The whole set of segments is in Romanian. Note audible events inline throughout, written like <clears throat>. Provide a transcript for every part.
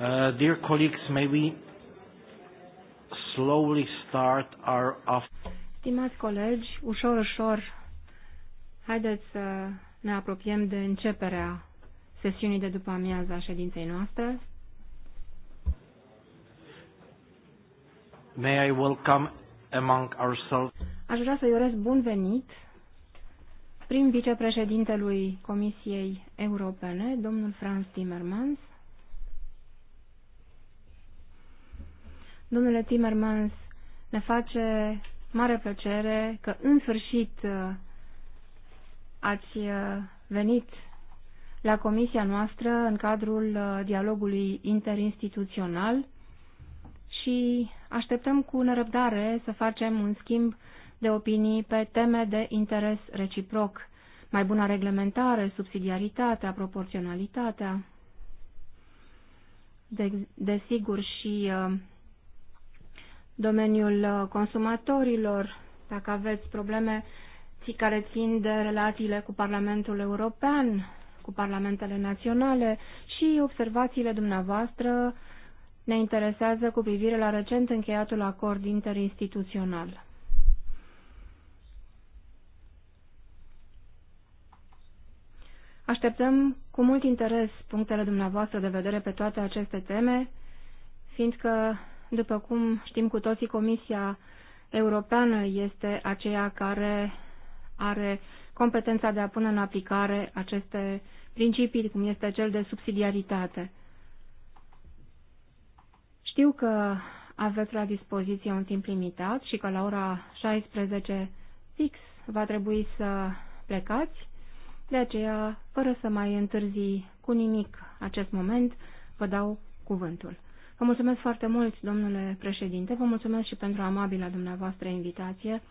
Uh, dear colleagues, may we slowly start our off. Stimați colegi, ușor, ușor, haideți să ne apropiem de începerea sesiunii de după amiaza ședinței noastre. May I welcome among ourselves. Aș vrea să-i urez bun venit prin vicepreședintelui Comisiei Europene, domnul Franz Timmermans. Domnule Timmermans, ne face mare plăcere că în sfârșit ați venit la comisia noastră în cadrul dialogului interinstituțional și așteptăm cu nerăbdare să facem un schimb de opinii pe teme de interes reciproc, mai bună reglementare, subsidiaritatea, proporționalitatea, desigur de și uh, domeniul uh, consumatorilor, dacă aveți probleme care țin de relațiile cu Parlamentul European, cu parlamentele naționale și observațiile dumneavoastră ne interesează cu privire la recent încheiatul acord interinstituțional. Așteptăm cu mult interes punctele dumneavoastră de vedere pe toate aceste teme, fiindcă, după cum știm cu toții, Comisia Europeană este aceea care are competența de a pune în aplicare aceste principii, cum este cel de subsidiaritate. Știu că aveți la dispoziție un timp limitat și că la ora 16 fix va trebui să plecați, de aceea, fără să mai întârzi cu nimic acest moment, vă dau cuvântul. Vă mulțumesc foarte mult, domnule președinte, vă mulțumesc și pentru amabila dumneavoastră invitație.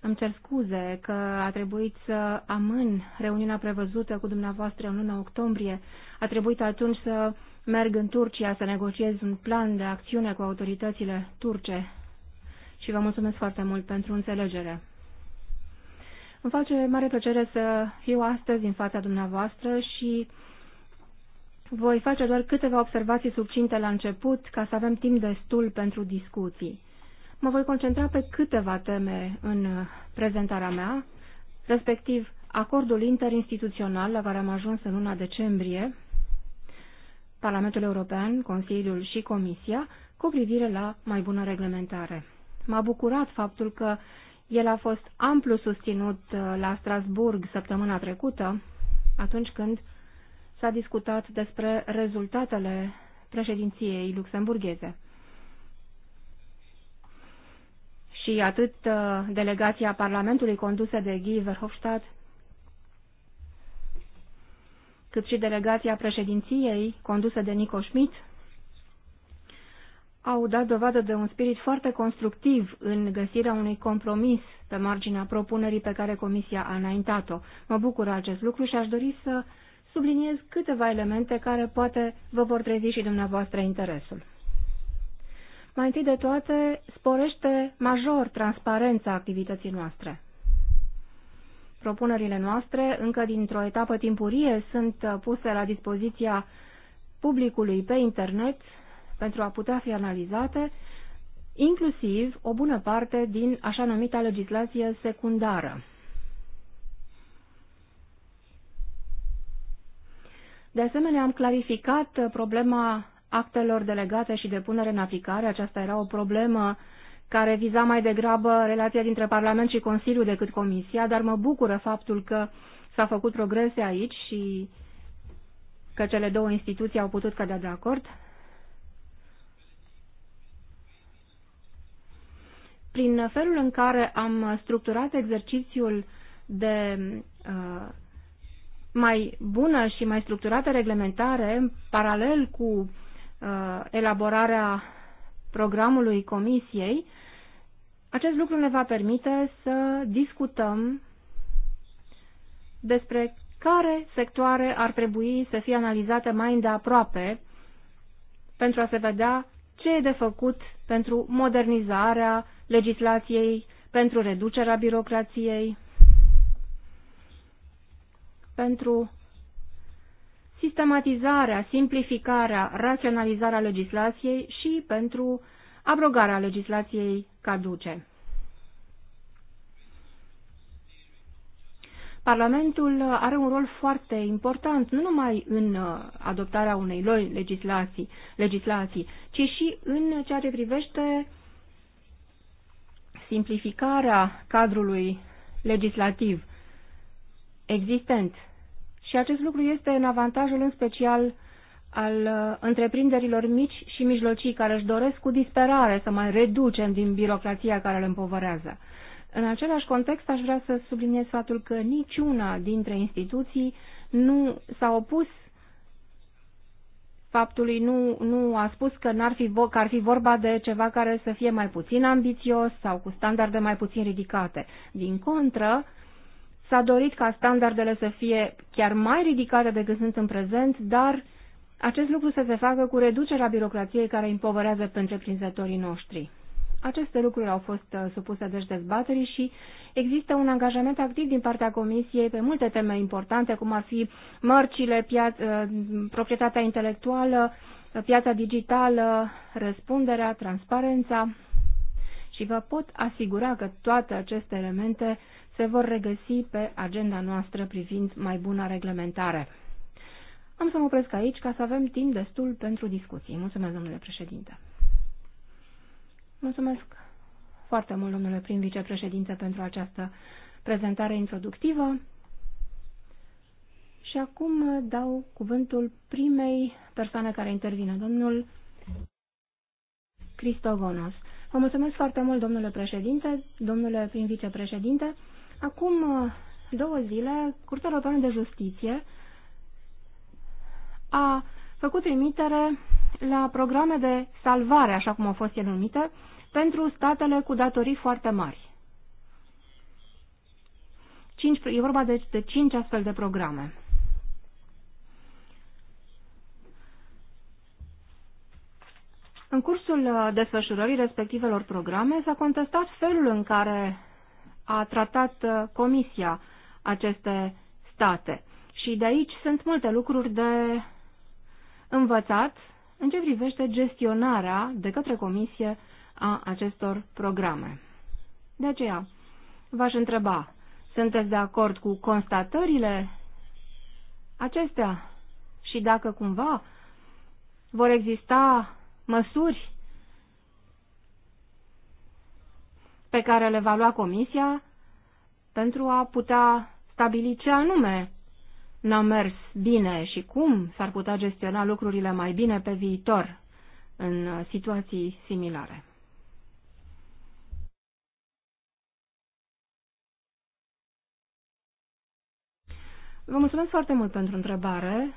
Îmi cer scuze că a trebuit să amân reuniunea prevăzută cu dumneavoastră în luna octombrie. A trebuit atunci să merg în Turcia să negociez un plan de acțiune cu autoritățile turce. Și vă mulțumesc foarte mult pentru înțelegere. Îmi face mare plăcere să fiu astăzi în fața dumneavoastră și voi face doar câteva observații subcinte la început, ca să avem timp destul pentru discuții. Mă voi concentra pe câteva teme în prezentarea mea, respectiv acordul interinstituțional la care am ajuns în luna decembrie, Parlamentul European, Consiliul și Comisia, cu privire la mai bună reglementare. M-a bucurat faptul că el a fost amplu susținut uh, la Strasburg săptămâna trecută, atunci când s-a discutat despre rezultatele președinției luxemburgheze. Și atât uh, delegația Parlamentului condusă de Guy Verhofstadt, cât și delegația președinției condusă de Nico Schmidt, au dat dovadă de un spirit foarte constructiv în găsirea unui compromis pe marginea propunerii pe care Comisia a înaintat-o. Mă bucură acest lucru și aș dori să subliniez câteva elemente care poate vă vor trezi și dumneavoastră interesul. Mai întâi de toate, sporește major transparența activității noastre. Propunerile noastre, încă dintr-o etapă timpurie, sunt puse la dispoziția publicului pe internet pentru a putea fi analizate, inclusiv o bună parte din așa numita legislație secundară. De asemenea, am clarificat problema actelor delegate și de punere în aplicare. Aceasta era o problemă care viza mai degrabă relația dintre Parlament și Consiliu decât Comisia, dar mă bucură faptul că s-a făcut progrese aici și că cele două instituții au putut cădea de acord. prin felul în care am structurat exercițiul de uh, mai bună și mai structurată reglementare, în paralel cu uh, elaborarea programului Comisiei, acest lucru ne va permite să discutăm despre care sectoare ar trebui să fie analizate mai îndeaproape pentru a se vedea ce e de făcut pentru modernizarea legislației, pentru reducerea birocrației, pentru sistematizarea, simplificarea, raționalizarea legislației și pentru abrogarea legislației caduce. Parlamentul are un rol foarte important, nu numai în uh, adoptarea unei noi legislații, legislații, ci și în ceea ce privește simplificarea cadrului legislativ existent. Și acest lucru este în avantajul în special al uh, întreprinderilor mici și mijlocii care își doresc cu disperare să mai reducem din birocrația care le împovărează. În același context aș vrea să subliniez faptul că niciuna dintre instituții nu s-a opus faptului nu, nu a spus că, n-ar fi, că ar fi vorba de ceva care să fie mai puțin ambițios sau cu standarde mai puțin ridicate. Din contră, s-a dorit ca standardele să fie chiar mai ridicate decât sunt în prezent, dar acest lucru să se facă cu reducerea birocrației care împovărează pe întreprinzătorii noștri. Aceste lucruri au fost uh, supuse deci dezbaterii și există un angajament activ din partea Comisiei pe multe teme importante, cum ar fi mărcile, uh, proprietatea intelectuală, piața digitală, răspunderea, transparența și vă pot asigura că toate aceste elemente se vor regăsi pe agenda noastră privind mai bună reglementare. Am să mă opresc aici ca să avem timp destul pentru discuții. Mulțumesc, domnule președinte. Mulțumesc foarte mult, domnule prim vicepreședinte, pentru această prezentare introductivă. Și acum dau cuvântul primei persoane care intervine, domnul Cristogonos. Vă mulțumesc foarte mult, domnule președinte, domnule prim vicepreședinte. Acum două zile, Curtea Europeană de Justiție a făcut trimitere la programe de salvare, așa cum au fost ele numite, pentru statele cu datorii foarte mari. Cinci, e vorba deci de cinci astfel de programe. În cursul uh, desfășurării respectivelor programe s-a contestat felul în care a tratat uh, Comisia aceste state. Și de aici sunt multe lucruri de învățat în ce privește gestionarea de către Comisie a acestor programe. De aceea, v-aș întreba, sunteți de acord cu constatările acestea și dacă cumva vor exista măsuri pe care le va lua Comisia pentru a putea stabili ce anume n-a mers bine și cum s-ar putea gestiona lucrurile mai bine pe viitor în situații similare. Vă mulțumesc foarte mult pentru întrebare,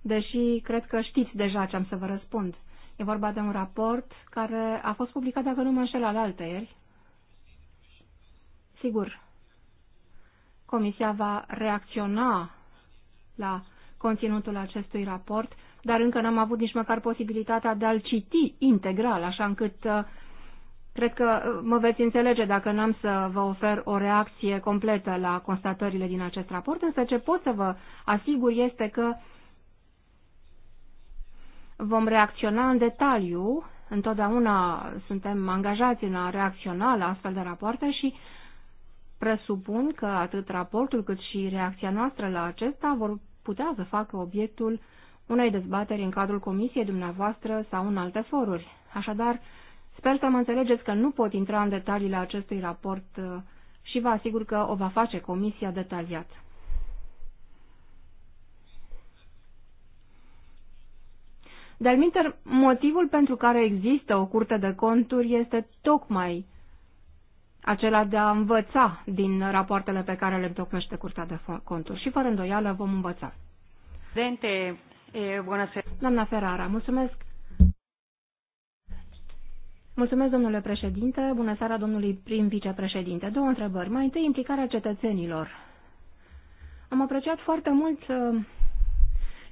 deși cred că știți deja ce am să vă răspund. E vorba de un raport care a fost publicat, dacă nu mă înșel, al altăieri. Sigur, Comisia va reacționa la conținutul acestui raport, dar încă n-am avut nici măcar posibilitatea de a-l citi integral, așa încât uh, Cred că uh, mă veți înțelege dacă nu am să vă ofer o reacție completă la constatările din acest raport, însă ce pot să vă asigur este că vom reacționa în detaliu, întotdeauna suntem angajați în a reacționa la astfel de rapoarte și presupun că atât raportul cât și reacția noastră la acesta vor putea să facă obiectul unei dezbateri în cadrul comisiei dumneavoastră sau în alte foruri. Așadar, Sper să mă înțelegeți că nu pot intra în detaliile acestui raport uh, și vă asigur că o va face comisia detaliat. De-al motivul pentru care există o curte de conturi este tocmai acela de a învăța din rapoartele pe care le întocmește Curtea de Conturi și fără îndoială vom învăța. Dente, e, bună seara. Doamna Ferrara, mulțumesc. Mulțumesc, domnule președinte. Bună seara, domnului prim vicepreședinte. Două întrebări. Mai întâi, implicarea cetățenilor. Am apreciat foarte mult uh,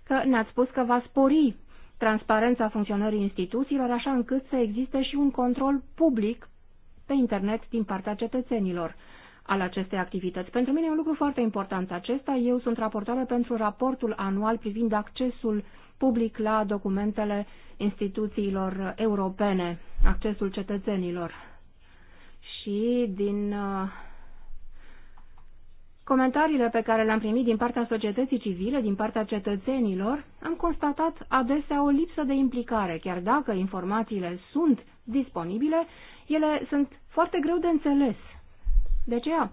că ne-ați spus că va spori transparența funcționării instituțiilor, așa încât să existe și un control public pe internet din partea cetățenilor al acestei activități. Pentru mine e un lucru foarte important acesta. Eu sunt raportoare pentru raportul anual privind accesul public la documentele instituțiilor europene accesul cetățenilor. Și din uh, comentariile pe care le-am primit din partea societății civile, din partea cetățenilor, am constatat adesea o lipsă de implicare. Chiar dacă informațiile sunt disponibile, ele sunt foarte greu de înțeles. De aceea,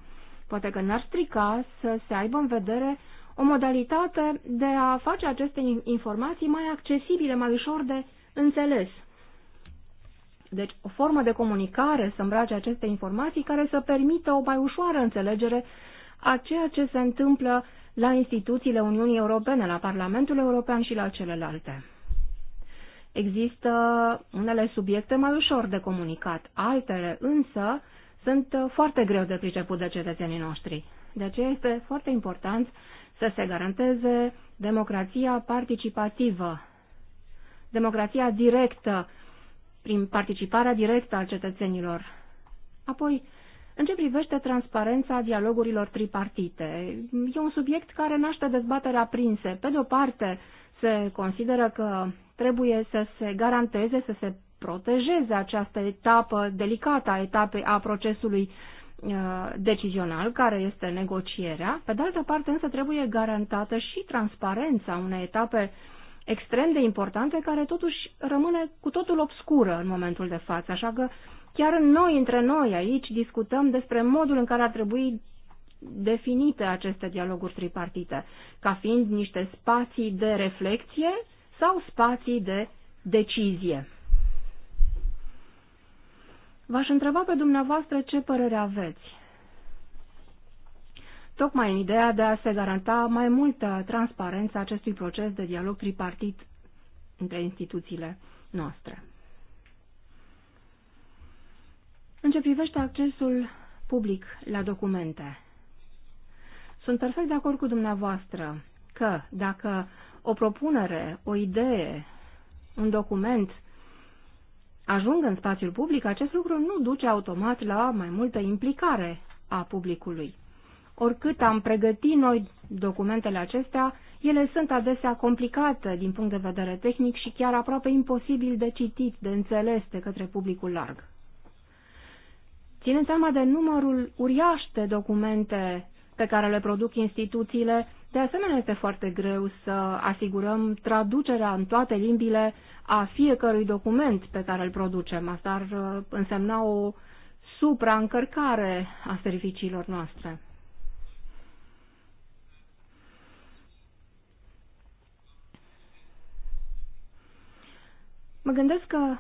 poate că n-ar strica să se aibă în vedere o modalitate de a face aceste informații mai accesibile, mai ușor de înțeles. Deci, o formă de comunicare să îmbrace aceste informații care să permită o mai ușoară înțelegere a ceea ce se întâmplă la instituțiile Uniunii Europene, la Parlamentul European și la celelalte. Există unele subiecte mai ușor de comunicat, altele însă sunt foarte greu de priceput de cetățenii noștri. De aceea este foarte important să se garanteze democrația participativă, democrația directă, prin participarea directă a cetățenilor. Apoi, în ce privește transparența dialogurilor tripartite, e un subiect care naște dezbaterea aprinse. Pe de o parte, se consideră că trebuie să se garanteze, să se protejeze această etapă delicată a etapei a procesului uh, decizional, care este negocierea. Pe de altă parte, însă, trebuie garantată și transparența unei etape uh, extrem de importante care totuși rămâne cu totul obscură în momentul de față, așa că chiar noi, între noi aici, discutăm despre modul în care ar trebui definite aceste dialoguri tripartite, ca fiind niște spații de reflexie sau spații de decizie. V-aș întreba pe dumneavoastră ce părere aveți tocmai în ideea de a se garanta mai multă transparență acestui proces de dialog tripartit între instituțiile noastre. În ce privește accesul public la documente, sunt perfect de acord cu dumneavoastră că dacă o propunere, o idee, un document ajung în spațiul public, acest lucru nu duce automat la mai multă implicare a publicului. Oricât am pregătit noi documentele acestea, ele sunt adesea complicate din punct de vedere tehnic și chiar aproape imposibil de citit, de înțeles de către publicul larg. Ținând seama de numărul uriaș de documente pe care le produc instituțiile, de asemenea este foarte greu să asigurăm traducerea în toate limbile a fiecărui document pe care îl producem. Asta ar uh, însemna o supraîncărcare a serviciilor noastre. Mă gândesc că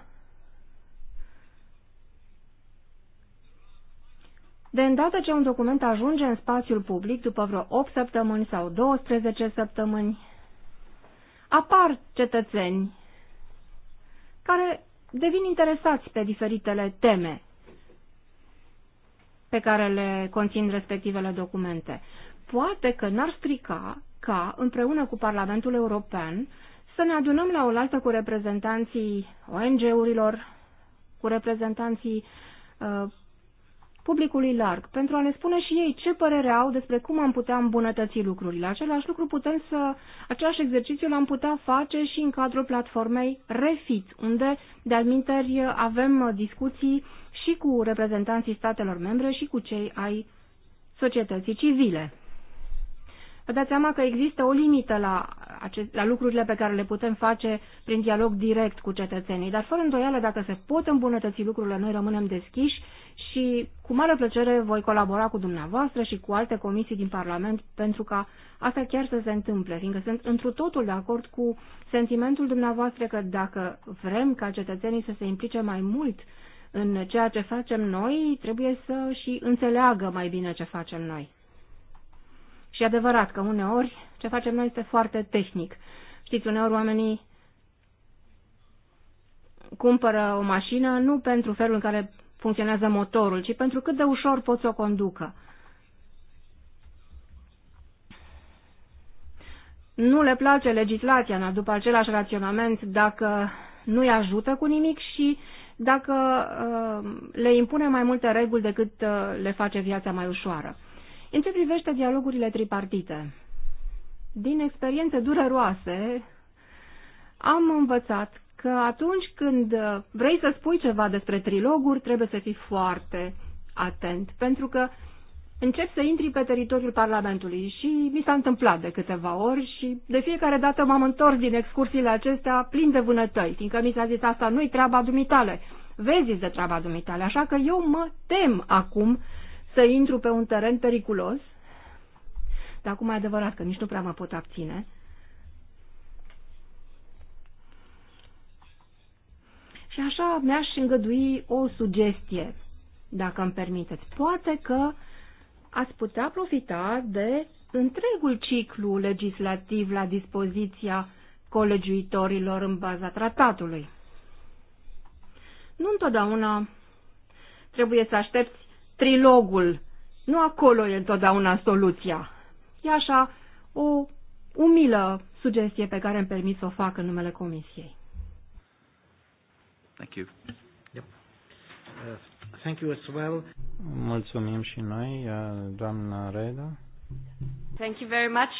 De îndată ce un document ajunge în spațiul public, după vreo 8 săptămâni sau 12 săptămâni, apar cetățeni care devin interesați pe diferitele teme pe care le conțin respectivele documente. Poate că n-ar strica ca, împreună cu Parlamentul European, să ne adunăm la oaltă cu reprezentanții ONG-urilor, cu reprezentanții uh, publicului larg, pentru a ne spune și ei ce părere au despre cum am putea îmbunătăți lucrurile. Același lucru putem să, același exercițiu l-am putea face și în cadrul platformei Refit, unde de alminteri avem discuții și cu reprezentanții statelor membre și cu cei ai societății civile vă dați seama că există o limită la, acest, la lucrurile pe care le putem face prin dialog direct cu cetățenii. Dar fără îndoială, dacă se pot îmbunătăți lucrurile, noi rămânem deschiși și cu mare plăcere voi colabora cu dumneavoastră și cu alte comisii din Parlament pentru ca asta chiar să se întâmple, fiindcă sunt întru totul de acord cu sentimentul dumneavoastră că dacă vrem ca cetățenii să se implice mai mult în ceea ce facem noi, trebuie să și înțeleagă mai bine ce facem noi. Și e adevărat că uneori ce facem noi este foarte tehnic. Știți, uneori oamenii cumpără o mașină nu pentru felul în care funcționează motorul, ci pentru cât de ușor poți o conducă. Nu le place legislația, dar după același raționament, dacă nu îi ajută cu nimic și dacă uh, le impune mai multe reguli decât uh, le face viața mai ușoară. În ce privește dialogurile tripartite? Din experiențe dureroase, am învățat că atunci când vrei să spui ceva despre triloguri, trebuie să fii foarte atent, pentru că încep să intri pe teritoriul Parlamentului și mi s-a întâmplat de câteva ori și de fiecare dată m-am întors din excursiile acestea plin de vânătăi, fiindcă mi s-a zis asta nu-i treaba dumitale, vezi de treaba dumitale, așa că eu mă tem acum să intru pe un teren periculos, dar acum e adevărat că nici nu prea mă pot abține. Și așa mi-aș îngădui o sugestie, dacă îmi permiteți. Poate că ați putea profita de întregul ciclu legislativ la dispoziția colegiuitorilor în baza tratatului. Nu întotdeauna trebuie să aștepți trilogul. Nu acolo e întotdeauna soluția. E așa o umilă sugestie pe care îmi permit să o fac în numele Comisiei. Thank you. Yep. Uh, thank you as well. Mulțumim și noi, uh, doamna Reda. Thank you very much.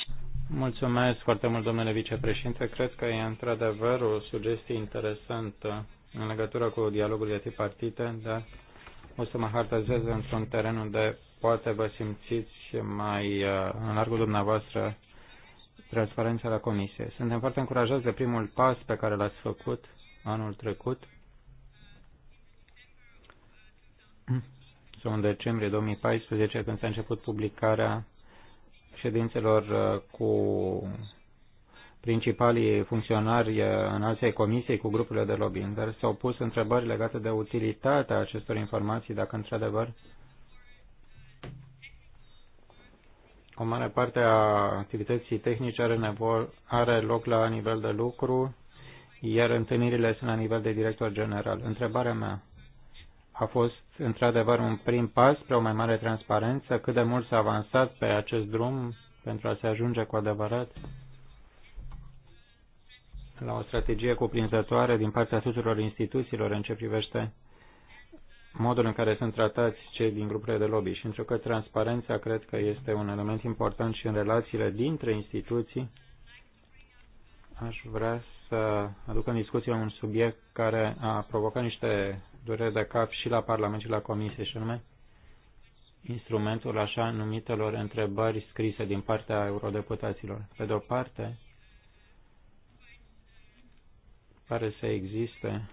Mulțumesc foarte mult, domnule vicepreședinte. Cred că e într-adevăr o sugestie interesantă în legătură cu dialogul de tripartite, dar o să mă hartazez într-un teren unde poate vă simțiți mai uh, în largul dumneavoastră transparența la comisie. Suntem foarte încurajați de primul pas pe care l-ați făcut anul trecut Sunt în decembrie 2014, când s-a început publicarea ședințelor uh, cu principalii funcționari eh, în alții comisiei cu grupurile de lobbying, dar s-au pus întrebări legate de utilitatea acestor informații, dacă într-adevăr o mare parte a activității tehnice are, nevo- are loc la nivel de lucru, iar întâlnirile sunt la nivel de director general. Întrebarea mea a fost într-adevăr un prim pas spre o mai mare transparență, cât de mult s-a avansat pe acest drum pentru a se ajunge cu adevărat la o strategie cuprinzătoare din partea tuturor instituțiilor în ce privește modul în care sunt tratați cei din grupurile de lobby și pentru că transparența cred că este un element important și în relațiile dintre instituții, aș vrea să aduc în discuție un subiect care a provocat niște dureri de cap și la Parlament și la Comisie, și anume instrumentul așa numitelor întrebări scrise din partea eurodeputaților. Pe de o parte, pare să existe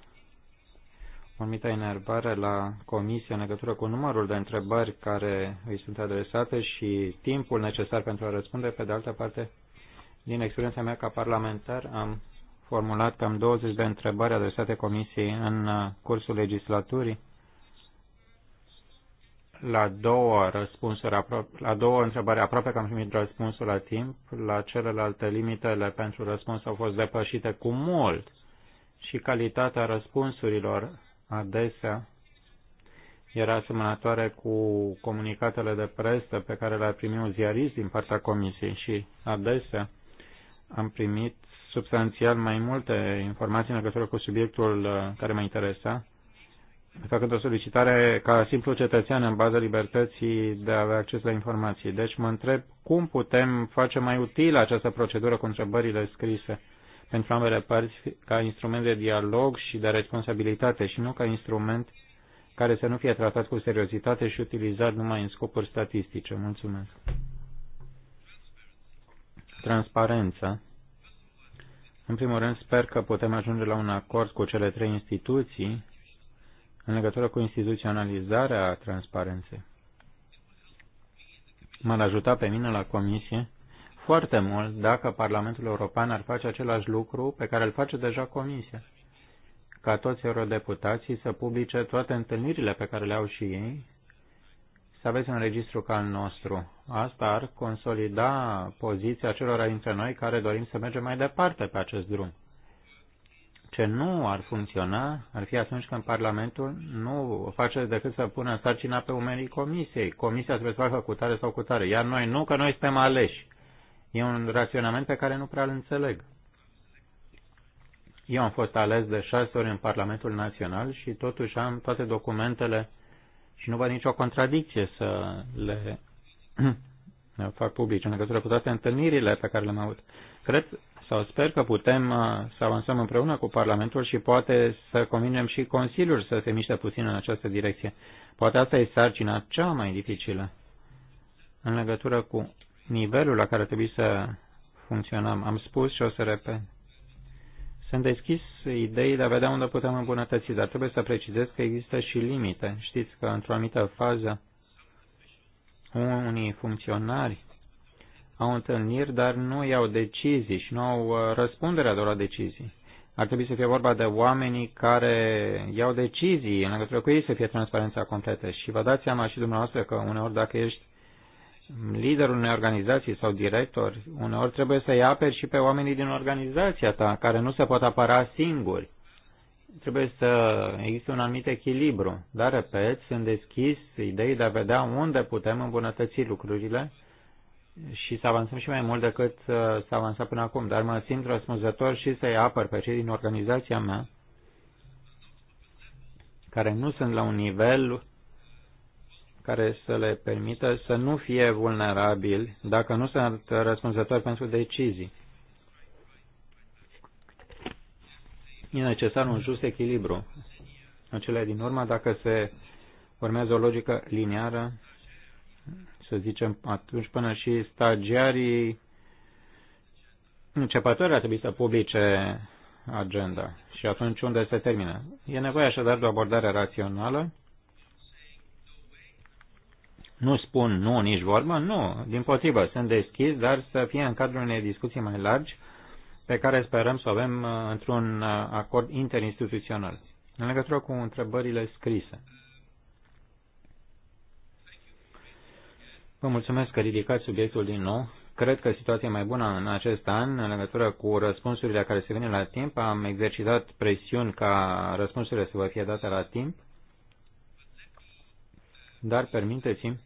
o anumită enervare la comisie în legătură cu numărul de întrebări care îi sunt adresate și timpul necesar pentru a răspunde. Pe de altă parte, din experiența mea ca parlamentar, am formulat cam 20 de întrebări adresate comisiei în cursul legislaturii. La două răspunsuri, la două întrebări aproape că am primit răspunsul la timp, la celelalte limitele pentru răspuns au fost depășite cu mult și calitatea răspunsurilor adesea era asemănătoare cu comunicatele de presă pe care le a primit un ziarist din partea comisiei și adesea am primit substanțial mai multe informații în legătură cu subiectul uh, care mă interesa, făcând o solicitare ca simplu cetățean în baza libertății de a avea acces la informații. Deci mă întreb cum putem face mai utilă această procedură cu întrebările scrise pentru ambele părți ca instrument de dialog și de responsabilitate și nu ca instrument care să nu fie tratat cu seriozitate și utilizat numai în scopuri statistice. Mulțumesc. Transparența. În primul rând, sper că putem ajunge la un acord cu cele trei instituții în legătură cu instituționalizarea transparenței. M-ar ajuta pe mine la comisie foarte mult dacă Parlamentul European ar face același lucru pe care îl face deja Comisia, ca toți eurodeputații să publice toate întâlnirile pe care le au și ei, să aveți un registru ca al nostru. Asta ar consolida poziția celor dintre noi care dorim să mergem mai departe pe acest drum. Ce nu ar funcționa ar fi atunci când Parlamentul nu face decât să pună sarcina pe umerii Comisiei. Comisia trebuie să facă cu tare sau cu tare, iar noi nu, că noi suntem aleși. E un raționament pe care nu prea îl înțeleg. Eu am fost ales de șase ori în Parlamentul Național și totuși am toate documentele și nu văd nicio contradicție să le <clears throat> fac publice în legătură cu toate întâlnirile pe care le-am avut. Cred sau sper că putem uh, să avansăm împreună cu Parlamentul și poate să convingem și Consiliul să se miște puțin în această direcție. Poate asta e sarcina cea mai dificilă în legătură cu nivelul la care trebuie să funcționăm. Am spus și o să repet. Sunt deschis idei de a vedea unde putem îmbunătăți, dar trebuie să precizez că există și limite. Știți că într-o anumită fază unii funcționari au întâlniri, dar nu iau decizii și nu au uh, răspunderea de la decizii. Ar trebui să fie vorba de oamenii care iau decizii în legătură cu ei să fie transparența completă. Și vă dați seama și dumneavoastră că uneori dacă ești liderul unei organizații sau director, uneori trebuie să-i aperi și pe oamenii din organizația ta, care nu se pot apăra singuri. Trebuie să există un anumit echilibru, dar, repet, sunt deschis idei de a vedea unde putem îmbunătăți lucrurile și să avansăm și mai mult decât uh, s-a avansat până acum, dar mă simt răspunzător și să-i apăr pe cei din organizația mea care nu sunt la un nivel care să le permită să nu fie vulnerabili dacă nu sunt răspunzători pentru decizii. E necesar un just echilibru. În cele din urmă, dacă se urmează o logică liniară, să zicem, atunci până și stagiarii începători ar trebui să publice agenda și atunci unde se termină. E nevoie așadar de o abordare rațională nu spun nu, nici vorbă, nu. Din potrivă, sunt deschis, dar să fie în cadrul unei discuții mai largi pe care sperăm să o avem uh, într-un uh, acord interinstituțional. În legătură cu întrebările scrise. Vă mulțumesc că ridicați subiectul din nou. Cred că situația e mai bună în acest an în legătură cu răspunsurile care se vine la timp. Am exercitat presiuni ca răspunsurile să vă fie date la timp dar permiteți-mi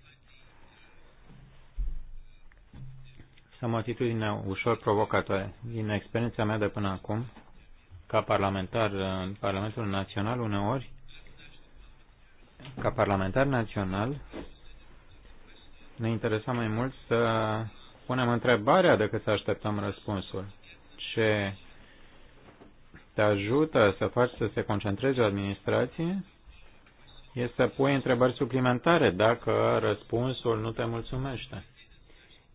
să am o atitudine ușor provocatoare. Din experiența mea de până acum, ca parlamentar în Parlamentul Național, uneori, ca parlamentar național, ne interesa mai mult să punem întrebarea decât să așteptăm răspunsul. Ce te ajută să faci să se concentreze o administrație este să pui întrebări suplimentare dacă răspunsul nu te mulțumește.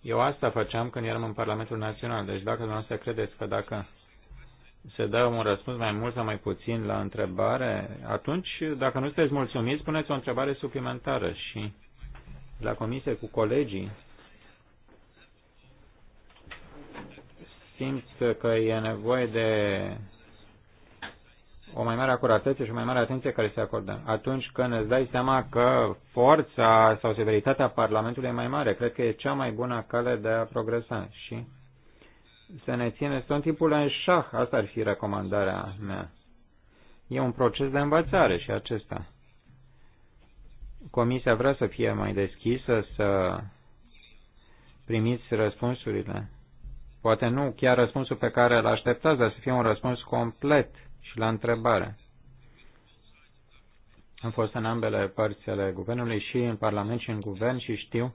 Eu asta făceam când eram în Parlamentul Național. Deci dacă dumneavoastră credeți că dacă se dă un răspuns mai mult sau mai puțin la întrebare, atunci, dacă nu sunteți mulțumiți, puneți o întrebare suplimentară și la comisie cu colegii simt că e nevoie de o mai mare acuratețe și o mai mare atenție care se acordă. Atunci când îți dai seama că forța sau severitatea Parlamentului e mai mare, cred că e cea mai bună cale de a progresa și să ne ține tot timpul în șah. Asta ar fi recomandarea mea. E un proces de învățare și acesta. Comisia vrea să fie mai deschisă, să primiți răspunsurile. Poate nu chiar răspunsul pe care îl așteptați, dar să fie un răspuns complet și la întrebare. Am fost în ambele părți ale guvernului și în Parlament și în guvern și știu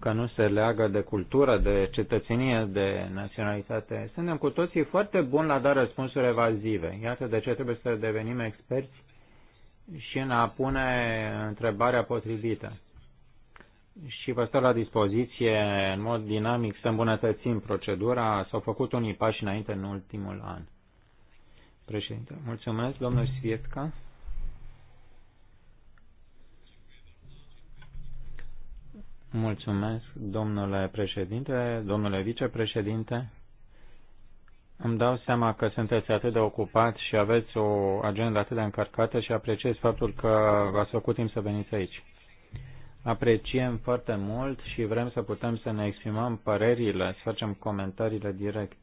că nu se leagă de cultură, de cetățenie, de naționalitate. Suntem cu toții foarte buni la da răspunsuri evazive. Iată de ce trebuie să devenim experți și în a pune întrebarea potrivită. Și vă stau la dispoziție în mod dinamic să îmbunătățim procedura. S-au făcut unii pași înainte în ultimul an. Președinte, mulțumesc, domnul Svietca. Mulțumesc, domnule președinte, domnule vicepreședinte. Îmi dau seama că sunteți atât de ocupat și aveți o agenda atât de încărcată și apreciez faptul că v-ați făcut timp să veniți aici. Apreciem foarte mult și vrem să putem să ne exprimăm părerile, să facem comentariile direct.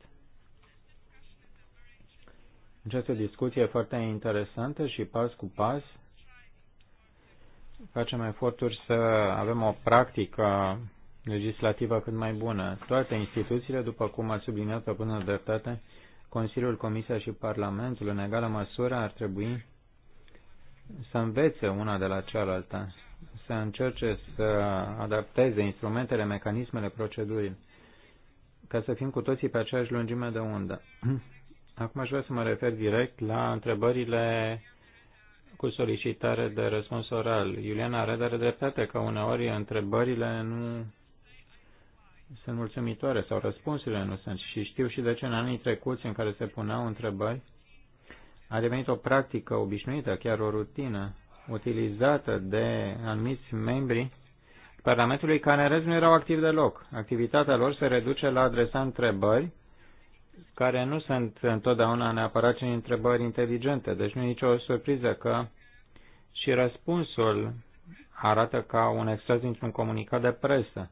Această discuție e foarte interesantă și pas cu pas facem eforturi să avem o practică legislativă cât mai bună. Toate instituțiile, după cum a subliniat pe bună dreptate, Consiliul, Comisia și Parlamentul, în egală măsură, ar trebui să învețe una de la cealaltă, să încerce să adapteze instrumentele, mecanismele, procedurile, ca să fim cu toții pe aceeași lungime de undă. Acum aș vrea să mă refer direct la întrebările cu solicitare de răspuns oral. Iuliana Red are dreptate că uneori întrebările nu sunt mulțumitoare sau răspunsurile nu sunt. Și știu și de ce în anii trecuți în care se puneau întrebări, a devenit o practică obișnuită, chiar o rutină, utilizată de anumiți membri Parlamentului care în rest nu erau activi deloc. Activitatea lor se reduce la adresa întrebări care nu sunt întotdeauna neapărat și întrebări inteligente, deci nu e nicio surpriză că și răspunsul arată ca un extras dintr-un comunicat de presă,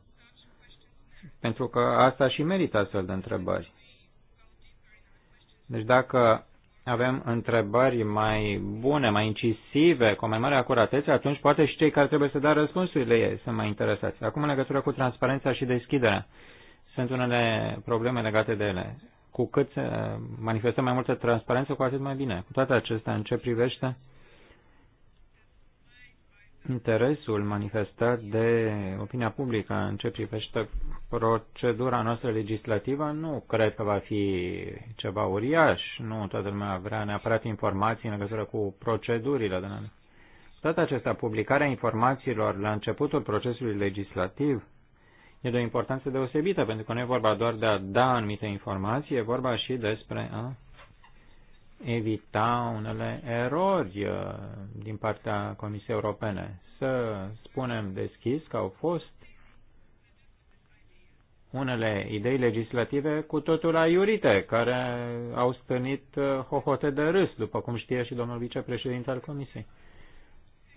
pentru că asta și merită astfel de întrebări. Deci dacă avem întrebări mai bune, mai incisive, cu mai mare acuratețe, atunci poate și cei care trebuie să dea răspunsurile ei sunt mai interesați. Acum, în legătură cu transparența și deschiderea, sunt unele probleme legate de ele cu cât manifestăm mai multă transparență, cu atât mai bine. Cu toate acestea, în ce privește interesul manifestat de opinia publică în ce privește procedura noastră legislativă, nu cred că va fi ceva uriaș. Nu toată lumea vrea neapărat informații în legătură cu procedurile de toate acestea, publicarea informațiilor la începutul procesului legislativ e de o importanță deosebită, pentru că nu e vorba doar de a da anumite informații, e vorba și despre a evita unele erori uh, din partea Comisiei Europene. Să spunem deschis că au fost unele idei legislative cu totul aiurite, care au stănit uh, hohote de râs, după cum știe și domnul vicepreședinte al Comisiei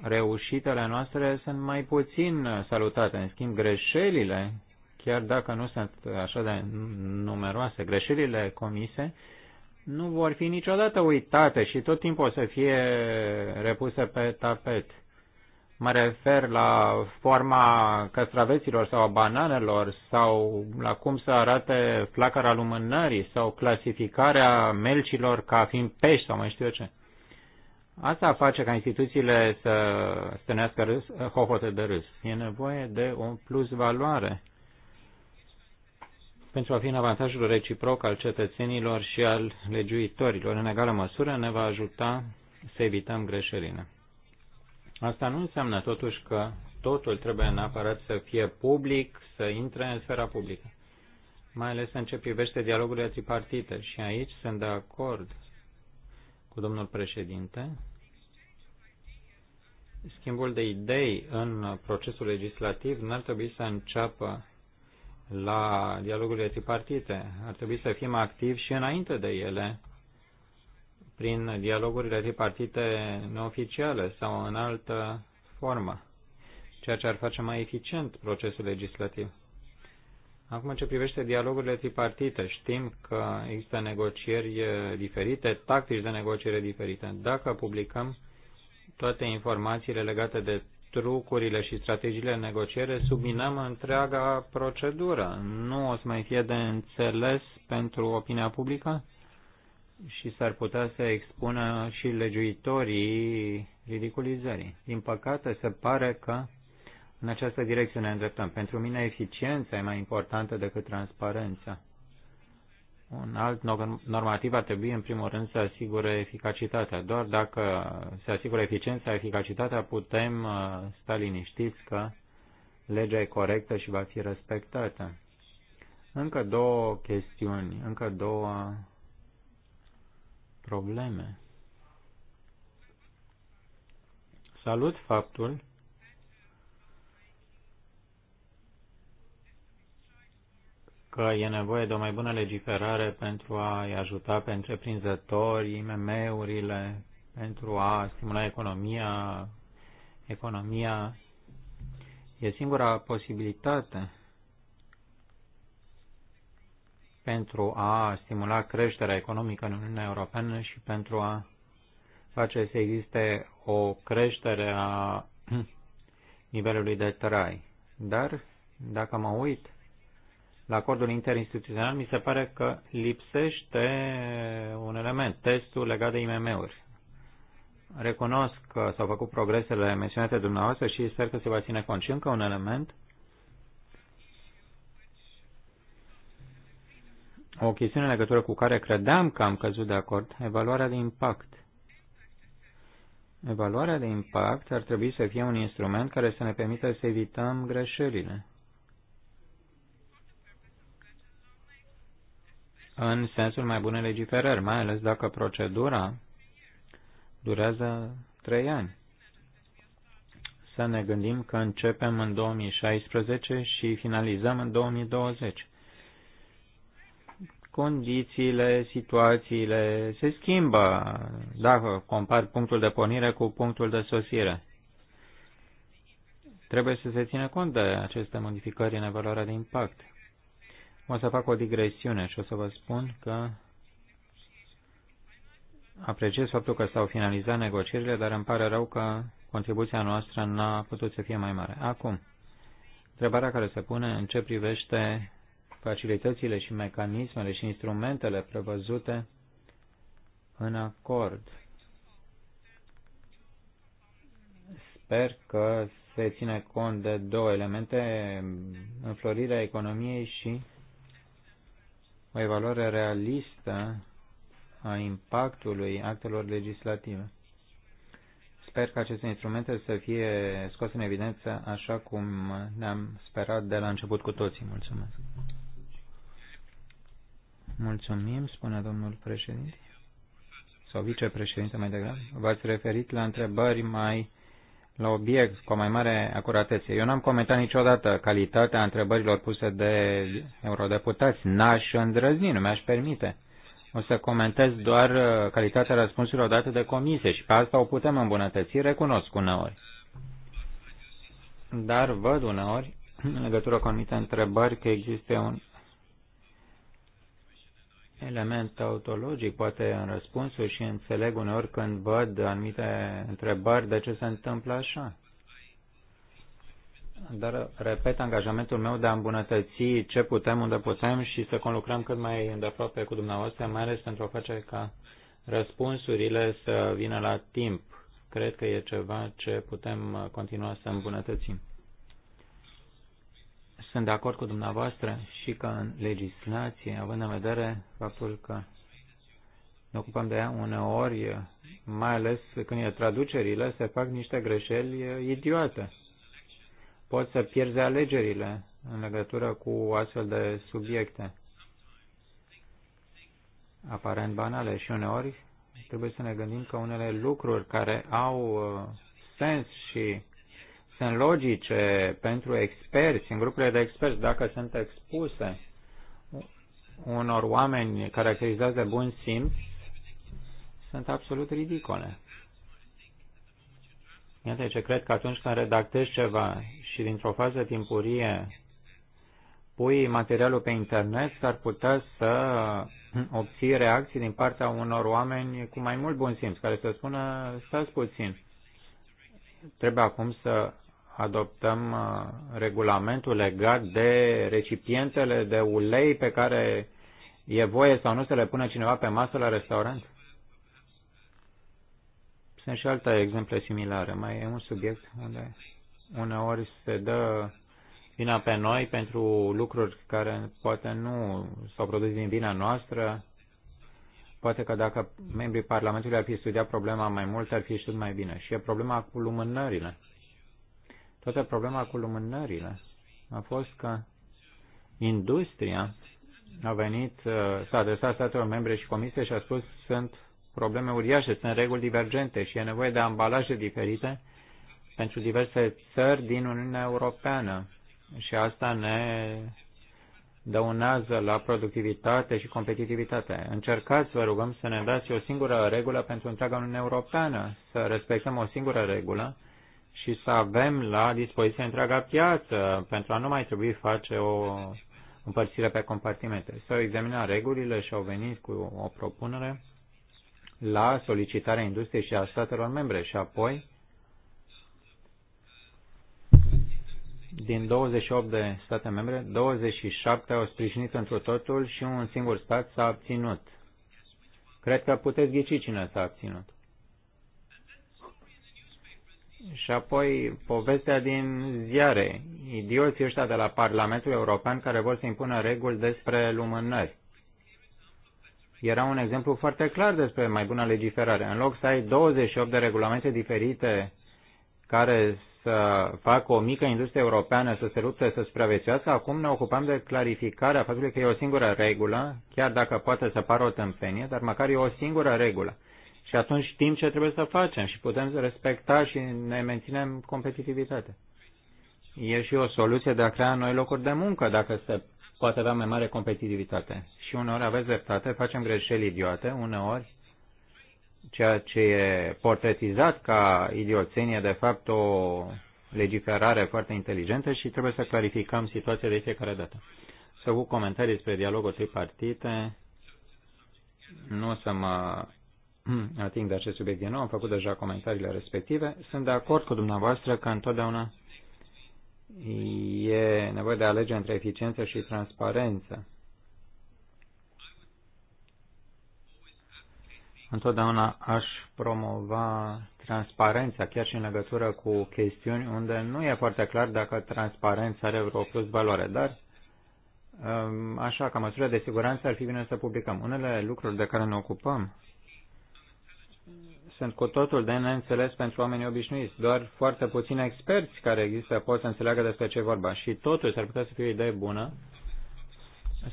reușitele noastre sunt mai puțin salutate. În schimb, greșelile, chiar dacă nu sunt așa de numeroase, greșelile comise nu vor fi niciodată uitate și tot timpul o să fie repuse pe tapet. Mă refer la forma castraveților sau a bananelor sau la cum să arate flacăra lumânării sau clasificarea melcilor ca fiind pești sau mai știu eu ce. Asta face ca instituțiile să stănească râs, hohote de râs. E nevoie de o plus valoare pentru a fi în avantajul reciproc al cetățenilor și al legiuitorilor. În egală măsură ne va ajuta să evităm greșelile. Asta nu înseamnă totuși că totul trebuie neapărat să fie public, să intre în sfera publică, mai ales în ce privește dialogurile tripartite. Și aici sunt de acord cu domnul președinte Schimbul de idei în procesul legislativ nu ar trebui să înceapă la dialogurile tripartite. Ar trebui să fim activi și înainte de ele, prin dialogurile tripartite neoficiale sau în altă formă, ceea ce ar face mai eficient procesul legislativ. Acum, în ce privește dialogurile tripartite, știm că există negocieri diferite, tactici de negociere diferite. Dacă publicăm toate informațiile legate de trucurile și strategiile negociere, subminăm întreaga procedură. Nu o să mai fie de înțeles pentru opinia publică și s-ar putea să expună și legiuitorii ridiculizării. Din păcate, se pare că în această direcție ne îndreptăm. Pentru mine, eficiența e mai importantă decât transparența un alt normativ ar trebui, în primul rând, să asigure eficacitatea. Doar dacă se asigură eficiența, eficacitatea, putem uh, sta liniștiți că legea e corectă și va fi respectată. Încă două chestiuni, încă două probleme. Salut faptul că e nevoie de o mai bună legiferare pentru a-i ajuta pe întreprinzători, IMM-urile, pentru a stimula economia. Economia e singura posibilitate pentru a stimula creșterea economică în Uniunea Europeană și pentru a face să existe o creștere a <clears throat> nivelului de trai. Dar, dacă mă uit la acordul interinstituțional, mi se pare că lipsește un element, testul legat de IMM-uri. Recunosc că s-au făcut progresele menționate dumneavoastră și sper că se va ține cont. Și încă un element, o chestiune în legătură cu care credeam că am căzut de acord, evaluarea de impact. Evaluarea de impact ar trebui să fie un instrument care să ne permită să evităm greșelile. în sensul mai bune legiferări, mai ales dacă procedura durează trei ani. Să ne gândim că începem în 2016 și finalizăm în 2020. Condițiile, situațiile se schimbă dacă compar punctul de pornire cu punctul de sosire. Trebuie să se țină cont de aceste modificări în evaluarea de impact. O să fac o digresiune și o să vă spun că apreciez faptul că s-au finalizat negocierile, dar îmi pare rău că contribuția noastră n-a putut să fie mai mare. Acum, întrebarea care se pune în ce privește facilitățile și mecanismele și instrumentele prevăzute în acord. Sper că se ține cont de două elemente, înflorirea economiei și o evaluare realistă a impactului actelor legislative. Sper că aceste instrumente să fie scoase în evidență așa cum ne-am sperat de la început cu toții. Mulțumesc. Mulțumim, spune domnul președinte sau vicepreședinte mai degrabă. V-ați referit la întrebări mai la obiect cu o mai mare acuratețe. Eu n-am comentat niciodată calitatea întrebărilor puse de eurodeputați. N-aș îndrăzni, nu mi-aș permite. O să comentez doar uh, calitatea răspunsurilor date de comisie și pe asta o putem îmbunătăți, recunosc uneori. Dar văd uneori, în legătură cu anumite întrebări, că există un element tautologic, poate în răspunsul și înțeleg uneori când văd anumite întrebări de ce se întâmplă așa. Dar, repet, angajamentul meu de a îmbunătăți ce putem, unde putem și să conlucrăm cât mai îndeaproape cu dumneavoastră, mai ales pentru a face ca răspunsurile să vină la timp. Cred că e ceva ce putem continua să îmbunătățim sunt de acord cu dumneavoastră și că în legislație, având în vedere faptul că ne ocupăm de ea uneori, mai ales când e traducerile, se fac niște greșeli idiote. Pot să pierzi alegerile în legătură cu astfel de subiecte aparent banale și uneori trebuie să ne gândim că unele lucruri care au uh, sens și sunt logice pentru experți, în grupurile de experți, dacă sunt expuse unor oameni caracterizați de bun simț, sunt absolut ridicole. Iată ce cred că atunci când redactezi ceva și dintr-o fază timpurie pui materialul pe internet, s-ar putea să <clears throat> obții reacții din partea unor oameni cu mai mult bun simț, care să spună, stați puțin, trebuie acum să adoptăm uh, regulamentul legat de recipientele de ulei pe care e voie sau nu să le pună cineva pe masă la restaurant? Sunt și alte exemple similare. Mai e un subiect unde uneori se dă vina pe noi pentru lucruri care poate nu s-au produs din vina noastră. Poate că dacă membrii Parlamentului ar fi studiat problema mai mult, ar fi știut mai bine. Și e problema cu lumânările. Toată problema cu lumânările a fost că industria a venit, uh, s-a adresat statelor membre și comisie și a spus sunt probleme uriașe, sunt reguli divergente și e nevoie de ambalaje diferite pentru diverse țări din Uniunea Europeană și asta ne dăunează la productivitate și competitivitate. Încercați, vă rugăm, să ne dați o singură regulă pentru întreaga Uniune Europeană, să respectăm o singură regulă și să avem la dispoziție întreaga piață pentru a nu mai trebui face o împărțire pe compartimente. S-au examinat regulile și au venit cu o propunere la solicitarea industriei și a statelor membre și apoi din 28 de state membre, 27 au sprijinit întru totul și un singur stat s-a abținut. Cred că puteți ghici cine s-a abținut. Și apoi povestea din ziare, idioții ăștia de la Parlamentul European care vor să impună reguli despre lumânări. Era un exemplu foarte clar despre mai bună legiferare. În loc să ai 28 de regulamente diferite care să facă o mică industrie europeană să se lupte să supraviețuiască, acum ne ocupăm de clarificarea faptului că e o singură regulă, chiar dacă poate să pară o tâmpenie, dar măcar e o singură regulă și atunci știm ce trebuie să facem și putem să respecta și ne menținem competitivitatea. E și o soluție de a crea noi locuri de muncă dacă se poate avea mai mare competitivitate. Și uneori aveți dreptate, facem greșeli idiote, uneori ceea ce e portretizat ca idioțenie, de fapt o legiferare foarte inteligentă și trebuie să clarificăm situația de fiecare dată. Să vă comentarii despre dialogul tripartite, nu să mă Hmm, ating de acest subiect din nou, am făcut deja comentariile respective. Sunt de acord cu dumneavoastră că întotdeauna e nevoie de a alege între eficiență și transparență. Întotdeauna aș promova transparența, chiar și în legătură cu chestiuni unde nu e foarte clar dacă transparența are vreo plus valoare, dar um, așa, ca măsură de siguranță, ar fi bine să publicăm. Unele lucruri de care ne ocupăm sunt cu totul de neînțeles pentru oamenii obișnuiți. Doar foarte puțini experți care există pot să înțeleagă despre ce vorba. Și totuși ar putea să fie o idee bună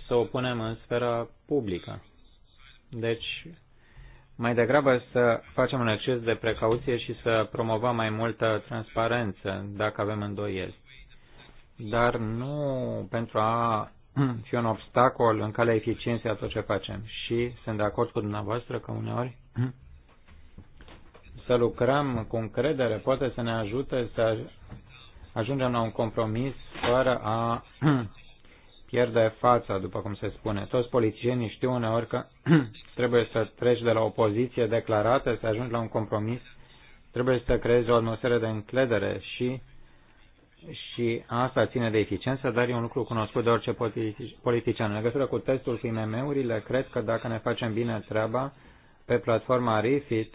să o punem în sfera publică. Deci, mai degrabă să facem un exces de precauție și să promovăm mai multă transparență dacă avem îndoieli. Dar nu pentru a <clears throat> fi un obstacol în calea eficienței a tot ce facem. Și sunt de acord cu dumneavoastră că uneori <clears throat> să lucrăm cu încredere poate să ne ajute să ajungem la un compromis fără a <clears throat> pierde fața, după cum se spune. Toți politicienii știu uneori că <clears throat> trebuie să treci de la o poziție declarată, să ajungi la un compromis, trebuie să creezi o atmosferă de încredere și și asta ține de eficiență, dar e un lucru cunoscut de orice politician. În legătură cu testul cu IMM-urile, cred că dacă ne facem bine treaba, pe platforma Refit,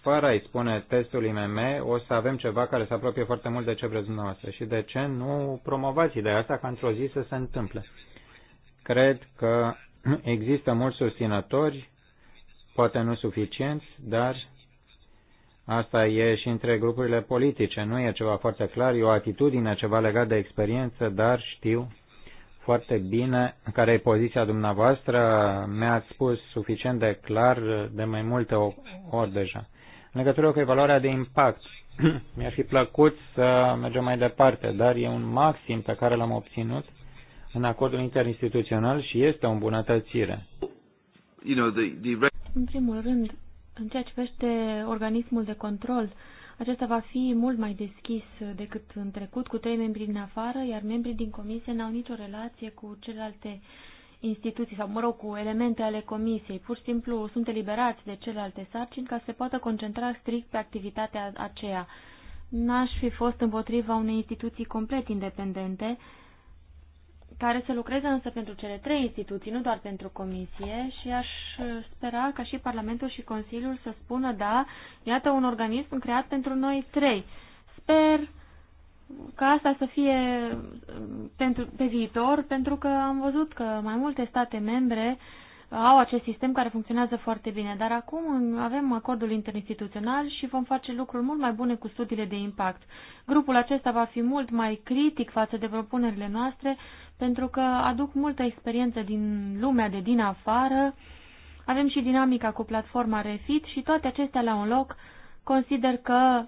fără a-i spune testul IMM, o să avem ceva care se apropie foarte mult de ce vreți dumneavoastră. Și de ce nu promovați ideea asta ca într-o zi să se întâmple? Cred că <clears throat> există mulți susținători, poate nu suficienți, dar asta e și între grupurile politice. Nu e ceva foarte clar, e o atitudine, ceva legat de experiență, dar știu foarte bine care e poziția dumneavoastră. Mi-ați spus suficient de clar de mai multe ori deja. În legătură cu evaluarea de impact, <clears throat> mi-ar fi plăcut să mergem mai departe, dar e un maxim pe care l-am obținut în acordul interinstituțional și este o îmbunătățire. În primul rând, în ceea ce privește organismul de control, uh, acesta va fi mult mai deschis decât în trecut, cu trei membri din afară, iar membrii din comisie n-au nicio relație cu celelalte instituții sau, mă rog, cu elemente ale comisiei. Pur și simplu sunt eliberați de celelalte sarcini ca să se poată concentra strict pe activitatea aceea. N-aș fi fost împotriva unei instituții complet independente, care să lucreze însă pentru cele trei instituții, nu doar pentru Comisie și aș spera ca și Parlamentul și Consiliul să spună da, iată un organism creat pentru noi trei. Sper ca asta să fie um, pentru, pe viitor, pentru că am văzut că mai multe state membre au acest sistem care funcționează foarte bine, dar acum avem acordul interinstituțional și vom face lucruri mult mai bune cu studiile de impact. Grupul acesta va fi mult mai critic față de propunerile noastre pentru că aduc multă experiență din lumea de din afară, avem și dinamica cu platforma Refit și toate acestea la un loc consider că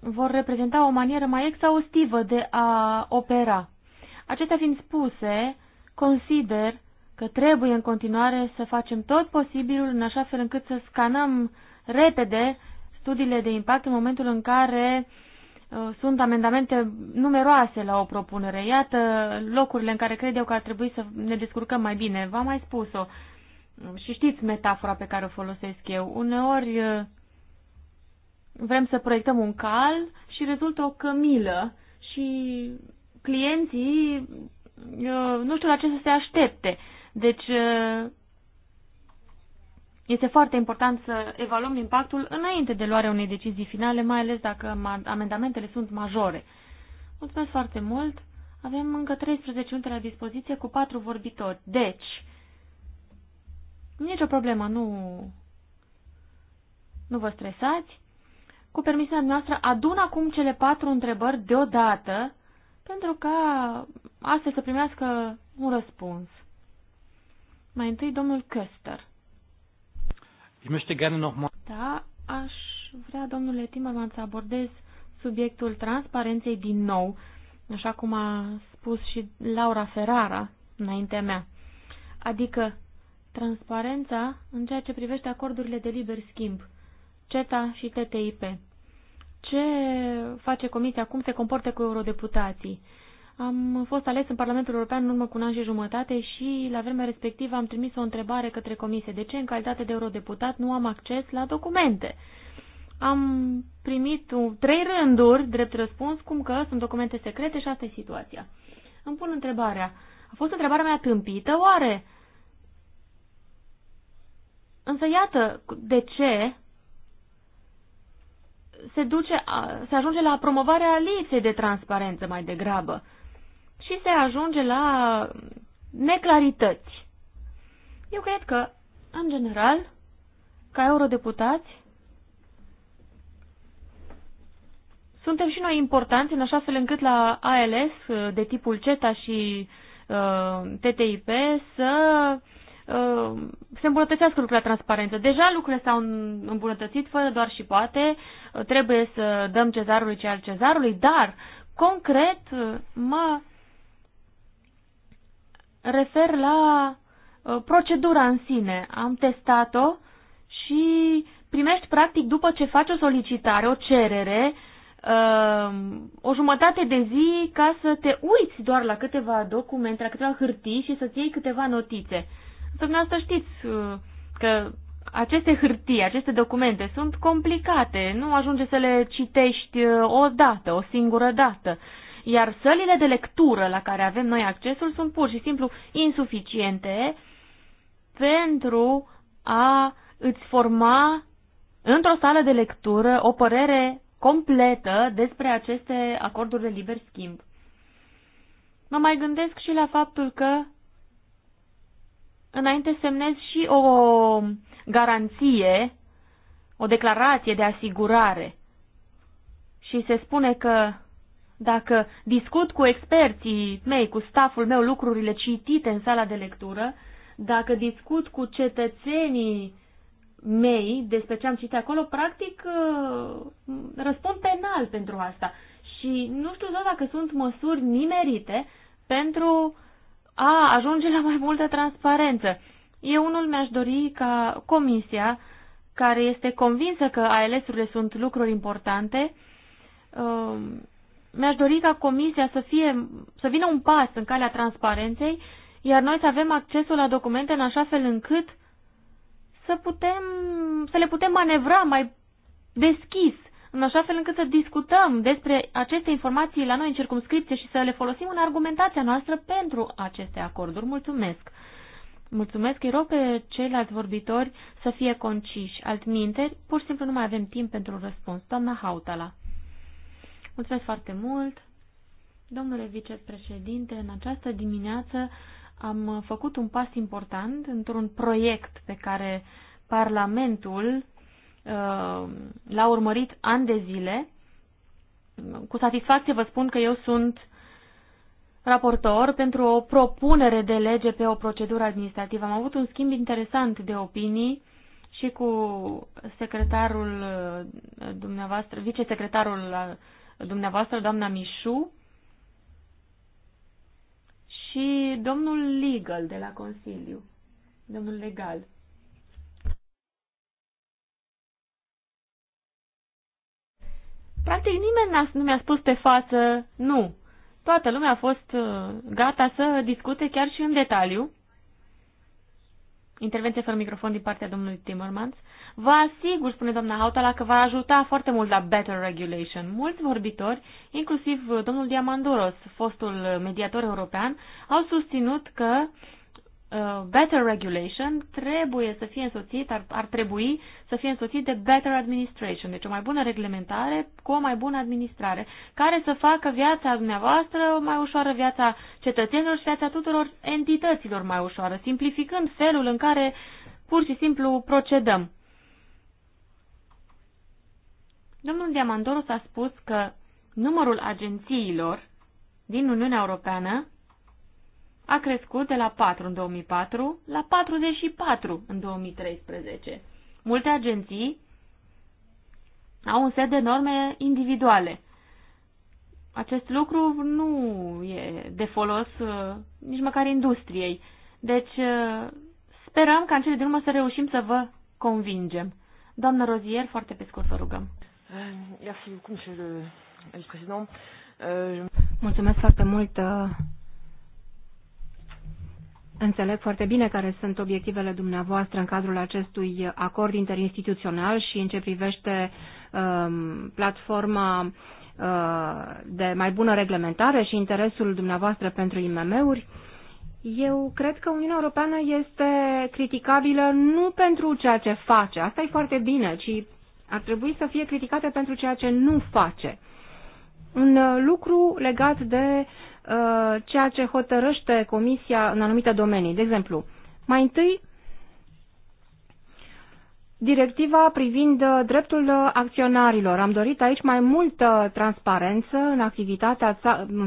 vor reprezenta o manieră mai exhaustivă de a opera. Acestea fiind spuse, consider că trebuie în continuare să facem tot posibilul în așa fel încât să scanăm repede studiile de impact în momentul în care uh, Uh, sunt amendamente numeroase la o propunere. Iată locurile în care cred eu că ar trebui să ne descurcăm mai bine. V-am mai spus-o. Mm, și știți metafora pe care o folosesc eu. Uneori uh, vrem să proiectăm un cal și rezultă o cămilă și clienții uh, nu știu la ce să se aștepte. Deci este foarte important să evaluăm impactul înainte de luarea unei decizii finale, mai ales dacă amendamentele sunt majore. Mulțumesc foarte mult! Avem încă 13 minute la dispoziție cu 4 vorbitori. Deci, nicio problemă, nu, nu vă stresați. Cu permisiunea noastră, adun acum cele patru întrebări deodată, pentru ca astea să primească un răspuns. Mai întâi, domnul Köster. Ich möchte gerne noch mal da, aș vrea, domnule Timerman, să abordez subiectul transparenței din nou, așa cum a spus și Laura Ferrara înaintea mea. Adică transparența în ceea ce privește acordurile de liber schimb, CETA și TTIP. Ce face comisia, cum se comportă cu eurodeputații? Am fost ales în Parlamentul European în urmă cu un an și jumătate și la vremea respectivă am trimis o întrebare către comisie. De ce, în calitate de eurodeputat, nu am acces la documente? Am primit trei rânduri drept răspuns, cum că sunt documente secrete și asta e situația. Îmi pun întrebarea. A fost întrebarea mea tâmpită, oare? Însă iată de ce se, duce, se ajunge la promovarea lipsei de transparență mai degrabă și se ajunge la neclarități. Eu cred că, în general, ca eurodeputați, suntem și noi importanți în așa fel încât la ALS de tipul CETA și uh, TTIP să uh, se îmbunătățească lucrurile la transparență. Deja lucrurile s-au îmbunătățit fără doar și poate, trebuie să dăm cezarului ce al cezarului, dar concret mă refer la uh, procedura în sine. Am testat-o și primești practic după ce faci o solicitare, o cerere, uh, o jumătate de zi ca să te uiți doar la câteva documente, la câteva hârtii și să-ți iei câteva notițe. Dumneavoastră știți uh, că aceste hârtii, aceste documente sunt complicate, nu ajunge să le citești o dată, o singură dată iar sălile de lectură la care avem noi accesul sunt pur și simplu insuficiente pentru a îți forma într-o sală de lectură o părere completă despre aceste acorduri de liber schimb. Mă mai gândesc și la faptul că înainte semnez și o garanție, o declarație de asigurare. Și se spune că dacă discut cu experții mei, cu staful meu, lucrurile citite în sala de lectură, dacă discut cu cetățenii mei despre ce am citit acolo, practic uh, răspund penal pentru asta. Și nu știu doar dacă sunt măsuri nimerite pentru a ajunge la mai multă transparență. Eu unul mi-aș dori ca comisia, care este convinsă că ALS-urile sunt lucruri importante, uh, mi-aș dori ca comisia să, fie, să vină un pas în calea transparenței, iar noi să avem accesul la documente în așa fel încât să, putem, să le putem manevra mai deschis, în așa fel încât să discutăm despre aceste informații la noi în circumscripție și să le folosim în argumentația noastră pentru aceste acorduri. Mulțumesc! Mulțumesc, îi rog pe ceilalți vorbitori să fie conciși. Altminteri, pur și simplu nu mai avem timp pentru răspuns. Doamna Hautala. Mulțumesc foarte mult. Domnule vicepreședinte, în această dimineață am făcut un pas important într-un proiect pe care Parlamentul uh, l-a urmărit ani de zile. Cu satisfacție vă spun că eu sunt raportor pentru o propunere de lege pe o procedură administrativă. Am avut un schimb interesant de opinii și cu secretarul uh, dumneavoastră, vicesecretarul uh, dumneavoastră, doamna Mișu, și domnul Legal de la Consiliu, domnul Legal. Practic nimeni nu mi-a spus pe față nu. Toată lumea a fost uh, gata să discute chiar și în detaliu intervenție fără microfon din partea domnului Timmermans. Vă asigur, spune doamna Hautala, că va ajuta foarte mult la better regulation. Mulți vorbitori, inclusiv domnul Diamandoros, fostul mediator european, au susținut că uh, Uh, better regulation trebuie să fie însoțit, ar, ar trebui să fie însoțit de better administration, deci o mai bună reglementare cu o mai bună administrare, care să facă viața dumneavoastră mai ușoară, viața cetățenilor și viața tuturor entităților mai ușoară, simplificând felul în care pur și simplu procedăm. Domnul Diamandoros a spus că numărul agențiilor din Uniunea Europeană a crescut de la 4 în 2004 la 44 în 2013. Multe agenții au un set de norme individuale. Acest lucru nu e de folos uh, nici măcar industriei. Deci uh, sperăm ca în cele din urmă să reușim să vă convingem. Doamnă Rozier, foarte pe scurt vă rugăm. Euh, euh, Mulțumesc foarte mult, uh, Înțeleg foarte bine care sunt obiectivele dumneavoastră în cadrul acestui acord interinstituțional și în ce privește um, platforma uh, de mai bună reglementare și interesul dumneavoastră pentru IMM-uri. Eu cred că Uniunea Europeană este criticabilă nu pentru ceea ce face, asta e foarte bine, ci ar trebui să fie criticată pentru ceea ce nu face un uh, lucru legat de uh, ceea ce hotărăște Comisia în anumite domenii. De exemplu, mai întâi, directiva privind uh, dreptul acționarilor. Am dorit aici mai multă transparență în activitatea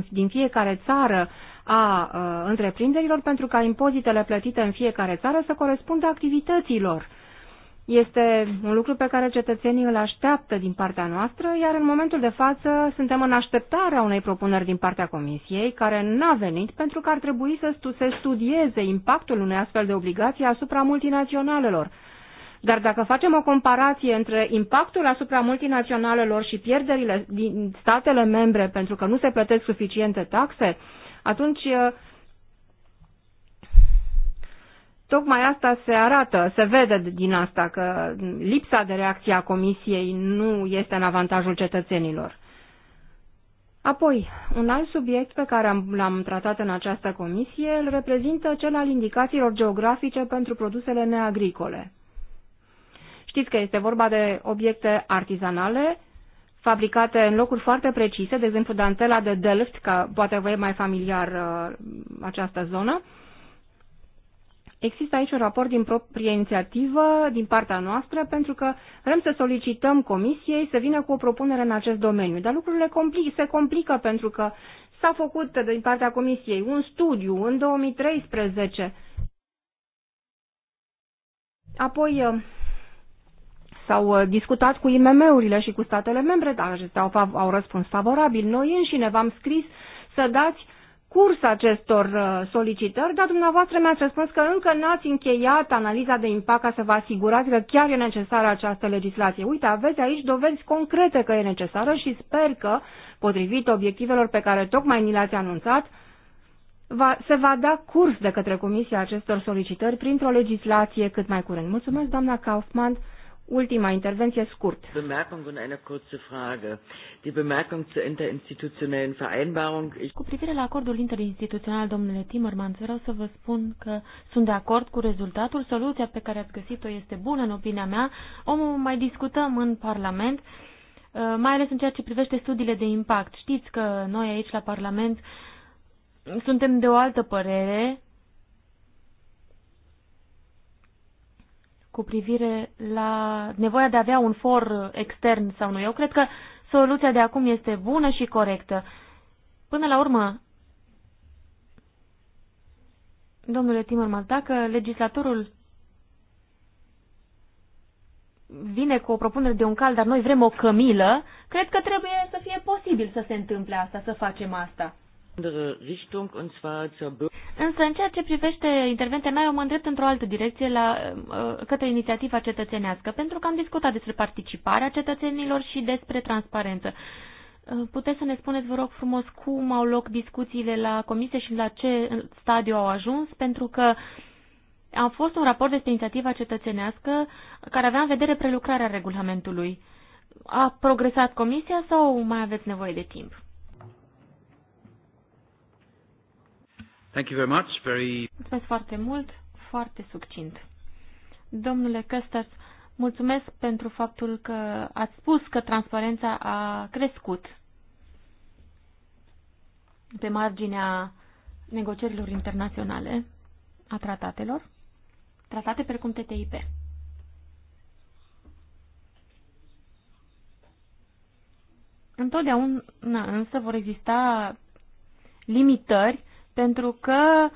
din fiecare țară a întreprinderilor pentru ca impozitele plătite în fiecare țară să corespundă activităților este un lucru pe care cetățenii îl așteaptă din partea noastră, iar în momentul de față suntem în așteptarea unei propuneri din partea Comisiei, care n-a venit pentru că ar trebui să se studieze impactul unei astfel de obligații asupra multinaționalelor. Dar dacă facem o comparație între impactul asupra multinaționalelor și pierderile din statele membre pentru că nu se plătesc suficiente taxe, atunci tocmai asta se arată, se vede din asta că lipsa de reacție a Comisiei nu este în avantajul cetățenilor. Apoi, un alt subiect pe care l-am tratat în această comisie îl reprezintă cel al indicațiilor geografice pentru produsele neagricole. Știți că este vorba de obiecte artizanale, fabricate în locuri foarte precise, de exemplu dantela de Delft, ca poate vă e mai familiar uh, această zonă, uh, Există aici un raport din proprie inițiativă din partea noastră pentru că vrem să solicităm comisiei să vină cu o propunere în acest domeniu. Dar lucrurile compli- se complică pentru că s-a făcut din partea comisiei un studiu în 2013. Apoi uh, s-au uh, discutat cu IMM-urile și cu statele membre, dar acestea au, au răspuns favorabil. Noi înșine v-am scris să dați Curs acestor uh, solicitări, dar dumneavoastră mi-ați răspuns că încă n-ați încheiat analiza de impact ca să vă asigurați că chiar e necesară această legislație. Uite, aveți aici dovezi concrete că e necesară și sper că, potrivit obiectivelor pe care tocmai ni le-ați anunțat, va, se va da curs de către Comisia acestor solicitări printr-o legislație cât mai curând. Mulțumesc, doamna Kaufmann. Ultima intervenție scurt. Bemerkung und eine kurze Frage. Die Bemerkung zur interinstitutionellen Vereinbarung. Cu privire la acordul interinstituțional, domnule Timmermans, vreau să vă spun că sunt de acord cu rezultatul. Soluția pe care ați găsit-o este bună, în opinia mea. O mai discutăm în Parlament, uh, mai ales în ceea ce privește studiile de impact. Știți că noi aici la Parlament suntem de o altă părere cu privire la nevoia de a avea un for extern sau nu. Eu cred că soluția de acum este bună și corectă. Până la urmă, domnule Timmermans, dacă legislatorul vine cu o propunere de un cal, dar noi vrem o cămilă, cred că trebuie să fie posibil să se întâmple asta, să facem asta. Însă, în ceea ce privește intervenția mea, eu mă îndrept într-o altă direcție la, ă, către inițiativa cetățenească, pentru că am discutat despre participarea cetățenilor și despre transparență. Ă, puteți să ne spuneți, vă rog frumos, cum au loc discuțiile la comisie și la ce stadiu au ajuns? Pentru că a fost un raport despre inițiativa cetățenească care avea în vedere prelucrarea regulamentului. A progresat comisia sau mai aveți nevoie de timp? Thank you very much. Very... Mulțumesc foarte mult, foarte succint. Domnule Căstăț, mulțumesc pentru faptul că ați spus că transparența a crescut pe marginea negocierilor internaționale a tratatelor, tratate precum TTIP. Întotdeauna însă vor exista limitări pentru că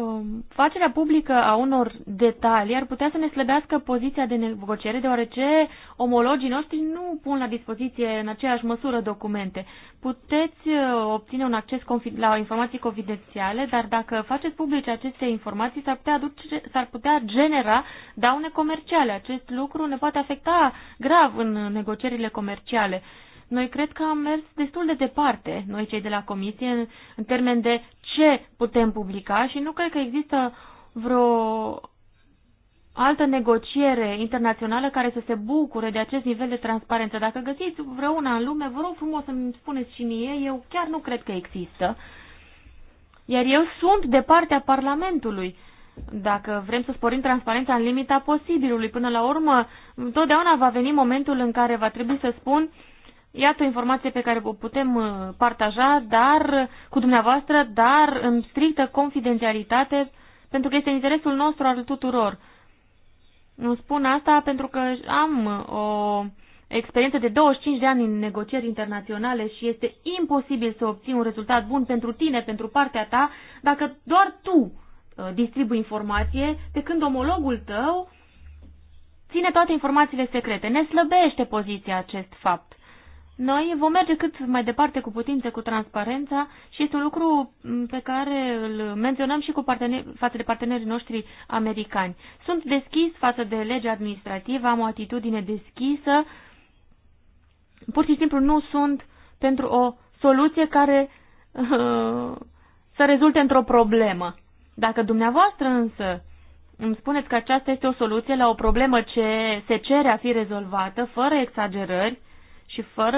um, facerea publică a unor detalii ar putea să ne slăbească poziția de negociere, deoarece omologii noștri nu pun la dispoziție în aceeași măsură documente. Puteți uh, obține un acces la informații confidențiale, dar dacă faceți publice aceste informații, s-ar putea, putea genera daune comerciale. Acest lucru ne poate afecta grav în negocierile comerciale. Uh, noi cred că am mers destul de departe, noi cei de la comisie, în, în termen de ce putem publica și nu cred că există vreo altă negociere internațională care să se bucure de acest nivel de transparență. Dacă găsiți vreuna în lume, vă rog frumos să-mi spuneți și mie, eu chiar nu cred că există. Iar eu sunt de partea Parlamentului. Dacă vrem să sporim transparența în limita posibilului, până la urmă, totdeauna va veni momentul în care va trebui să spun Iată o informație pe care o putem uh, partaja dar cu dumneavoastră, dar în strictă confidențialitate, pentru că este în interesul nostru al tuturor. Nu spun asta pentru că am uh, o experiență de 25 de ani în negocieri internaționale și este imposibil să obții un rezultat bun pentru tine, pentru partea ta, dacă doar tu uh, distribui informație, de când omologul tău ține toate informațiile secrete. Ne slăbește poziția acest fapt. Noi vom merge cât mai departe cu putință, cu transparența și este un lucru mm, pe care îl menționăm și cu partener, față de partenerii noștri americani. Sunt deschis față de legea administrativă, am o atitudine deschisă, pur și simplu nu sunt pentru o soluție care uh, <laughs> să rezulte într-o problemă. Dacă dumneavoastră însă îmi spuneți că aceasta este o soluție la o problemă ce se cere a fi rezolvată, fără exagerări, și fără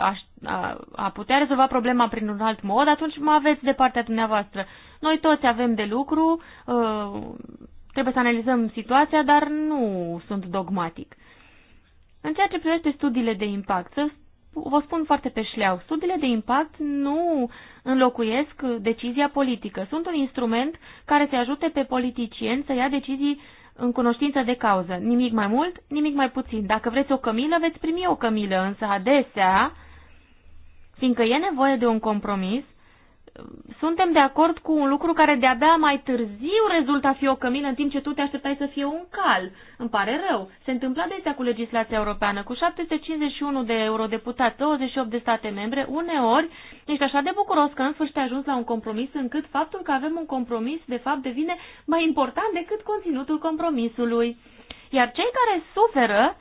a, a, a putea rezolva problema prin un alt mod, atunci mă aveți de partea dumneavoastră. Noi toți avem de lucru, ă, trebuie să analizăm situația, dar nu sunt dogmatic. În ceea ce privește studiile de impact, să vă spun foarte pe șleau, studiile de impact nu înlocuiesc decizia politică. Sunt un instrument care să ajute pe politicieni să ia decizii în cunoștință de cauză. Nimic mai mult, nimic mai puțin. Dacă vreți o cămilă, veți primi o cămilă, însă adesea, fiindcă e nevoie de un compromis, suntem de acord cu un lucru care de-abia mai târziu rezultă a fi o cămină, în timp ce tu te așteptai să fie un cal. Îmi pare rău. Se întâmplă adesea cu legislația europeană, cu 751 de eurodeputați, 28 de state membre, uneori ești așa de bucuros că în sfârșit ai ajuns la un compromis, încât faptul că avem un compromis, de fapt, devine mai important decât conținutul compromisului. Iar cei care suferă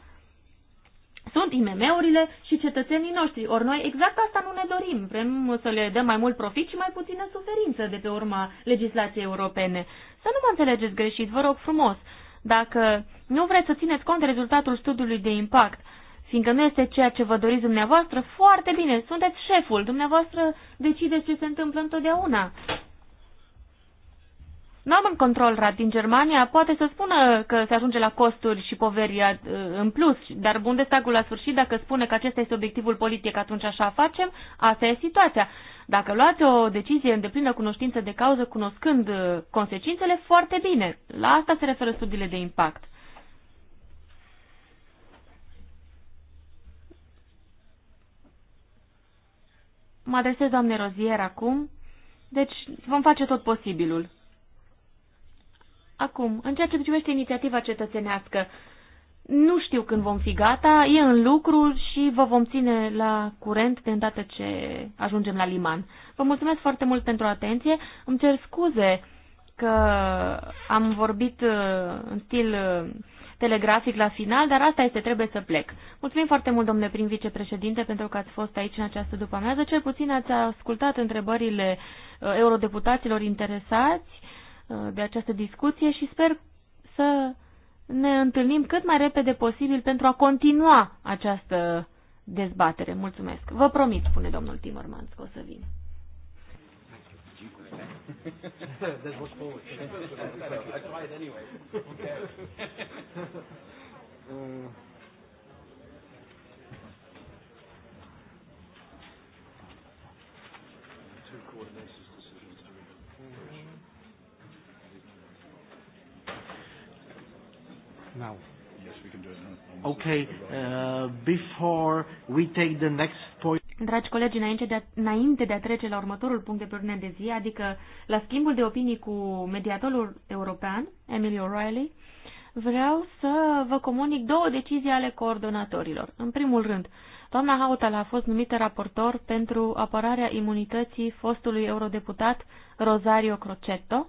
sunt IMM-urile și cetățenii noștri. Ori noi exact asta nu ne dorim. Vrem să le dăm mai mult profit și mai puțină suferință de pe urma legislației europene. Să nu mă înțelegeți greșit, vă rog frumos. Dacă nu vreți să țineți cont de rezultatul studiului de impact, fiindcă nu este ceea ce vă doriți dumneavoastră, foarte bine, sunteți șeful, dumneavoastră decideți ce se întâmplă întotdeauna. Nu am control rat din Germania poate să spună că se ajunge la costuri și poveri uh, în plus, dar Bundestagul la sfârșit, dacă spune că acesta este obiectivul politic, atunci așa facem, asta e situația. Dacă luați o decizie în deplină cunoștință de cauză, cunoscând uh, consecințele, foarte bine. La asta se referă studiile de impact. Mă adresez doamne Rozier acum, deci vom face tot posibilul. Acum, în ceea ce privește inițiativa cetățenească, nu știu când vom fi gata, e în lucru și vă vom ține la curent de îndată ce ajungem la liman. Vă mulțumesc foarte mult pentru atenție. Îmi cer scuze că am vorbit uh, în stil uh, telegrafic la final, dar asta este, trebuie să plec. Mulțumim foarte mult, domnule prim vicepreședinte, pentru că ați fost aici în această după-amiază. Cel puțin ați ascultat întrebările uh, eurodeputaților interesați Uh, de această discuție și sper să ne întâlnim cât mai repede posibil pentru a continua această dezbatere. Mulțumesc. Vă promit, spune domnul Timmermans, că o să vin. that now? Yes, we can do it now. Okay, uh, before we take the next point. Dragi colegi, înainte de, a, înainte de a trece la următorul punct de pe ordinea de zi, adică la schimbul de opinii cu mediatorul european, Emily O'Reilly, vreau să vă comunic două decizii ale coordonatorilor. În primul rând, doamna Hautal a fost numită raportor pentru apărarea imunității fostului eurodeputat Rosario Crocetto,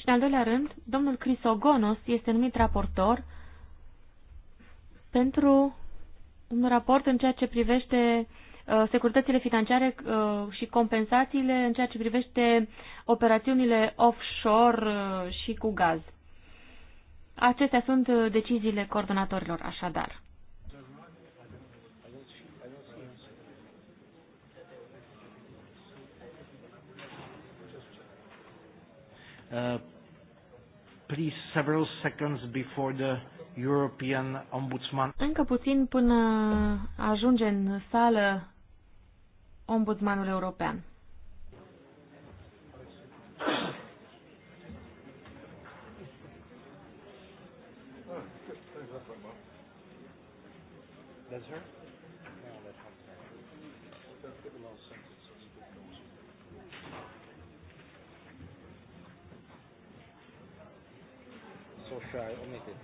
și, în al doilea rând, domnul Crisogonos este numit raportor pentru un raport în ceea ce privește uh, securitățile financiare uh, și compensațiile în ceea ce privește operațiunile offshore uh, și cu gaz. Acestea sunt deciziile coordonatorilor, așadar. Uh, please, several seconds before the European Ombudsman. Încă puțin până ajunge în sală ombudsmanul european. That's her? cry omitted.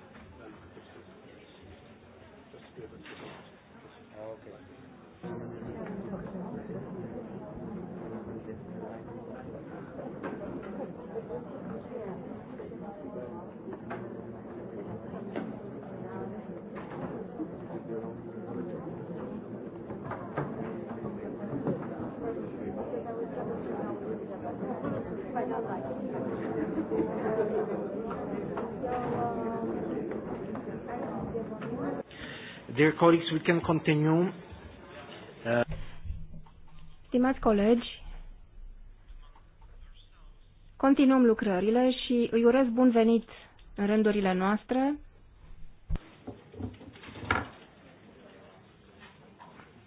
Dear colleagues, we can continue. Uh, Stimați colegi, continuăm lucrările și îi urez bun venit în rândurile noastre.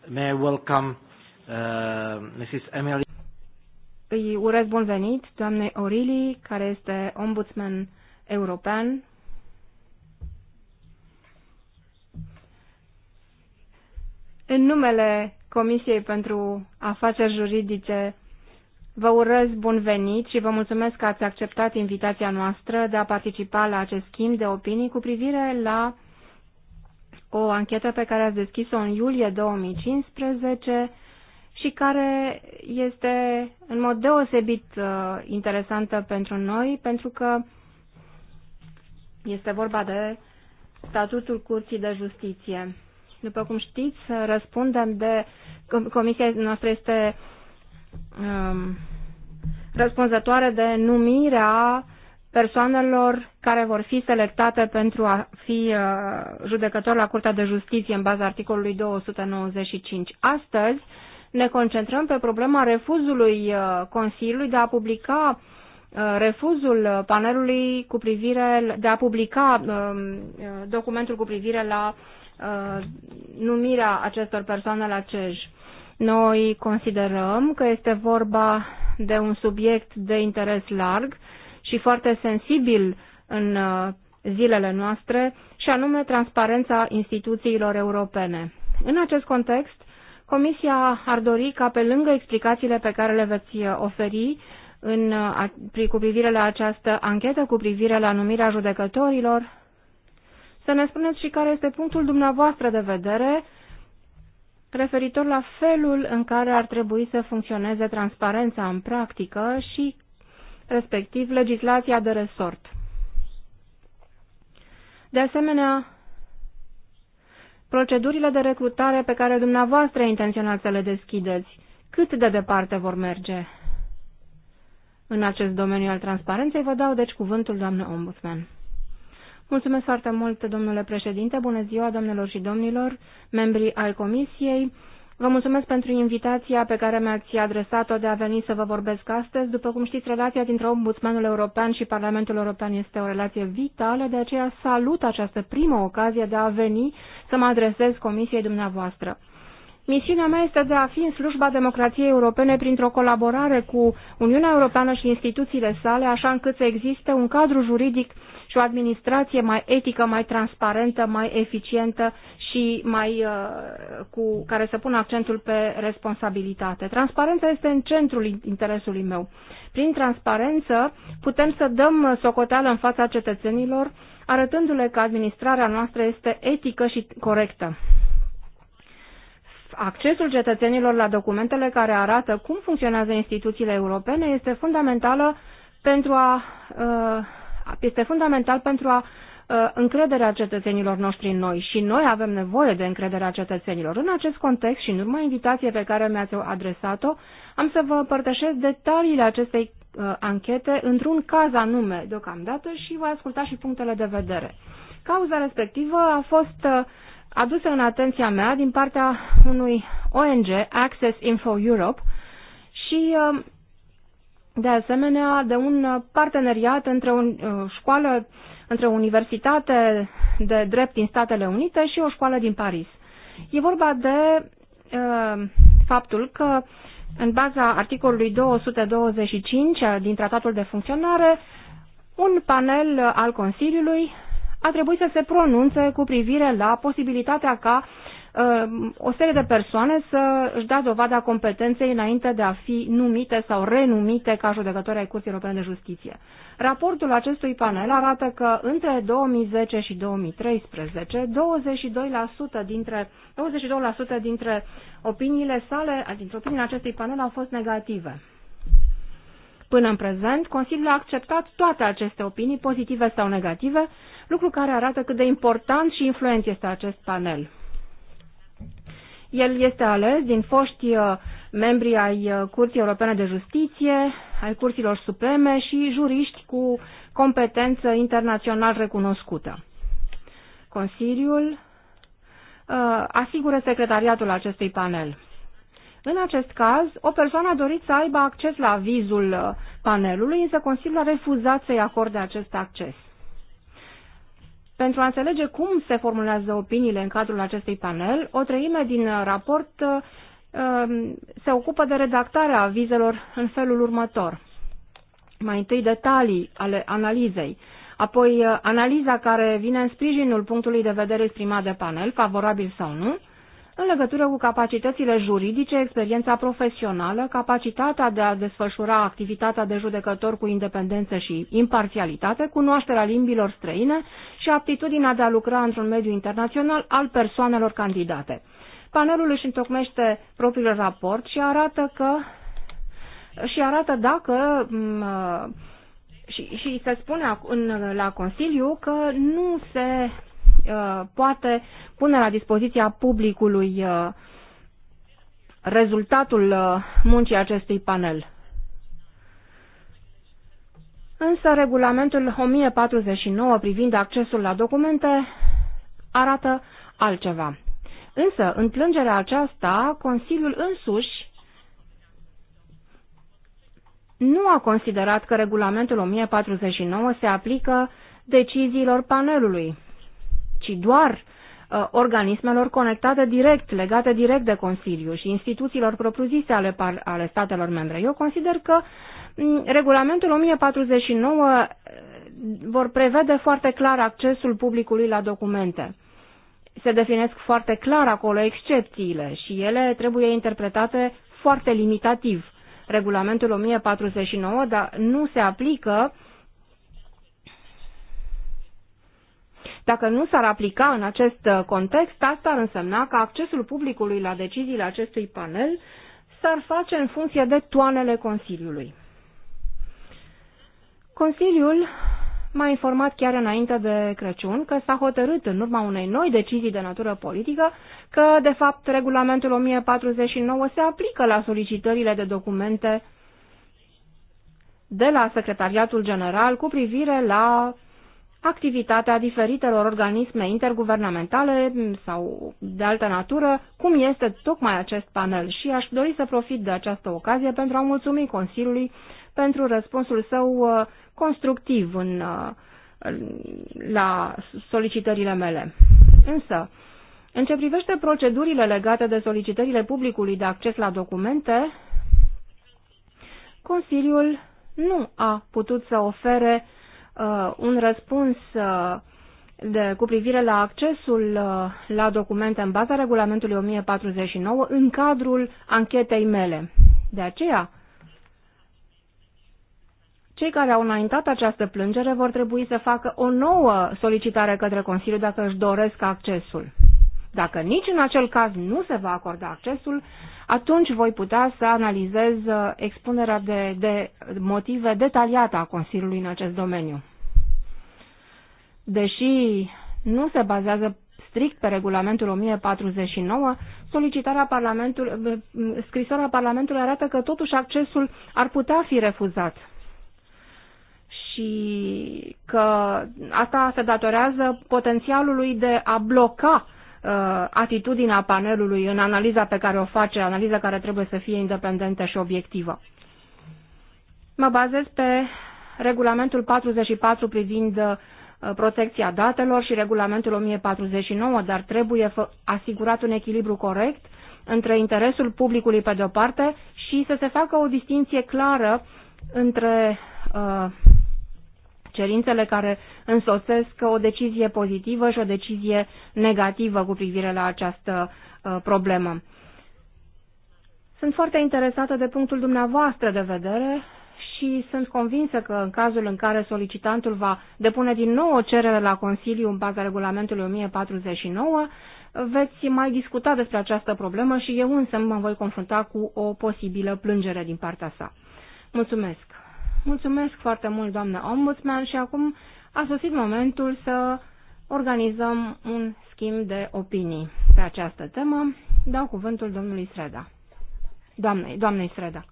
May I welcome uh, Mrs. Emily. Îi urez bun venit doamnei Orili, care este ombudsman european În numele Comisiei pentru Afaceri Juridice vă urez bun venit și vă mulțumesc că ați acceptat invitația noastră de a participa la acest schimb de opinii cu privire la o anchetă pe care ați deschis-o în iulie 2015 și care este în mod deosebit uh, interesantă pentru noi, pentru că este vorba de statutul Curții de Justiție. După cum știți, răspundem de... Comisia noastră este um, răspunzătoare de numirea persoanelor care vor fi selectate pentru a fi uh, judecători la Curtea de Justiție în baza articolului 295. Astăzi ne concentrăm pe problema refuzului uh, Consiliului de a publica uh, refuzul panelului cu privire de a publica um, uh, documentul cu privire la uh, uh, numirea acestor persoane la CEJ. Noi considerăm că este vorba de un subiect de interes larg și foarte sensibil în uh, zilele noastre, și anume transparența instituțiilor europene. În acest context, Comisia ar dori ca pe lângă explicațiile pe care le veți uh, oferi în, uh, cu privire la această anchetă cu privire la numirea judecătorilor, să ne spuneți și care este punctul dumneavoastră de vedere referitor la felul în care ar trebui să funcționeze transparența în practică și, respectiv, legislația de resort. De asemenea, procedurile de recrutare pe care dumneavoastră intenționați să le deschideți, cât de departe vor merge? În acest domeniu al transparenței vă dau deci cuvântul, doamnă ombudsman. Mulțumesc foarte mult, domnule președinte. Bună ziua, domnilor și domnilor, membrii ai comisiei. Vă mulțumesc pentru invitația pe care mi-ați adresat-o de a veni să vă vorbesc astăzi. După cum știți, relația dintre Ombudsmanul European și Parlamentul European este o relație vitală, de aceea salut această primă ocazie de a veni să mă adresez Comisiei dumneavoastră. Misiunea mea este de a fi în slujba democrației europene printr-o colaborare cu Uniunea Europeană și instituțiile sale, așa încât să existe un cadru juridic și o administrație mai etică, mai transparentă, mai eficientă și mai uh, cu care să pună accentul pe responsabilitate. Transparența este în centrul interesului meu. Prin transparență putem să dăm socoteală în fața cetățenilor, arătându-le că administrarea noastră este etică și corectă accesul cetățenilor la documentele care arată cum funcționează instituțiile europene este fundamentală pentru a, uh, este fundamental pentru a uh, încrederea cetățenilor noștri în noi și noi avem nevoie de încrederea cetățenilor. În acest context și în urma invitației pe care mi-ați adresat-o, am să vă împărtășesc detaliile acestei uh, anchete într-un caz anume deocamdată și voi asculta și punctele de vedere. Cauza respectivă a fost uh, aduse în atenția mea din partea unui ONG, Access Info Europe, și uh, de asemenea de un parteneriat între o uh, școală, între o universitate de drept din Statele Unite și o școală din Paris. E vorba de uh, faptul că în baza articolului 225 din Tratatul de Funcționare, un panel al Consiliului a trebuit să se pronunțe cu privire la posibilitatea ca uh, o serie de persoane să își dea dovada competenței înainte de a fi numite sau renumite ca judecători ai Curții Europene de Justiție. Raportul acestui panel arată că între 2010 și 2013, 22% dintre, 22% dintre opiniile sale, dintre opiniile acestui panel au fost negative. Până în prezent, Consiliul a acceptat toate aceste opinii, pozitive sau negative, lucru care arată cât de important și influent este acest panel. El este ales din foști uh, membri ai uh, Curții Europene de Justiție, ai Curților Supreme și juriști cu competență internațional recunoscută. Consiliul uh, asigură secretariatul acestui panel. În acest caz, o persoană a dorit să aibă acces la avizul panelului, însă Consiliul a refuzat să-i acorde acest acces. Pentru a înțelege cum se formulează opiniile în cadrul acestui panel, o treime din raport uh, um, se ocupă de redactarea avizelor în felul următor. Mai întâi detalii ale analizei, apoi uh, analiza care vine în sprijinul punctului de vedere exprimat de panel, favorabil sau nu, în legătură cu capacitățile juridice, experiența profesională, capacitatea de a desfășura activitatea de judecător cu independență și imparțialitate, cunoașterea limbilor străine și aptitudinea de a lucra într-un mediu internațional al persoanelor candidate. Panelul își întocmește propriul raport și arată că și arată dacă mm, uh, și, și se spune în, la Consiliu că nu se Uh, poate pune la dispoziția publicului uh, rezultatul uh, muncii acestui panel. Însă regulamentul 1049 privind accesul la documente arată altceva. Însă, în plângerea aceasta, Consiliul însuși nu a considerat că regulamentul 1049 se aplică deciziilor panelului, ci doar uh, organismelor conectate direct, legate direct de Consiliu și instituțiilor propriu-zise ale, par, ale statelor membre. Eu consider că m, mm, regulamentul 1049 uh, vor prevede foarte clar accesul publicului la documente. Se definesc foarte clar acolo excepțiile și ele trebuie interpretate foarte limitativ. Regulamentul 1049 dar nu se aplică uh, Dacă nu s-ar aplica în acest uh, context, asta ar însemna că accesul publicului la deciziile acestui panel s-ar face în funcție de toanele Consiliului. Consiliul m-a informat chiar înainte de Crăciun că s-a hotărât în urma unei noi decizii de natură politică că, de fapt, regulamentul 1049 se aplică la solicitările de documente de la Secretariatul General cu privire la activitatea diferitelor organisme interguvernamentale sau de altă natură, cum este tocmai acest panel și aș dori să profit de această ocazie pentru a mulțumi Consiliului pentru răspunsul său uh, constructiv uh, în, la solicitările mele. Însă, în ce privește procedurile legate de solicitările publicului de acces la documente, Consiliul nu a putut să ofere uh, uh, un răspuns uh, de, cu privire la accesul uh, la documente în baza regulamentului 1049 în cadrul anchetei mele. De aceea, cei care au înaintat această plângere vor trebui să facă o nouă solicitare către Consiliu dacă își doresc accesul. Dacă nici în acel caz nu se va acorda accesul, atunci voi putea să analizez uh, expunerea de, de motive detaliată a Consiliului în acest domeniu. Deși nu se bazează strict pe regulamentul 1049, solicitarea Parlamentului, uh, uh, scrisoarea Parlamentului arată că totuși accesul ar putea fi refuzat și că asta se datorează potențialului de a bloca Uh, atitudinea panelului în analiza pe care o face, analiza care trebuie să fie independentă și obiectivă. Mă bazez pe regulamentul 44 privind uh, protecția datelor și regulamentul 1049, dar trebuie asigurat un echilibru corect între interesul publicului pe de-o parte și să se facă o distinție clară între uh, cerințele care însoțesc o decizie pozitivă și o decizie negativă cu privire la această uh, problemă. Sunt foarte interesată de punctul dumneavoastră de vedere și sunt convinsă că în cazul în care solicitantul va depune din nou o cerere la Consiliu în baza regulamentului 1049, veți mai discuta despre această problemă și eu însă mă voi confrunta cu o posibilă plângere din partea sa. Mulțumesc! Mulțumesc foarte mult, doamnă ombudsman, și acum a sosit momentul să organizăm un schimb de opinii pe această temă. Dau cuvântul domnului Sreda. Doamnei, doamnei Sreda.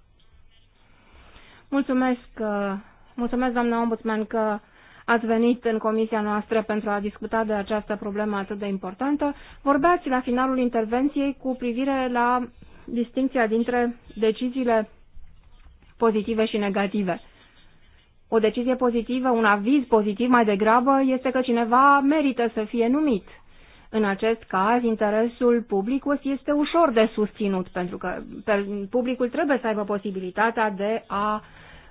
Mulțumesc, uh, mulțumesc, doamnă ombudsman, că ați venit în comisia noastră pentru a discuta de această problemă atât de importantă. Vorbeați la finalul intervenției cu privire la distinția dintre deciziile pozitive și negative o decizie pozitivă, un aviz pozitiv mai degrabă, este că cineva merită să fie numit. În acest caz, interesul publicus este ușor de susținut, pentru că publicul trebuie să aibă posibilitatea de a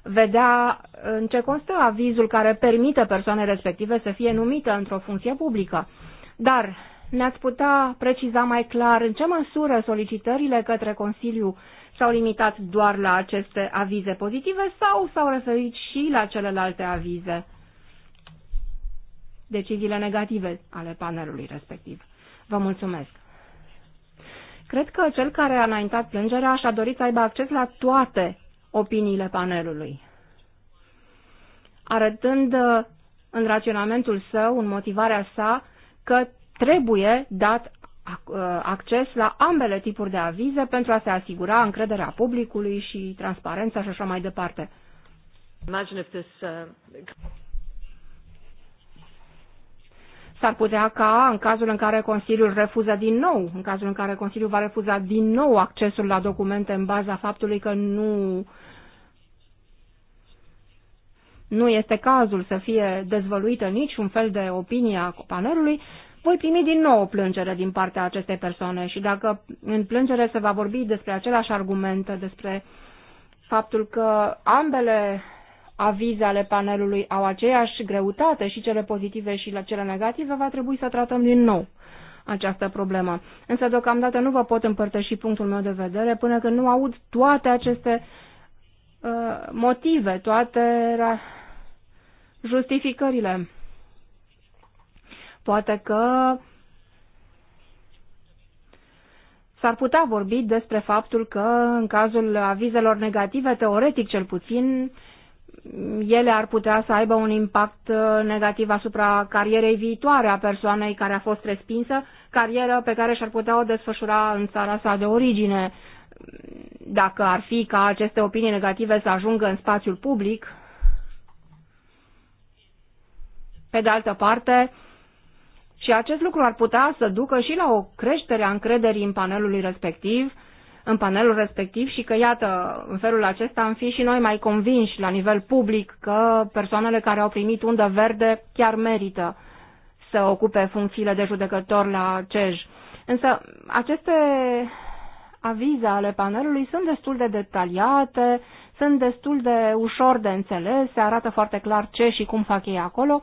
vedea în ce constă avizul care permite persoanei respective să fie numită într-o funcție publică. Dar ne-ați putea preciza mai clar în ce măsură solicitările către Consiliu s-au limitat doar la aceste avize pozitive sau s-au referit și la celelalte avize, deciziile negative ale panelului respectiv. Vă mulțumesc! Cred că cel care a înaintat plângerea și-a dorit să aibă acces la toate opiniile panelului, arătând uh, în raționamentul său, în motivarea sa, că trebuie dat Ă, acces la ambele tipuri de avize pentru a se asigura încrederea publicului și transparența și așa mai departe. Uh, S-ar putea ca, în cazul în care Consiliul refuză din nou, în cazul în care Consiliul va refuza din nou accesul la documente în baza faptului că nu, nu este cazul să fie dezvăluită niciun fel de opinie a panelului, voi primi din nou o plângere din partea acestei persoane și dacă în plângere se va vorbi despre același argument, despre faptul că ambele avize ale panelului au aceeași greutate și cele pozitive și cele negative, va trebui să tratăm din nou această problemă. Însă deocamdată nu vă pot împărtăși punctul meu de vedere până când nu aud toate aceste uh, motive, toate justificările. Poate că s-ar putea vorbi despre faptul că, în cazul avizelor negative, teoretic cel puțin, ele ar putea să aibă un impact uh, negativ asupra carierei viitoare a persoanei care a fost respinsă, carieră pe care și-ar putea o desfășura în țara sa de origine. Dacă ar fi ca aceste opinii negative să ajungă în spațiul public, pe de altă parte, și acest lucru ar putea să ducă și la o creștere a încrederii în panelul respectiv, în panelul respectiv și că, iată, în felul acesta am fi și noi mai convinși la nivel public că persoanele care au primit undă verde chiar merită să ocupe funcțiile de judecător la CEJ. Însă aceste avize ale panelului sunt destul de detaliate, sunt destul de ușor de înțeles, se arată foarte clar ce și cum fac ei acolo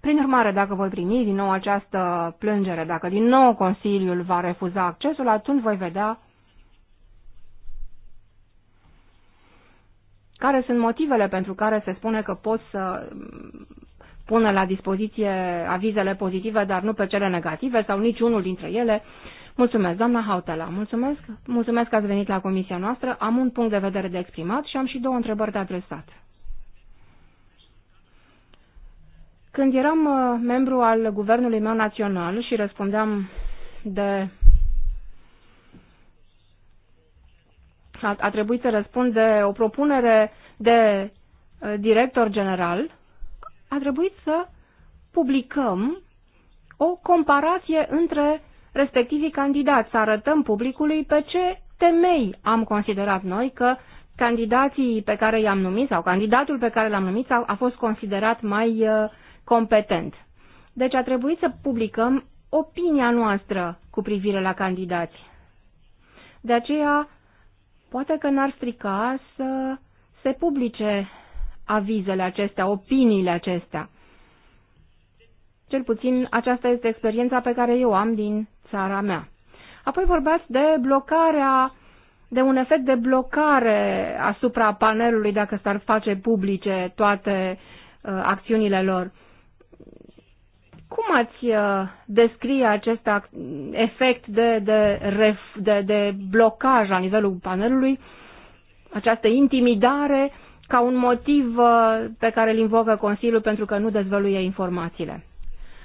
Prin urmare, dacă voi primi din nou această plângere, dacă din nou Consiliul va refuza accesul, atunci voi vedea care sunt motivele pentru care se spune că pot să pună la dispoziție avizele pozitive, dar nu pe cele negative sau niciunul dintre ele. Mulțumesc, doamna Hautela. Mulțumesc, mulțumesc că ați venit la comisia noastră. Am un punct de vedere de exprimat și am și două întrebări de adresat. Când eram uh, membru al guvernului meu național și răspundeam de a, a trebuit să răspund de o propunere de uh, director general, a trebuit să publicăm o comparație între respectivii candidați, să arătăm publicului pe ce temei am considerat noi că candidații pe care i-am numit sau candidatul pe care l-am numit a, a fost considerat mai uh, competent. Deci a trebuit să publicăm opinia noastră cu privire la candidați. De aceea, poate că n-ar strica să se publice avizele acestea, opiniile acestea. Cel puțin aceasta este experiența pe care eu am din țara mea. Apoi vorbeați de blocarea, de un efect de blocare asupra panelului dacă s-ar face publice toate uh, acțiunile lor. Cum ați uh, descrie acest efect de, de, ref, de, de blocaj la nivelul panelului, această intimidare, ca un motiv uh, pe care îl invocă Consiliul pentru că nu dezvăluie informațiile?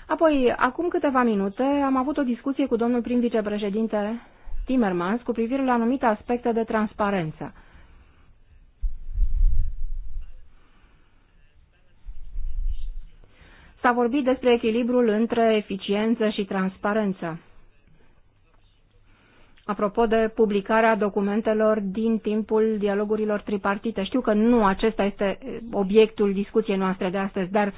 Apoi, acum câteva minute, am avut o discuție cu domnul prim vicepreședinte Timmermans cu privire la anumite aspecte de transparență. S-a vorbit despre echilibrul între eficiență și transparență. Apropo de publicarea documentelor din timpul dialogurilor tripartite, știu că nu acesta este obiectul discuției noastre de astăzi, dar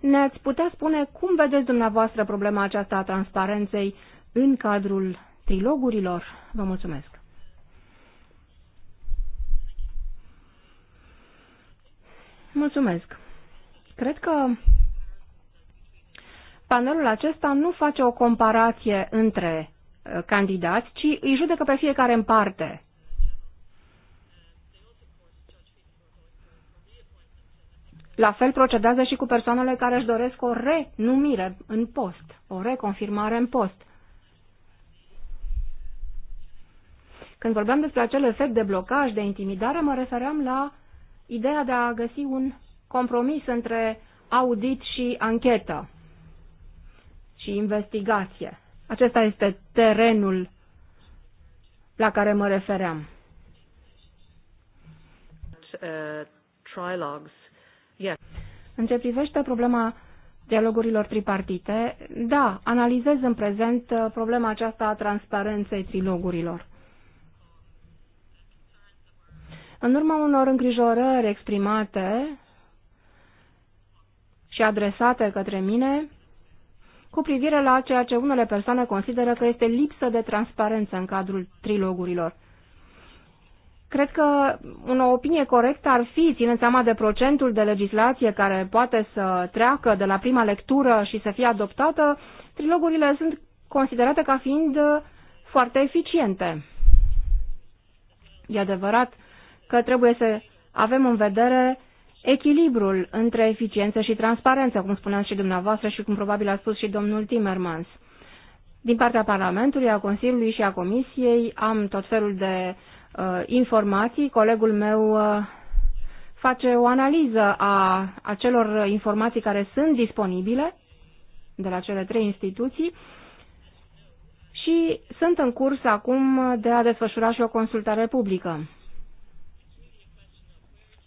ne-ați putea spune cum vedeți dumneavoastră problema aceasta a transparenței în cadrul trilogurilor? Vă mulțumesc! Mulțumesc! Cred că panelul acesta nu face o comparație între uh, candidați, ci îi judecă pe fiecare în parte. La fel procedează și cu persoanele care își doresc o renumire în post, o reconfirmare în post. Când vorbeam despre acel efect de blocaj, de intimidare, mă refeream la ideea de a găsi un compromis între audit și anchetă și investigație. Acesta este terenul la care mă refeream. În ce privește problema dialogurilor tripartite, da, analizez în prezent uh, problema aceasta a transparenței trilogurilor. În urma unor îngrijorări exprimate și adresate către mine, cu privire la ceea ce unele persoane consideră că este lipsă de transparență în cadrul trilogurilor. Cred că o opinie corectă ar fi, ținând seama de procentul de legislație care poate să treacă de la prima lectură și să fie adoptată, trilogurile sunt considerate ca fiind foarte eficiente. E adevărat că trebuie să avem în vedere echilibrul între eficiență și transparență, cum spuneați și dumneavoastră și cum probabil a spus și domnul Timmermans. Din partea Parlamentului, a Consiliului și a Comisiei am tot felul de uh, informații. Colegul meu uh, face o analiză a acelor informații care sunt disponibile de la cele trei instituții și sunt în curs acum de a desfășura și o consultare publică.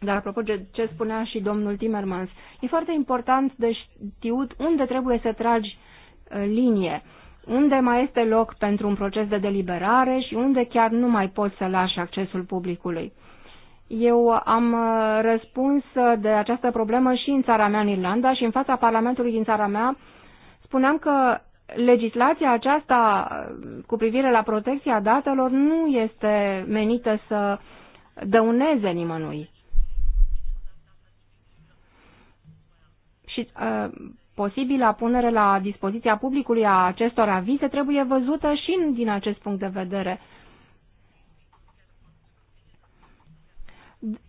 Dar apropo de ce spunea și domnul Timmermans, e foarte important de știut unde trebuie să tragi uh, linie, unde mai este loc pentru un proces de deliberare și unde chiar nu mai poți să lași accesul publicului. Eu am uh, răspuns uh, de această problemă și în țara mea, în Irlanda, și în fața Parlamentului din țara mea, spuneam că legislația aceasta cu privire la protecția datelor nu este menită să dăuneze nimănui. și uh, posibilă punere la dispoziția publicului a acestor avize trebuie văzută și din acest punct de vedere.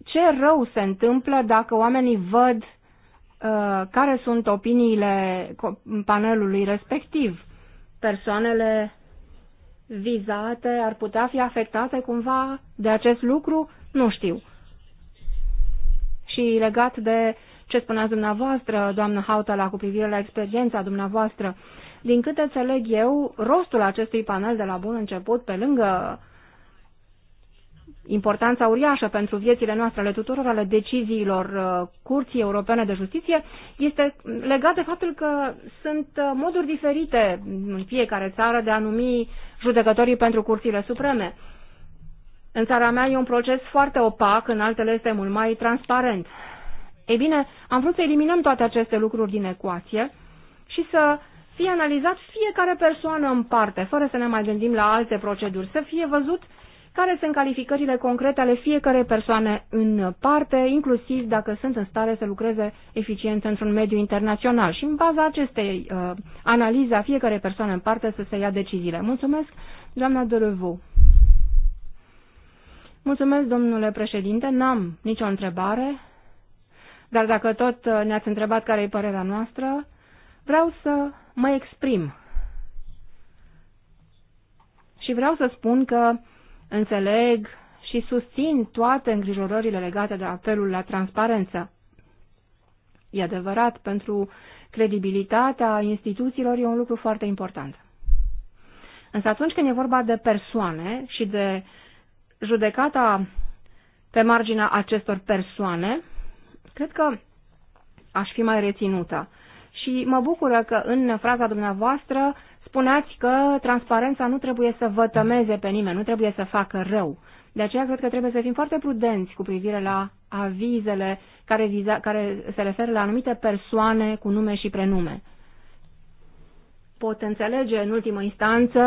Ce rău se întâmplă dacă oamenii văd uh, care sunt opiniile panelului respectiv? Persoanele vizate ar putea fi afectate cumva de acest lucru? Nu știu. Și legat de uh, ce spuneați dumneavoastră, doamnă Hautala, cu privire la experiența dumneavoastră. Din câte înțeleg eu, rostul acestui panel de la bun început, pe lângă importanța uriașă pentru viețile noastre, ale tuturor, ale deciziilor uh, Curții Europene de Justiție, este legat de faptul că sunt uh, moduri diferite în fiecare țară de a numi judecătorii pentru Curțile Supreme. În țara mea e un proces foarte opac, în altele este mult mai transparent. Ei bine, am vrut să eliminăm toate aceste lucruri din ecuație și să fie analizat fiecare persoană în parte, fără să ne mai gândim la alte proceduri, să fie văzut care sunt calificările concrete ale fiecare persoane în parte, inclusiv dacă sunt în stare să lucreze eficient într-un mediu internațional și în baza acestei uh, analize a fiecare persoană în parte să se ia deciziile. Mulțumesc, doamna Dărăvu. Mulțumesc, domnule președinte. N-am nicio întrebare. Dar dacă tot uh, ne-ați întrebat care e părerea noastră, vreau să mă exprim. Și vreau să spun că înțeleg și susțin toate îngrijorările legate de apelul la transparență. E adevărat, pentru credibilitatea instituțiilor e un lucru foarte important. Însă atunci când e vorba de persoane și de judecata pe marginea acestor persoane, Cred că aș fi mai reținută. Și mă bucură că în fraza dumneavoastră spuneați că transparența nu trebuie să vătămeze pe nimeni, nu trebuie să facă rău. De aceea cred că trebuie să fim foarte prudenți cu privire la avizele care, viza, care se referă la anumite persoane cu nume și prenume. Pot înțelege în ultimă instanță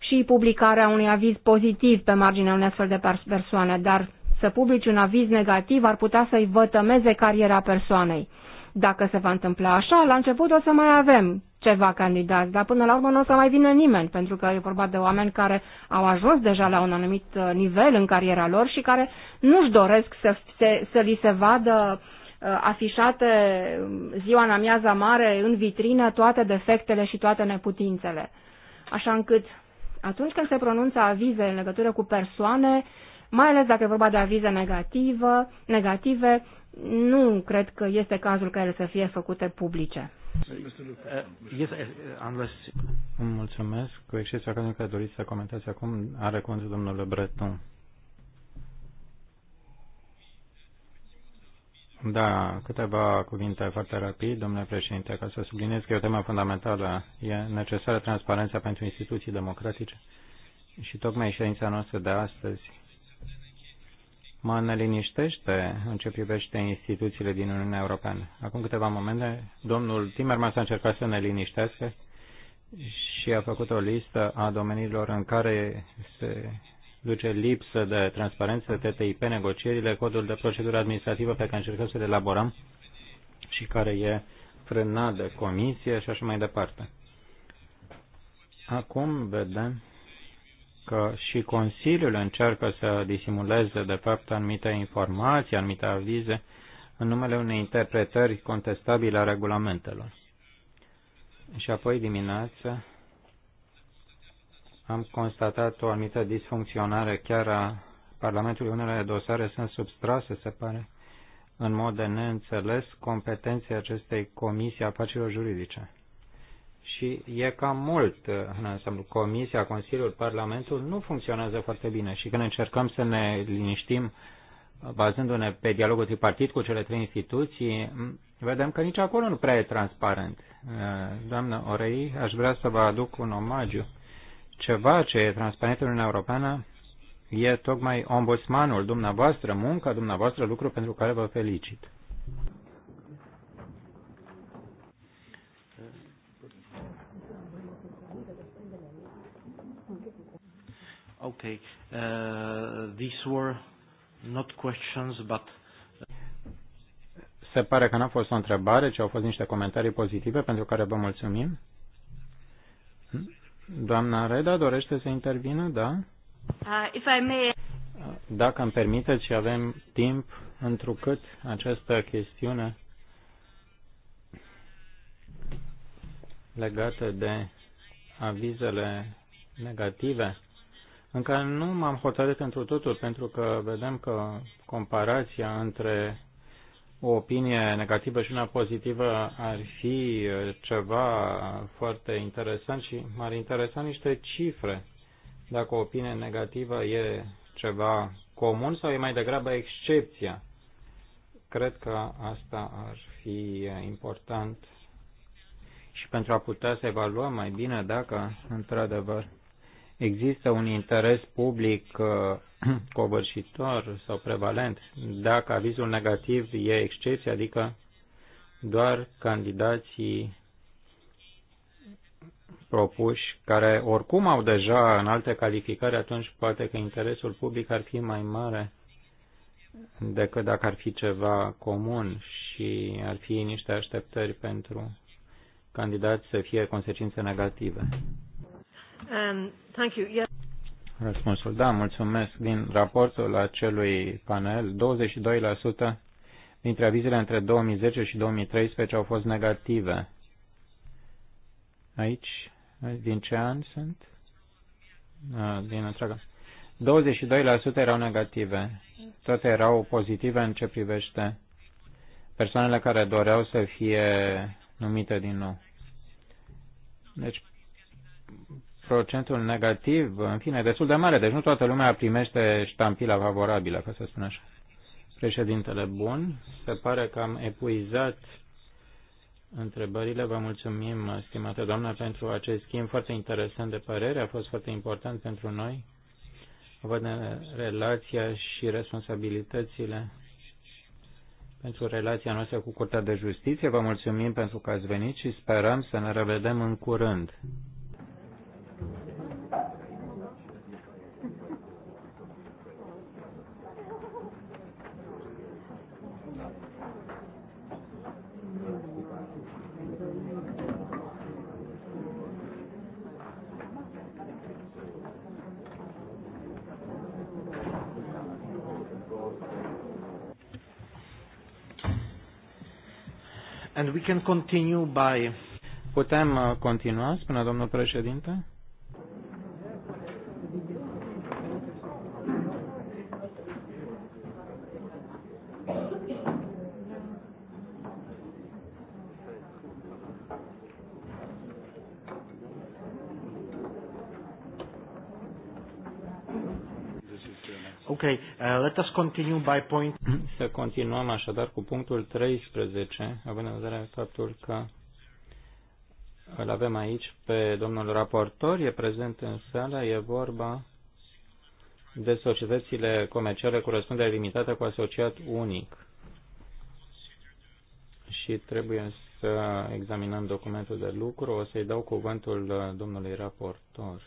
și publicarea unui aviz pozitiv pe marginea unei astfel de persoane, dar să publici un aviz negativ ar putea să-i vătămeze cariera persoanei. Dacă se va întâmpla așa, la început o să mai avem ceva candidați, dar până la urmă nu o să mai vină nimeni, pentru că e vorba de oameni care au ajuns deja la un anumit uh, nivel în cariera lor și care nu-și doresc să, se, să li se vadă uh, afișate um, ziua în amiaza mare, în vitrină, toate defectele și toate neputințele. Așa încât atunci când se pronunță avize în legătură cu persoane, mai ales dacă e vorba de avize negativă, negative, nu cred că este cazul care să fie făcute publice. Uh, uh, mulțumesc. Cu excepția cazului care doriți să comentați acum, are cuvântul domnule Breton. Da, câteva cuvinte foarte rapid, domnule președinte, ca să subliniez că e o temă fundamentală. E necesară transparența pentru instituții democratice și tocmai ședința noastră de astăzi mă neliniștește în ce privește instituțiile din Uniunea Europeană. Acum câteva momente, domnul Timmermans a încercat să ne liniștească și a făcut o listă a domeniilor în care se duce lipsă de transparență, TTIP, negocierile, codul de procedură administrativă pe care încercăm să-l elaborăm și care e frânat de comisie și așa mai departe. Acum vedem că și Consiliul încearcă să disimuleze, de fapt, anumite informații, anumite avize, în numele unei interpretări contestabile a regulamentelor. Și apoi dimineață am constatat o anumită disfuncționare chiar a Parlamentului. Unele dosare sunt substrase, se pare, în mod de neînțeles, competenței acestei comisii afacerilor juridice și e cam mult uh, în ansamblu. Comisia, Consiliul, Parlamentul nu funcționează foarte bine și când încercăm să ne liniștim bazându-ne pe dialogul tripartit cu cele trei instituții, vedem că nici acolo nu prea e transparent. Uh, doamnă Orei, aș vrea să vă aduc un omagiu. Ceva ce e transparent în Uniunea Europeană e tocmai ombudsmanul dumneavoastră, munca dumneavoastră, lucru pentru care vă felicit. Okay. Uh, these were not questions, but uh, se pare că n-a fost o întrebare, ci au fost niște comentarii pozitive pentru care vă mulțumim. Doamna Reda dorește să intervină, da? Uh, if I may... Dacă îmi permiteți și avem timp, întrucât această chestiune legată de avizele negative încă nu m-am hotărât pentru totul, pentru că vedem că comparația între o opinie negativă și una pozitivă ar fi ceva foarte interesant și m-ar interesa niște cifre. Dacă o opinie negativă e ceva comun sau e mai degrabă excepția. Cred că asta ar fi important și pentru a putea să evaluăm mai bine dacă, într-adevăr, există un interes public <clears throat> covârșitor sau prevalent, dacă avizul negativ e excepție, adică doar candidații propuși, care oricum au deja în alte calificări, atunci poate că interesul public ar fi mai mare decât dacă ar fi ceva comun și ar fi niște așteptări pentru candidați să fie consecințe negative. Um, Thank you. Yeah. Răspunsul, da, mulțumesc. Din raportul acelui panel, 22% dintre avizele între 2010 și 2013 au fost negative. Aici, din ce an sunt? Din întreaga. 22% erau negative. Toate erau pozitive în ce privește persoanele care doreau să fie numite din nou. Deci, procentul negativ, în fine, destul de mare, deci nu toată lumea primește ștampila favorabilă, ca să spun așa. Președintele bun, se pare că am epuizat întrebările. Vă mulțumim, stimată doamnă, pentru acest schimb foarte interesant de părere. A fost foarte important pentru noi. Văd relația și responsabilitățile pentru relația noastră cu Curtea de Justiție. Vă mulțumim pentru că ați venit și sperăm să ne revedem în curând. can continue by... Putem uh, continua, spune domnul președinte? OK, uh, let us continue by point... Să continuăm așadar cu punctul 13, având în vedere faptul că îl avem aici pe domnul raportor, e prezent în sală, e vorba de societățile comerciale cu răspundere limitată cu asociat unic. Și trebuie să examinăm documentul de lucru. O să-i dau cuvântul uh, domnului raportor.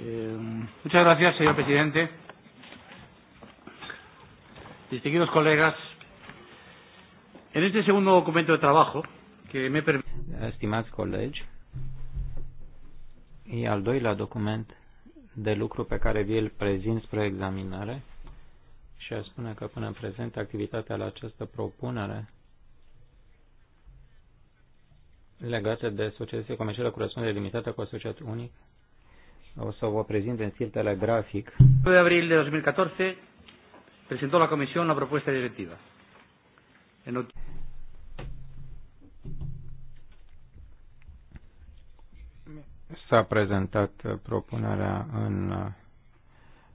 Eh, muchas gracias, señor presidente. Distinguidos colegas, en este segundo documento de trabajo que me permite. Estimați colegi, e al doilea document de lucru pe care vi-l prezint spre examinare și a spune că până în prezent activitatea la această propunere legată de societățile comerciale cu răspundere limitată cu asociat unic o să vă prezint în stil telegrafic. 2 de abril de 2014 presentó la Comisión la propuesta de directiva. En... S-a prezentat propunerea în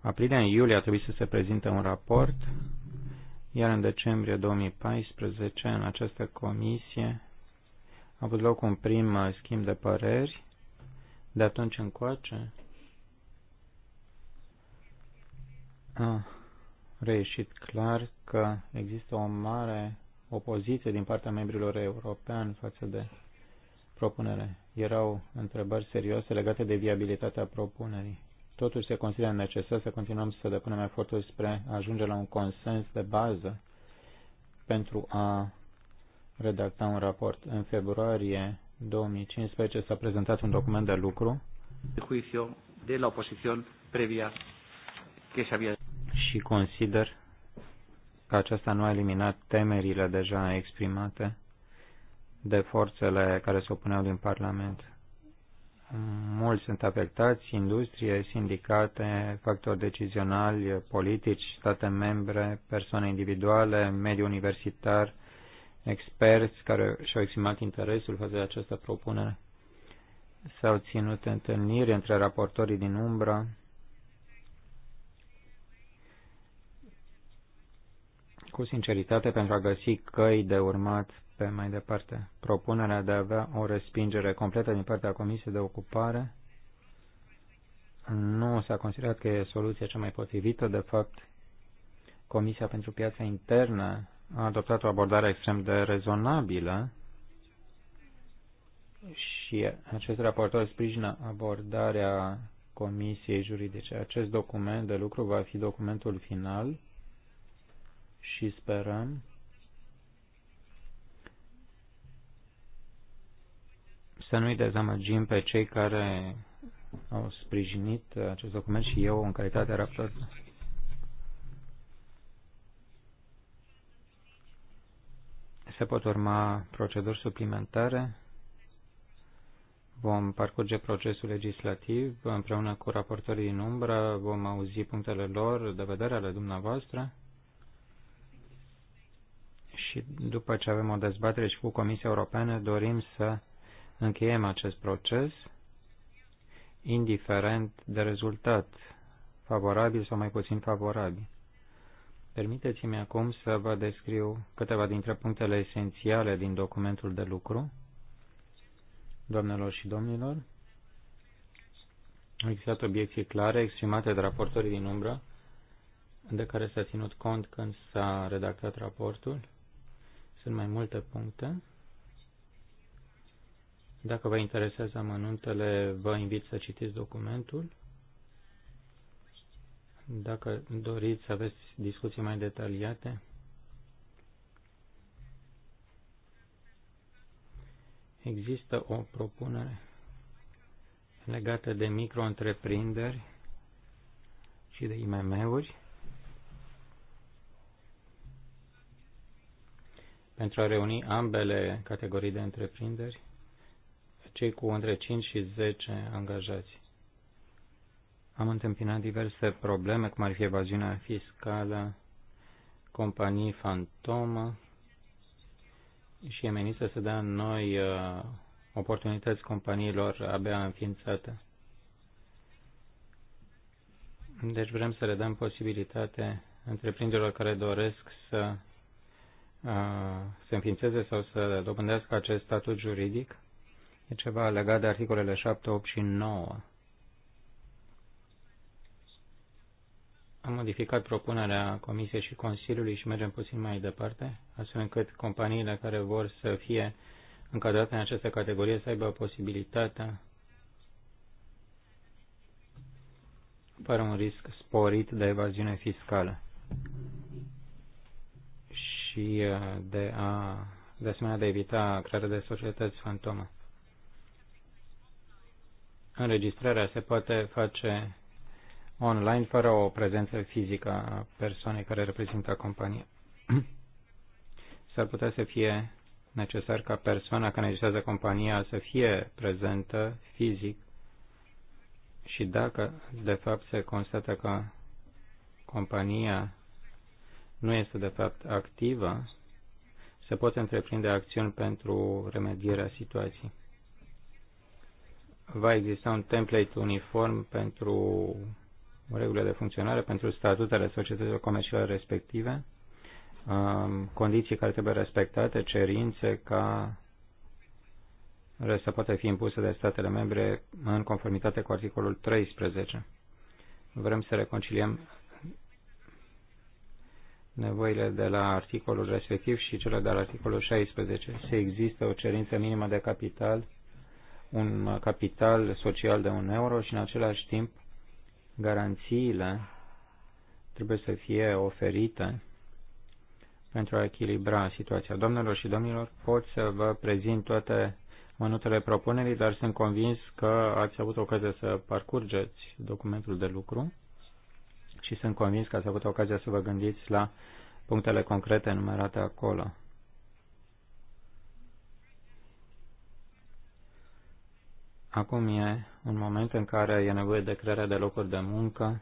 aprilie, în iulie a trebuit să se prezinte un raport, iar în decembrie 2014, în această comisie, a avut loc un prim schimb de păreri. De atunci încoace, a reieșit clar că există o mare opoziție din partea membrilor europeni față de propunere. Erau întrebări serioase legate de viabilitatea propunerii. Totuși se consideră necesar să continuăm să depunem eforturi spre a ajunge la un consens de bază pentru a redacta un raport. În februarie 2015 s-a prezentat un document de lucru de juicio de la opoziție previa și consider că aceasta nu a eliminat temerile deja exprimate de forțele care se opuneau din Parlament. Mulți sunt afectați, industrie, sindicate, factori decizionali, politici, state membre, persoane individuale, mediul universitar, experți care și-au exprimat interesul față de această propunere. S-au ținut întâlniri între raportorii din umbră, cu sinceritate pentru a găsi căi de urmat pe mai departe. Propunerea de a avea o respingere completă din partea Comisiei de Ocupare nu s-a considerat că e soluția cea mai potrivită. De fapt, Comisia pentru Piața Internă a adoptat o abordare extrem de rezonabilă și acest raportor sprijină abordarea Comisiei Juridice. Acest document de lucru va fi documentul final și sperăm să nu-i dezamăgim pe cei care au sprijinit acest document și eu în calitate de raptor. Se pot urma proceduri suplimentare. Vom parcurge procesul legislativ împreună cu raportorii din umbră, vom auzi punctele lor de vedere ale dumneavoastră și după ce avem o dezbatere și cu Comisia Europeană, dorim să încheiem acest proces, indiferent de rezultat, favorabil sau mai puțin favorabil. Permiteți-mi acum să vă descriu câteva dintre punctele esențiale din documentul de lucru. Doamnelor și domnilor, au existat obiecții clare exprimate de raportorii din umbră, de care s-a ținut cont când s-a redactat raportul. Sunt mai multe puncte. Dacă vă interesează amănuntele, vă invit să citiți documentul. Dacă doriți să aveți discuții mai detaliate, există o propunere legată de micro-întreprinderi și de IMM-uri. pentru a reuni ambele categorii de întreprinderi, cei cu între 5 și 10 angajați. Am întâmpinat diverse probleme, cum ar fi evaziunea fiscală, companii fantomă și e menit să se dea noi uh, oportunități companiilor abia înființate. Deci vrem să le dăm posibilitate întreprinderilor care doresc să se înființeze sau să dobândească acest statut juridic. E ceva legat de articolele 7, 8 și 9. Am modificat propunerea Comisiei și Consiliului și mergem puțin mai departe, astfel încât companiile care vor să fie încadrate în această categorie să aibă posibilitatea fără un risc sporit de evaziune fiscală și uh, de a de asemenea de a evita crearea de societăți fantome. Înregistrarea se poate face online fără o prezență fizică a persoanei care reprezintă compania. <clears throat> S-ar putea să fie necesar ca persoana care înregistrează compania să fie prezentă fizic și dacă de fapt se constată că compania nu este de fapt activă, se pot întreprinde acțiuni pentru remedierea situației. Va exista un template uniform pentru regulile de funcționare, pentru statutele societăților comerciale respective, um, condiții care trebuie respectate, cerințe ca să poate fi impuse de statele membre în conformitate cu articolul 13. Vrem să reconciliem nevoile de la articolul respectiv și cele de la articolul 16. Se există o cerință minimă de capital, un capital social de un euro și în același timp garanțiile trebuie să fie oferite pentru a echilibra situația. Domnilor și domnilor, pot să vă prezint toate mânutele propunerii, dar sunt convins că ați avut ocazia să parcurgeți documentul de lucru și sunt convins că ați avut ocazia să vă gândiți la punctele concrete numerate acolo. Acum e un moment în care e nevoie de crearea de locuri de muncă,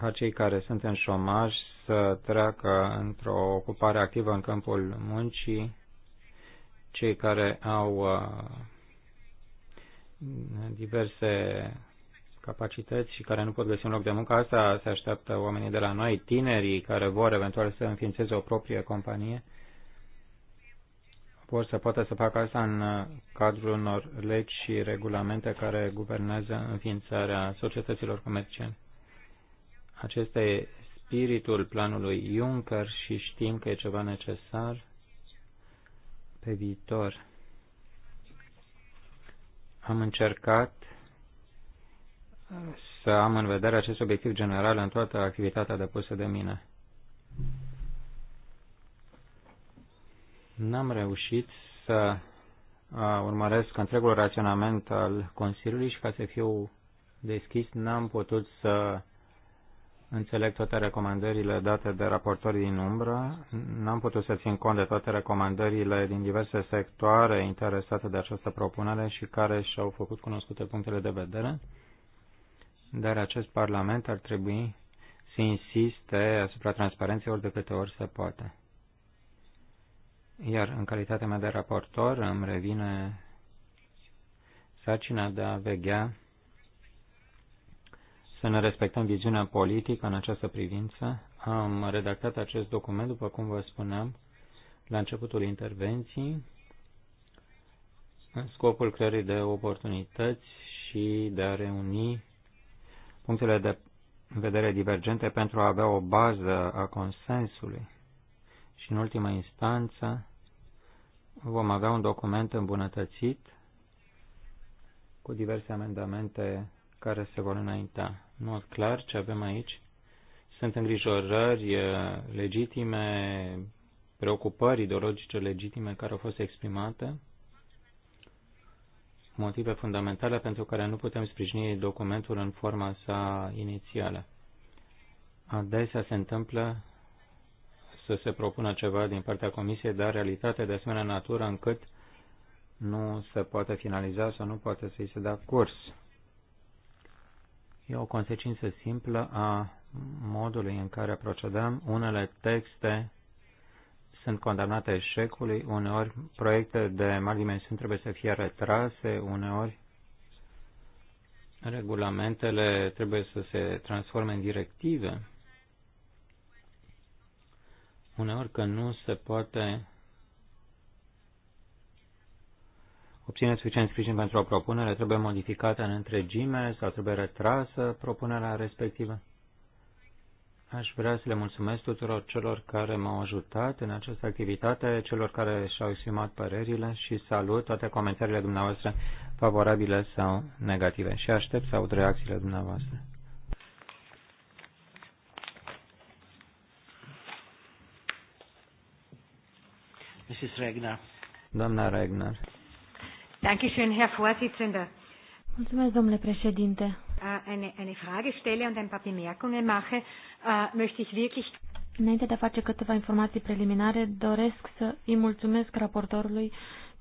ca cei care sunt în șomaj să treacă într-o ocupare activă în câmpul muncii, cei care au uh, diverse capacități și care nu pot găsi un loc de muncă. Asta se așteaptă oamenii de la noi, tinerii care vor eventual să înființeze o proprie companie. Vor să poată să facă asta în cadrul unor legi și regulamente care guvernează înființarea societăților comerciale. Acesta e spiritul planului Juncker și știm că e ceva necesar pe viitor. Am încercat să am în vedere acest obiectiv general în toată activitatea depusă de mine. N-am reușit să urmăresc întregul raționament al Consiliului și ca să fiu deschis, n-am putut să înțeleg toate recomandările date de raportori din umbră, n-am putut să țin cont de toate recomandările din diverse sectoare interesate de această propunere și care și-au făcut cunoscute punctele de vedere dar acest Parlament ar trebui să insiste asupra transparenței ori de câte ori se poate. Iar în calitatea mea de raportor îmi revine sarcina de a veghea să ne respectăm viziunea politică în această privință. Am redactat acest document, după cum vă spuneam, la începutul intervenției, în scopul creării de oportunități și de a reuni punctele de vedere divergente pentru a avea o bază a consensului. Și în ultima instanță vom avea un document îmbunătățit cu diverse amendamente care se vor înainta. În mod clar, ce avem aici sunt îngrijorări eh, legitime, preocupări ideologice legitime care au fost exprimate motive fundamentale pentru care nu putem sprijini documentul în forma sa inițială. Adesea se întâmplă să se propună ceva din partea Comisiei, dar realitatea de asemenea natură încât nu se poate finaliza sau nu poate să-i se dea curs. E o consecință simplă a modului în care procedăm. Unele texte sunt condamnate eșecului, uneori proiecte de mari dimensiuni trebuie să fie retrase, uneori regulamentele trebuie să se transforme în directive. Uneori că nu se poate obține suficient sprijin pentru o propunere, trebuie modificată în întregime sau trebuie retrasă propunerea respectivă. Aș vrea să le mulțumesc tuturor celor care m-au ajutat în această activitate, celor care și-au exprimat părerile și salut toate comentariile dumneavoastră favorabile sau negative și aștept să aud reacțiile dumneavoastră. Mrs. Regner. Doamna Regner. Dankeschön, Herr Vorsitzender. Mulțumesc, domnule președinte. Äh, eine, eine Frage stelle und ein paar Bemerkungen mache, äh, möchte ich wirklich... Înainte de a face câteva informații preliminare, doresc să îi mulțumesc raportorului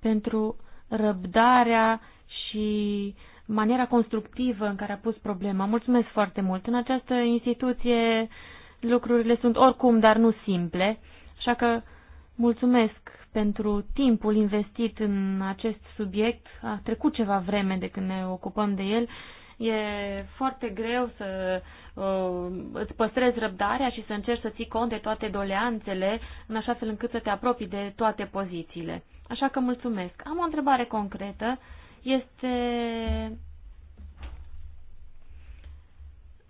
pentru răbdarea și maniera constructivă în care a pus problema. Mulțumesc foarte mult. În această instituție lucrurile sunt oricum, dar nu simple, așa că mulțumesc pentru timpul investit în acest subiect. A trecut ceva vreme de când ne ocupăm de el. E foarte greu să uh, îți păstrezi răbdarea și să încerci să ții cont de toate doleanțele, în așa fel încât să te apropii de toate pozițiile. Așa că mulțumesc. Am o întrebare concretă. Este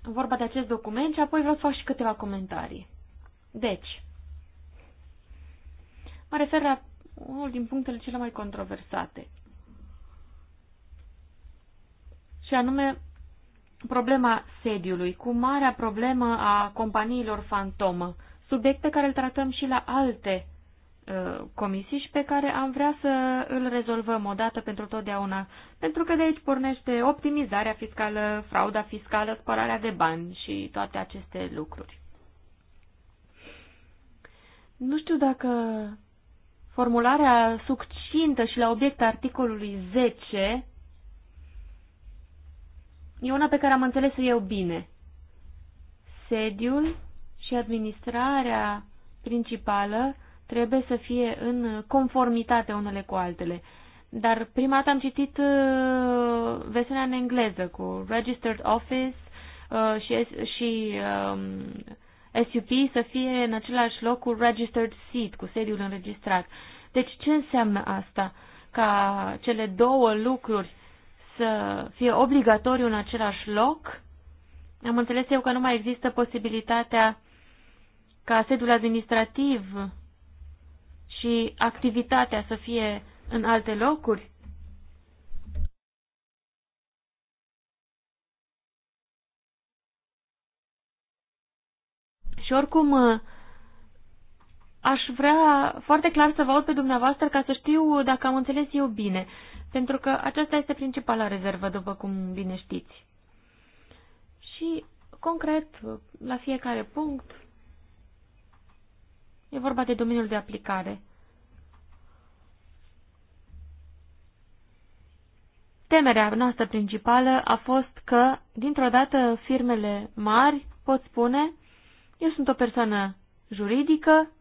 vorba de acest document și apoi vreau să fac și câteva comentarii. Deci, Mă refer la unul din punctele cele mai controversate. Și anume problema sediului, cu marea problemă a companiilor fantomă, subiect pe care îl tratăm și la alte ă, comisii și pe care am vrea să îl rezolvăm odată pentru totdeauna, pentru că de aici pornește optimizarea fiscală, frauda fiscală, spălarea de bani și toate aceste lucruri. Nu știu dacă formularea succintă și la obiect a articolului 10 e una pe care am înțeles-o eu bine. Sediul și administrarea principală trebuie să fie în conformitate unele cu altele. Dar prima dată am citit uh, versiunea în engleză cu Registered Office uh, și, și um, SUP să fie în același loc cu registered seat, cu sediul înregistrat. Deci ce înseamnă asta? Ca cele două lucruri să fie obligatoriu în același loc? Am înțeles eu că nu mai există posibilitatea ca sediul administrativ și activitatea să fie în alte locuri? Și oricum, uh, aș vrea foarte clar să vă aud pe dumneavoastră ca să știu dacă am înțeles eu bine, pentru că aceasta este principala rezervă, după cum bine știți. Și, concret, la fiecare punct, e vorba de domeniul de aplicare. Temerea noastră principală a fost că, dintr-o dată, firmele mari pot spune eu sunt o persoană juridică.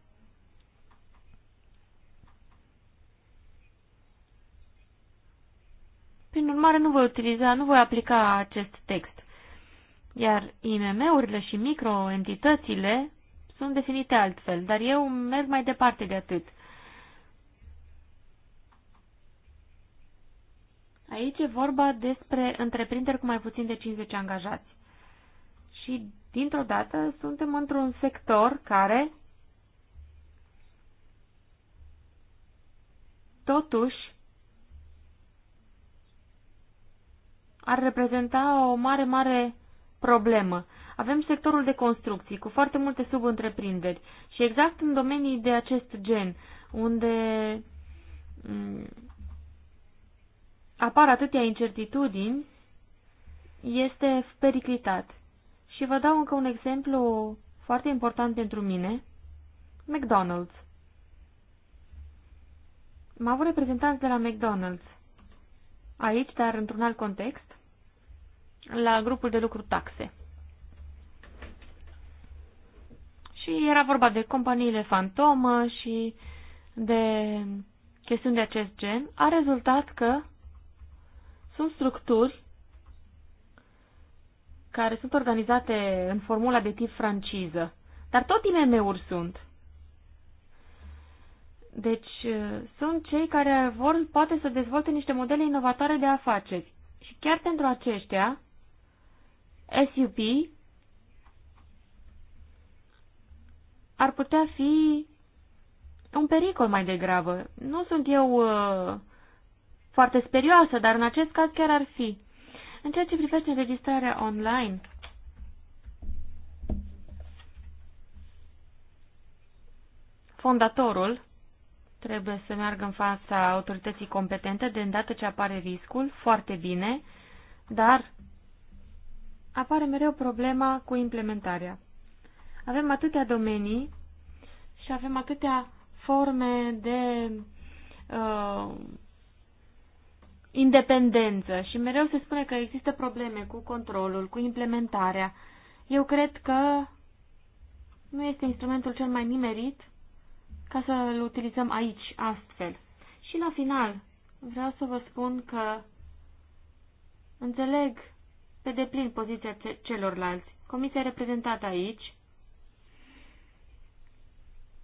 Prin urmare, nu voi utiliza, nu voi aplica acest text. Iar IMM-urile și microentitățile sunt definite altfel, dar eu merg mai departe de atât. Aici e vorba despre întreprinderi cu mai puțin de 50 angajați. Și Dintr-o dată suntem într-un sector care totuși ar reprezenta o mare, mare problemă. Avem sectorul de construcții cu foarte multe subîntreprinderi și exact în domenii de acest gen, unde mm, apar atâtea incertitudini, este periclitat. Și vă dau încă un exemplu foarte important pentru mine, McDonald's. m avut reprezentanți de la McDonald's. Aici, dar într-un alt context, la grupul de lucru taxe. Și era vorba de companiile fantomă și de chestiuni de acest gen. A rezultat că sunt structuri care sunt organizate în formula de tip franciză, dar tot IMM-uri sunt. Deci uh, sunt cei care vor poate să dezvolte niște modele inovatoare de afaceri. Și chiar pentru aceștia, SUP ar putea fi un pericol mai degrabă. Nu sunt eu uh, foarte sperioasă, dar în acest caz chiar ar fi. În ceea ce privește înregistrarea online, fondatorul trebuie să meargă în fața autorității competente de îndată ce apare riscul, foarte bine, dar apare mereu problema cu implementarea. Avem atâtea domenii și avem atâtea forme de uh, independență și mereu se spune că există probleme cu controlul, cu implementarea. Eu cred că nu este instrumentul cel mai nimerit ca să-l utilizăm aici, astfel. Și la final, vreau să vă spun că înțeleg pe deplin poziția celorlalți. Comisia reprezentată aici,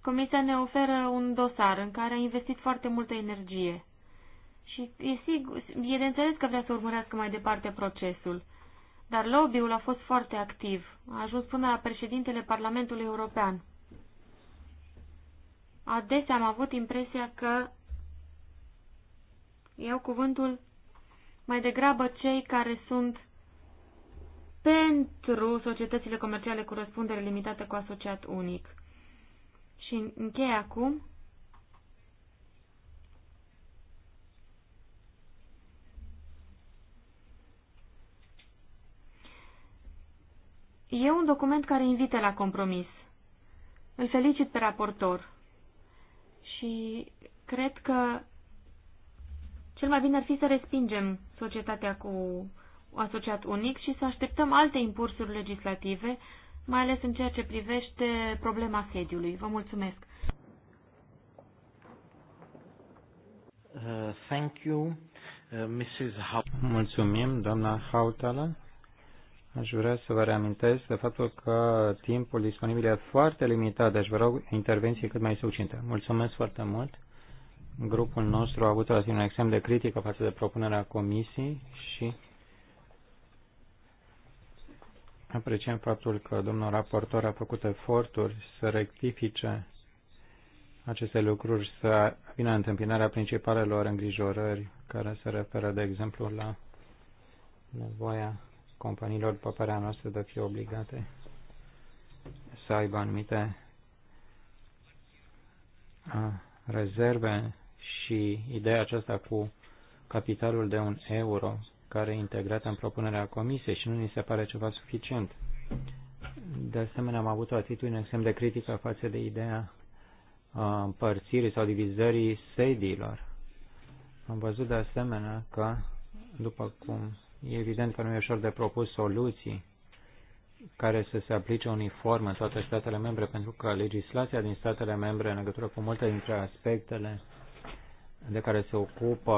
Comisia ne oferă un dosar în care a investit foarte multă energie. Și e, sigur, e de înțeles că vrea să urmărească mai departe procesul. Dar lobby-ul a fost foarte activ. A ajuns până la președintele Parlamentului European. Adesea am avut impresia că iau cuvântul mai degrabă cei care sunt pentru societățile comerciale cu răspundere limitată cu asociat unic. Și închei acum E un document care invită la compromis. Îl felicit pe raportor și cred că cel mai bine ar fi să respingem societatea cu asociat unic și să așteptăm alte impulsuri legislative, mai ales în ceea ce privește problema sediului. Vă mulțumesc! Uh, thank you, uh, Mrs. Mulțumim, doamna Hautala. Aș vrea să vă reamintesc de faptul că timpul disponibil e foarte limitat, deci vă rog intervenții cât mai succinte. Mulțumesc foarte mult. Grupul nostru a avut o atitudine extrem de critică față de propunerea comisiei și apreciem faptul că domnul raportor a făcut eforturi să rectifice aceste lucruri, să vină întâmpinarea principalelor îngrijorări care se referă, de exemplu, la nevoia companiilor, după părerea noastră, de fi obligate să aibă anumite rezerve și ideea aceasta cu capitalul de un euro care e integrat în propunerea comisiei și nu ni se pare ceva suficient. De asemenea, am avut o atitudine semn de critică față de ideea împărțirii sau divizării sediilor. Am văzut de asemenea că, după cum E evident că nu e ușor de propus soluții care să se aplice uniform în toate statele membre, pentru că legislația din statele membre în legătură cu multe dintre aspectele de care se ocupă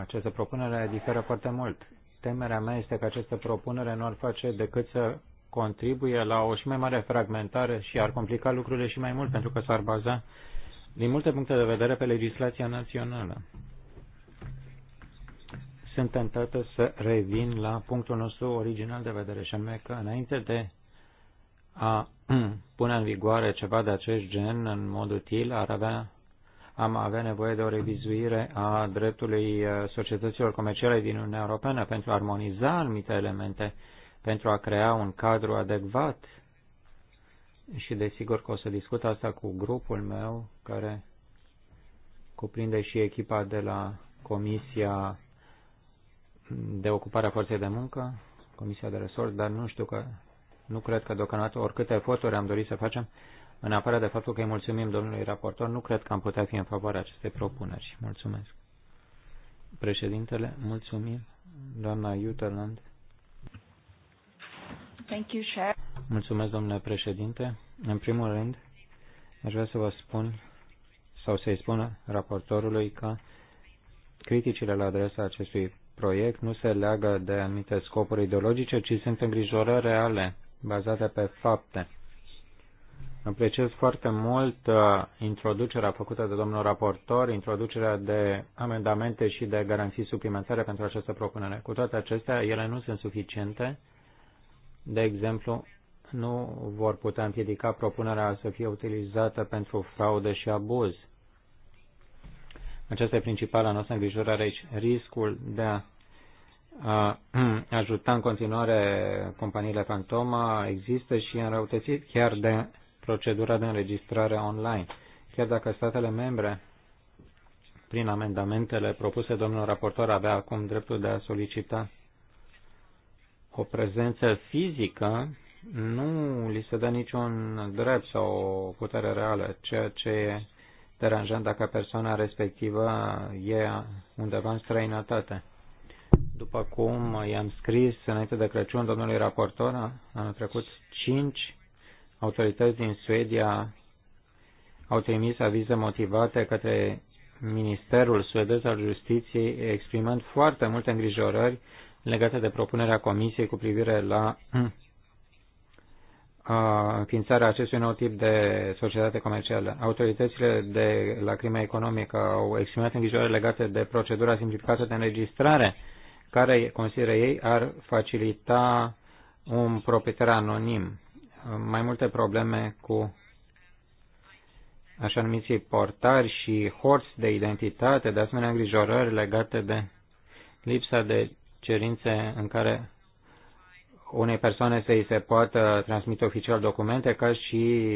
această propunere diferă foarte mult. Temerea mea este că această propunere nu ar face decât să contribuie la o și mai mare fragmentare și ar complica lucrurile și mai mult, pentru că s-ar baza din multe puncte de vedere pe legislația națională sunt tentată să revin la punctul nostru original de vedere, și anume că înainte de a <clears throat> pune în vigoare ceva de acest gen în mod util, ar avea, am avea nevoie de o revizuire a dreptului uh, societăților comerciale din Uniunea Europeană pentru a armoniza anumite elemente, pentru a crea un cadru adecvat și desigur că o să discut asta cu grupul meu care cuprinde și echipa de la Comisia de ocupare a forței de muncă, Comisia de Resort, dar nu știu că, nu cred că deocamdată, oricâte eforturi am dorit să facem, în afară de faptul că îi mulțumim domnului raportor, nu cred că am putea fi în favoarea acestei propuneri. Mulțumesc. Președintele, mulțumim. Doamna Uterland. Thank you, Chair. Mulțumesc, domnule președinte. În primul rând, aș vrea să vă spun sau să-i spun raportorului că criticile la adresa acestui proiect nu se leagă de anumite scopuri ideologice, ci sunt îngrijorări reale, bazate pe fapte. Apreciez foarte mult uh, introducerea făcută de domnul raportor, introducerea de amendamente și de garanții suplimentare pentru această propunere. Cu toate acestea, ele nu sunt suficiente. De exemplu, nu vor putea împiedica propunerea să fie utilizată pentru fraudă și abuz aceasta e principala noastră îngrijorare aici. Riscul de a, a <clears throat> ajuta în continuare companiile fantoma există și în înrăutățit chiar de procedura de înregistrare online. Chiar dacă statele membre, prin amendamentele propuse domnul raportor, avea acum dreptul de a solicita o prezență fizică, nu li se dă niciun drept sau o putere reală, ceea ce e deranjant dacă persoana respectivă e undeva în străinătate. După cum i-am scris înainte de Crăciun domnului raportor, anul trecut cinci autorități din Suedia au trimis avize motivate către Ministerul Suedez al Justiției, exprimând foarte multe îngrijorări legate de propunerea Comisiei cu privire la <clears throat> înființarea acestui nou tip de societate comercială. Autoritățile de la crimă economică au exprimat îngrijorări legate de procedura simplificată de înregistrare, care, consideră ei, ar facilita un proprietar anonim. Mai multe probleme cu așa numiții portari și horți de identitate, de asemenea îngrijorări legate de lipsa de cerințe în care unei persoane să îi se poată transmite oficial documente, ca și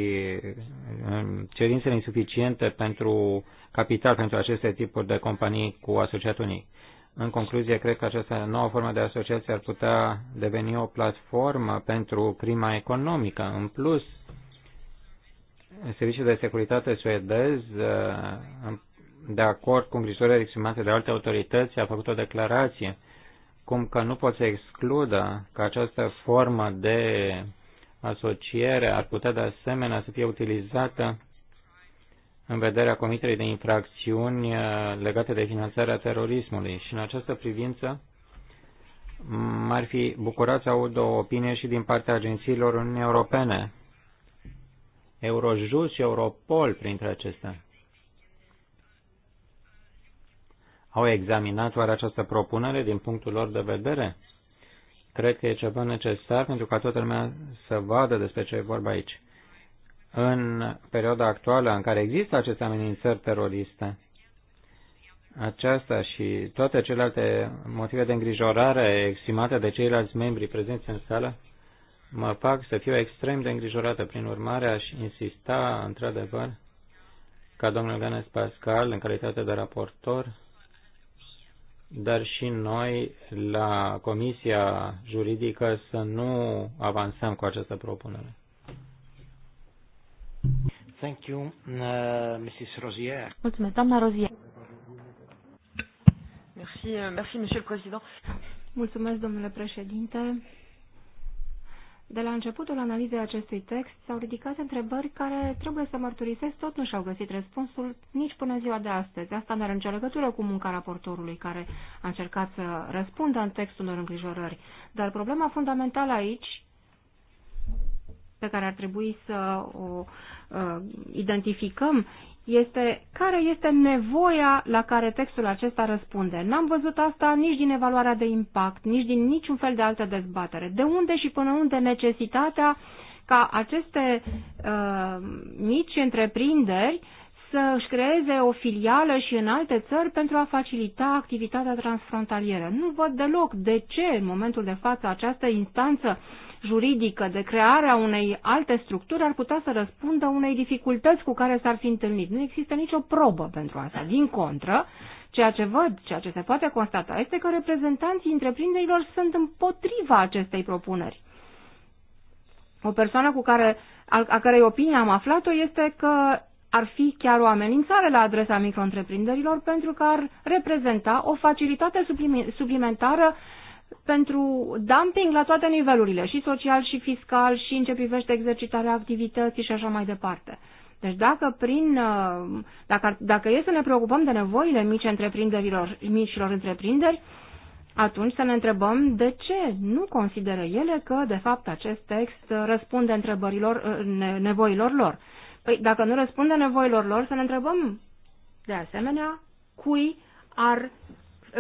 um, cerințele insuficiente pentru capital pentru aceste tipuri de companii cu asociat unic. În concluzie, cred că această nouă formă de asociație ar putea deveni o platformă pentru prima economică. În plus, Serviciul de Securitate suedez, uh, de acord cu îngrijorările exprimate de alte autorități, a făcut o declarație cum că nu pot să excludă că această formă de asociere ar putea de asemenea să fie utilizată în vederea comiterii de infracțiuni uh, legate de finanțarea terorismului. Și în această privință m-ar fi bucurat să aud o opinie și din partea agențiilor Uniunii Europene, Eurojust și Europol printre acestea. Au examinat oare această propunere din punctul lor de vedere? Cred că e ceva necesar pentru ca toată lumea să vadă despre ce e vorba aici. În perioada actuală în care există aceste amenințări teroriste, aceasta și toate celelalte motive de îngrijorare exprimate de ceilalți membri prezenți în sală mă fac să fiu extrem de îngrijorată. Prin urmare, aș insista, într-adevăr, ca domnul Ganes Pascal, în calitate de raportor, dar și noi la Comisia Juridică să nu avansăm cu această propunere. Thank you, uh, Mrs. Rozier. Mulțumesc, doamna Rozier. Merci, euh, merci, Monsieur le Président. Mulțumesc, domnule președinte. De la începutul analizei acestui text s-au ridicat întrebări care, trebuie să mărturisesc, tot nu și-au găsit răspunsul nici până ziua de astăzi. Asta nu are nicio legătură cu munca raportorului care a încercat să răspundă în textul unor îngrijorări. Dar problema fundamentală aici, pe care ar trebui să o uh, identificăm, este care este nevoia la care textul acesta răspunde. N-am văzut asta nici din evaluarea de impact, nici din niciun fel de altă dezbatere. De unde și până unde necesitatea ca aceste uh, mici întreprinderi să își creeze o filială și în alte țări pentru a facilita activitatea transfrontalieră. Nu văd deloc de ce în momentul de față această instanță uh, juridică, de crearea unei alte structuri, ar putea să răspundă unei dificultăți cu care s-ar fi întâlnit. Nu există nicio probă pentru asta. Din contră, ceea ce văd, ceea ce se poate constata, este că reprezentanții întreprinderilor sunt împotriva acestei propuneri. O persoană cu care, a cărei opinie am aflat-o este că ar fi chiar o amenințare la adresa micro pentru că ar reprezenta o facilitate suplimentară pentru dumping la toate nivelurile, și social, și fiscal, și în ce privește exercitarea activității și așa mai departe. Deci dacă, prin, uh, dacă, dacă e să ne preocupăm de nevoile mici întreprinderilor, micilor întreprinderi, atunci să ne întrebăm de ce nu consideră ele că, de fapt, acest text răspunde întrebărilor, uh, nevoilor lor. Păi, dacă nu răspunde nevoilor lor, să ne întrebăm, de asemenea, cui ar,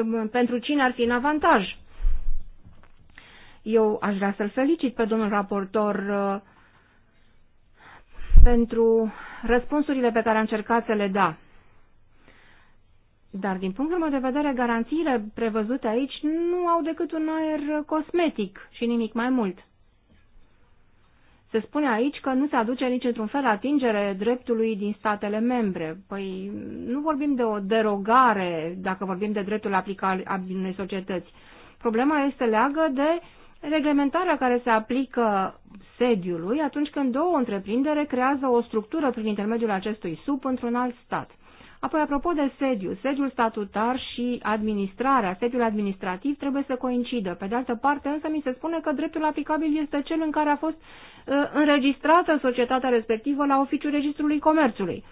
um, pentru cine ar fi în avantaj eu aș vrea să-l felicit pe domnul raportor uh, pentru răspunsurile pe care a încercat să le da. Dar din punctul meu de vedere, garanțiile prevăzute aici nu au decât un aer cosmetic și nimic mai mult. Se spune aici că nu se aduce nici într-un fel atingere dreptului din statele membre. Păi nu vorbim de o derogare dacă vorbim de dreptul aplicat a unei societăți. Problema este leagă de reglementarea care se aplică sediului atunci când două întreprindere creează o structură prin intermediul acestui sub într-un alt stat. Apoi, apropo de sediu, sediul statutar și administrarea, sediul administrativ trebuie să coincidă. Pe de altă parte, însă, mi se spune că dreptul aplicabil este cel în care a fost uh, înregistrată societatea respectivă la oficiul Registrului Comerțului.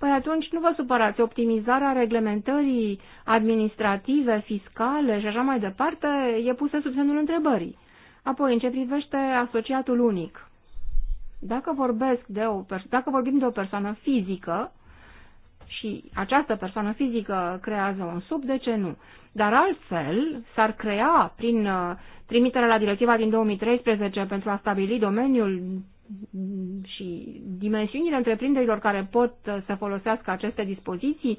Păi atunci nu vă supărați, optimizarea reglementării administrative, fiscale și așa mai departe e pusă sub semnul întrebării. Apoi, în ce privește asociatul unic, dacă, vorbesc de o dacă vorbim de o persoană fizică și această persoană fizică creează un sub, de ce nu? Dar altfel s-ar crea, prin uh, trimiterea la directiva din 2013 pentru a stabili domeniul și dimensiunile întreprinderilor care pot uh, să folosească aceste dispoziții,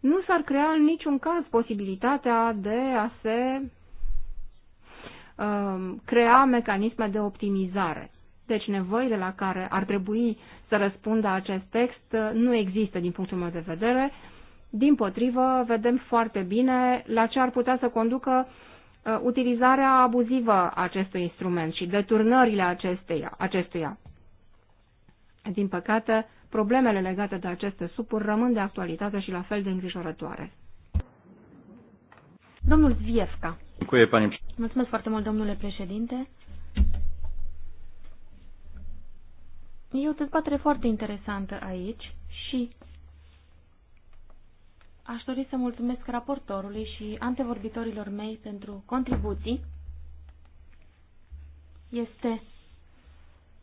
nu s-ar crea în niciun caz posibilitatea de a se um, crea mecanisme de optimizare. Deci nevoile la care ar trebui să răspundă acest text uh, nu există din punctul meu de vedere. Din potrivă, vedem foarte bine la ce ar putea să conducă Uh, utilizarea abuzivă a acestui instrument și deturnările acesteia, acestuia. Din păcate, problemele legate de aceste supuri rămân de actualitate și la fel de îngrijorătoare. Domnul pani. Mulțumesc foarte mult, domnule președinte. E o dezbatere foarte interesantă aici și Aș dori să mulțumesc raportorului și antevorbitorilor mei pentru contribuții. Este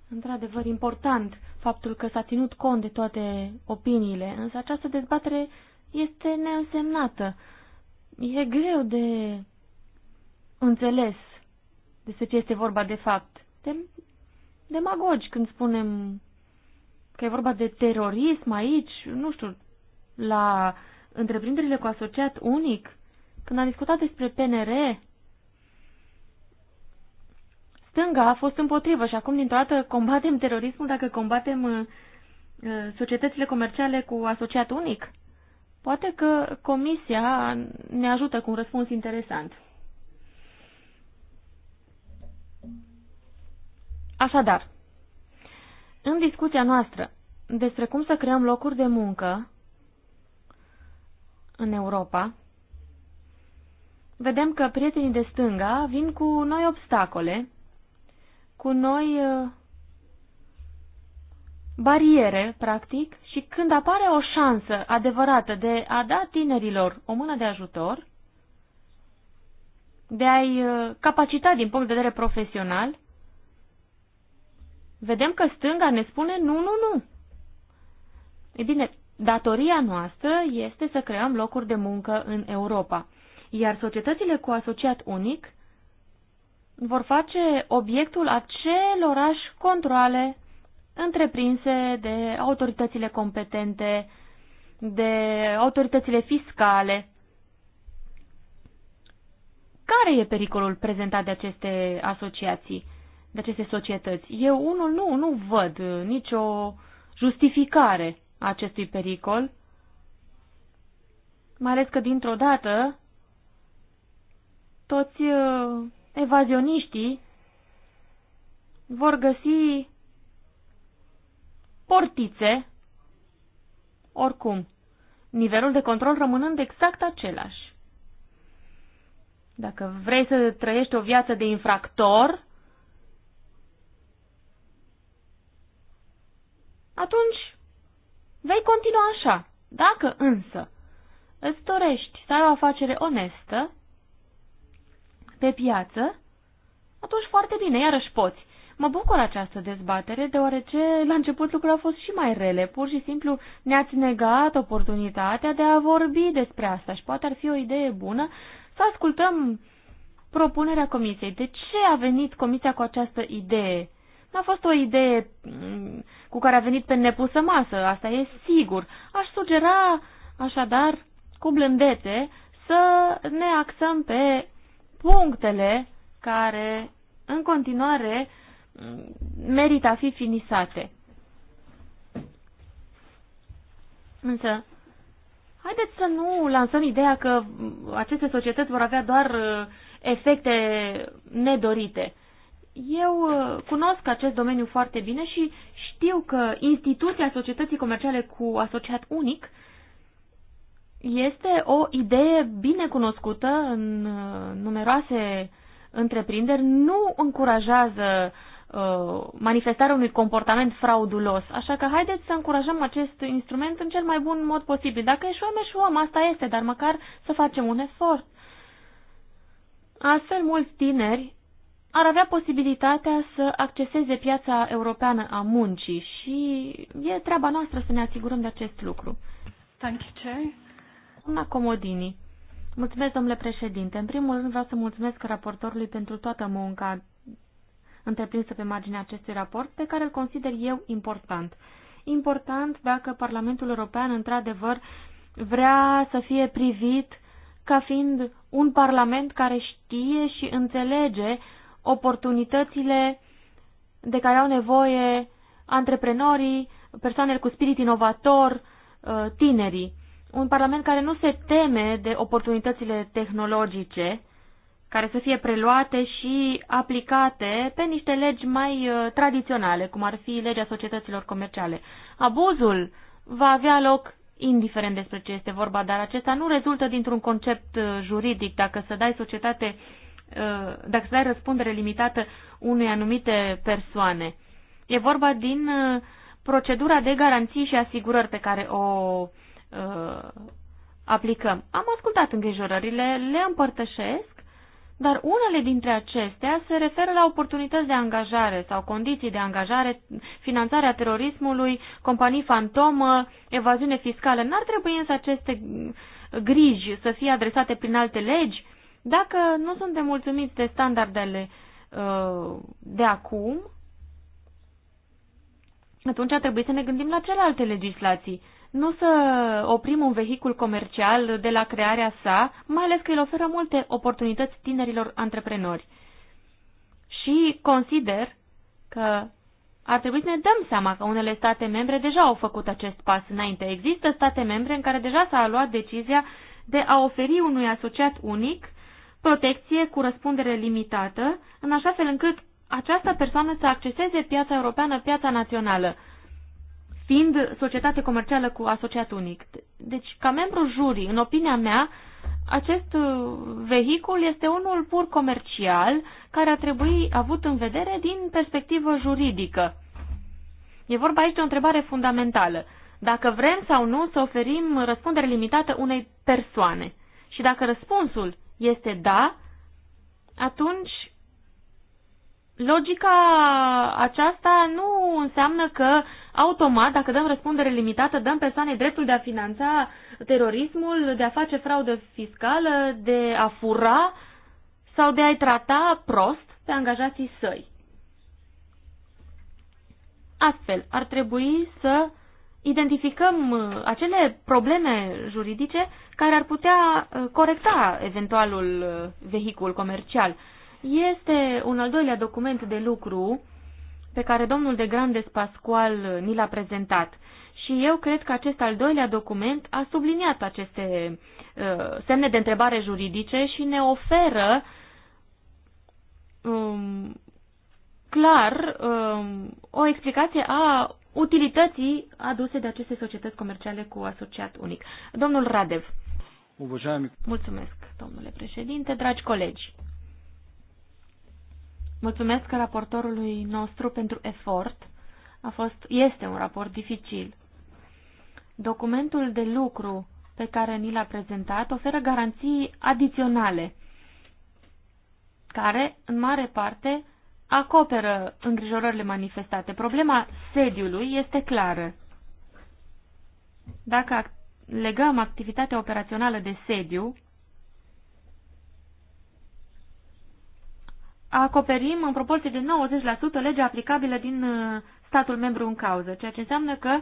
într-adevăr important faptul că s-a ținut cont de toate opiniile, însă această dezbatere este neînsemnată. E greu de înțeles despre ce este vorba de fapt. De demagogi când spunem că e vorba de terorism aici, nu știu, la uh, întreprinderile cu asociat unic, când am discutat despre PNR, stânga a fost împotrivă și acum dintr-o dată combatem terorismul dacă combatem uh, uh, societățile comerciale cu asociat unic? Poate că comisia ne ajută cu un răspuns interesant. Așadar, în discuția noastră despre cum să creăm locuri de muncă, în Europa, vedem că prietenii de stânga vin cu noi obstacole, cu noi uh, bariere, practic, și când apare o șansă adevărată de a da tinerilor o mână de ajutor, de a-i uh, capacita din punct de vedere profesional, vedem că stânga ne spune nu, nu, nu. E bine, Datoria noastră este să creăm locuri de muncă în Europa, iar societățile cu asociat unic vor face obiectul acelorași controle întreprinse de autoritățile competente, de autoritățile fiscale. Care e pericolul prezentat de aceste asociații, de aceste societăți? Eu unul nu, nu văd nicio justificare acestui pericol, mai ales că dintr-o dată toți uh, evazioniștii vor găsi portițe oricum, nivelul de control rămânând exact același. Dacă vrei să trăiești o viață de infractor, atunci Vei continua așa. Dacă însă îți dorești să ai o afacere onestă pe piață, atunci foarte bine, iarăși poți. Mă bucur această dezbatere, deoarece la început lucrurile au fost și mai rele. Pur și simplu ne-ați negat oportunitatea de a vorbi despre asta și poate ar fi o idee bună să ascultăm propunerea comisiei. De ce a venit comisia cu această idee? Nu a fost o idee mm, cu care a venit pe nepusă masă, asta e sigur. Aș sugera, așadar, cu blândete, să ne axăm pe punctele care, în continuare, mm, merită a fi finisate. Însă, haideți să nu lansăm ideea că mm, aceste societăți vor avea doar uh, efecte nedorite. Eu uh, cunosc acest domeniu foarte bine și știu că instituția societății comerciale cu asociat unic este o idee bine cunoscută în uh, numeroase întreprinderi, nu încurajează uh, manifestarea unui comportament fraudulos. Așa că haideți să încurajăm acest instrument în cel mai bun mod posibil. Dacă eșuăm, eșuăm, asta este, dar măcar să facem un efort. Astfel, mulți tineri ar avea posibilitatea să acceseze piața europeană a muncii și e treaba noastră să ne asigurăm de acest lucru. Thank you, Chair. Una Comodini. Mulțumesc, domnule președinte. În primul rând vreau să mulțumesc raportorului pentru toată munca întreprinsă pe marginea acestui raport, pe care îl consider eu important. Important dacă Parlamentul European, într-adevăr, vrea să fie privit ca fiind un parlament care știe și înțelege oportunitățile de care au nevoie antreprenorii, persoanele cu spirit inovator, uh, tinerii. Un parlament care nu se teme de oportunitățile tehnologice, care să fie preluate și aplicate pe niște legi mai uh, tradiționale, cum ar fi legea societăților comerciale. Abuzul va avea loc indiferent despre ce este vorba, dar acesta nu rezultă dintr-un concept uh, juridic. Dacă să dai societate Uh, dacă se dai răspundere limitată unei anumite persoane. E vorba din uh, procedura de garanții și asigurări pe care o uh, aplicăm. Am ascultat îngrijorările, le împărtășesc, dar unele dintre acestea se referă la oportunități de angajare sau condiții de angajare, finanțarea terorismului, companii fantomă, evaziune fiscală. N-ar trebui însă aceste griji să fie adresate prin alte legi? Dacă nu suntem mulțumiți de standardele uh, de acum, atunci ar trebui să ne gândim la celelalte legislații. Nu să oprim un vehicul comercial de la crearea sa, mai ales că îl oferă multe oportunități tinerilor antreprenori. Și consider că ar trebui să ne dăm seama că unele state membre deja au făcut acest pas înainte. Există state membre în care deja s-a luat decizia de a oferi unui asociat unic protecție cu răspundere limitată, în așa fel încât această persoană să acceseze piața europeană, piața națională, fiind societate comercială cu asociat unic. Deci, ca membru juri, în opinia mea, acest uh, vehicul este unul pur comercial care ar trebui avut în vedere din perspectivă juridică. E vorba aici de o întrebare fundamentală. Dacă vrem sau nu să oferim răspundere limitată unei persoane. Și dacă răspunsul este da, atunci logica aceasta nu înseamnă că automat, dacă dăm răspundere limitată, dăm persoanei dreptul de a finanța terorismul, de a face fraudă fiscală, de a fura sau de a-i trata prost pe angajații săi. Astfel, ar trebui să identificăm uh, acele probleme juridice care ar putea uh, corecta eventualul uh, vehicul comercial. Este un al doilea document de lucru pe care domnul de Grandes Pascual ni l-a prezentat. Și eu cred că acest al doilea document a subliniat aceste uh, semne de întrebare juridice și ne oferă um, clar um, o explicație a utilității aduse de aceste societăți comerciale cu asociat unic. Domnul Radev. Mulțumesc, domnule președinte, dragi colegi. Mulțumesc raportorului nostru pentru efort. A fost, este un raport dificil. Documentul de lucru pe care ni l-a prezentat oferă garanții adiționale, care, în mare parte, acoperă îngrijorările manifestate. Problema sediului este clară. Dacă legăm activitatea operațională de sediu, acoperim în proporție de 90% legea aplicabilă din uh, statul membru în cauză, ceea ce înseamnă că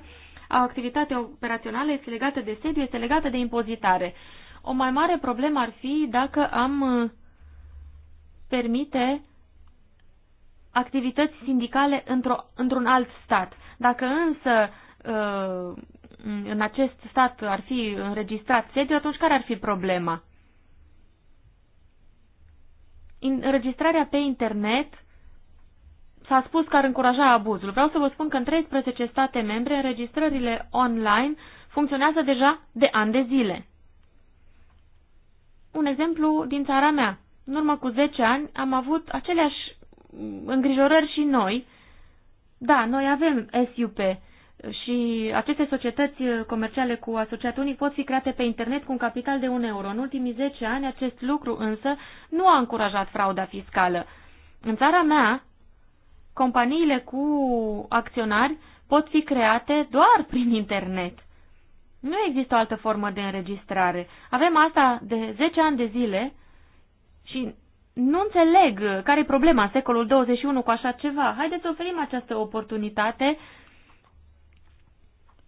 activitatea operațională este legată de sediu, este legată de impozitare. O mai mare problemă ar fi dacă am uh, permite activități sindicale într-un într alt stat. Dacă însă uh, în acest stat ar fi înregistrat sediu, atunci care ar fi problema? Înregistrarea pe internet s-a spus că ar încuraja abuzul. Vreau să vă spun că în 13 state membre înregistrările online funcționează deja de ani de zile. Un exemplu din țara mea. În urmă cu 10 ani am avut aceleași îngrijorări și noi. Da, noi avem SUP și aceste societăți comerciale cu asociat unic pot fi create pe internet cu un capital de un euro. În ultimii 10 ani acest lucru însă nu a încurajat frauda fiscală. În țara mea, companiile cu acționari pot fi create doar prin internet. Nu există o altă formă de înregistrare. Avem asta de 10 ani de zile și nu înțeleg care e problema secolul 21 cu așa ceva. Haideți să oferim această oportunitate.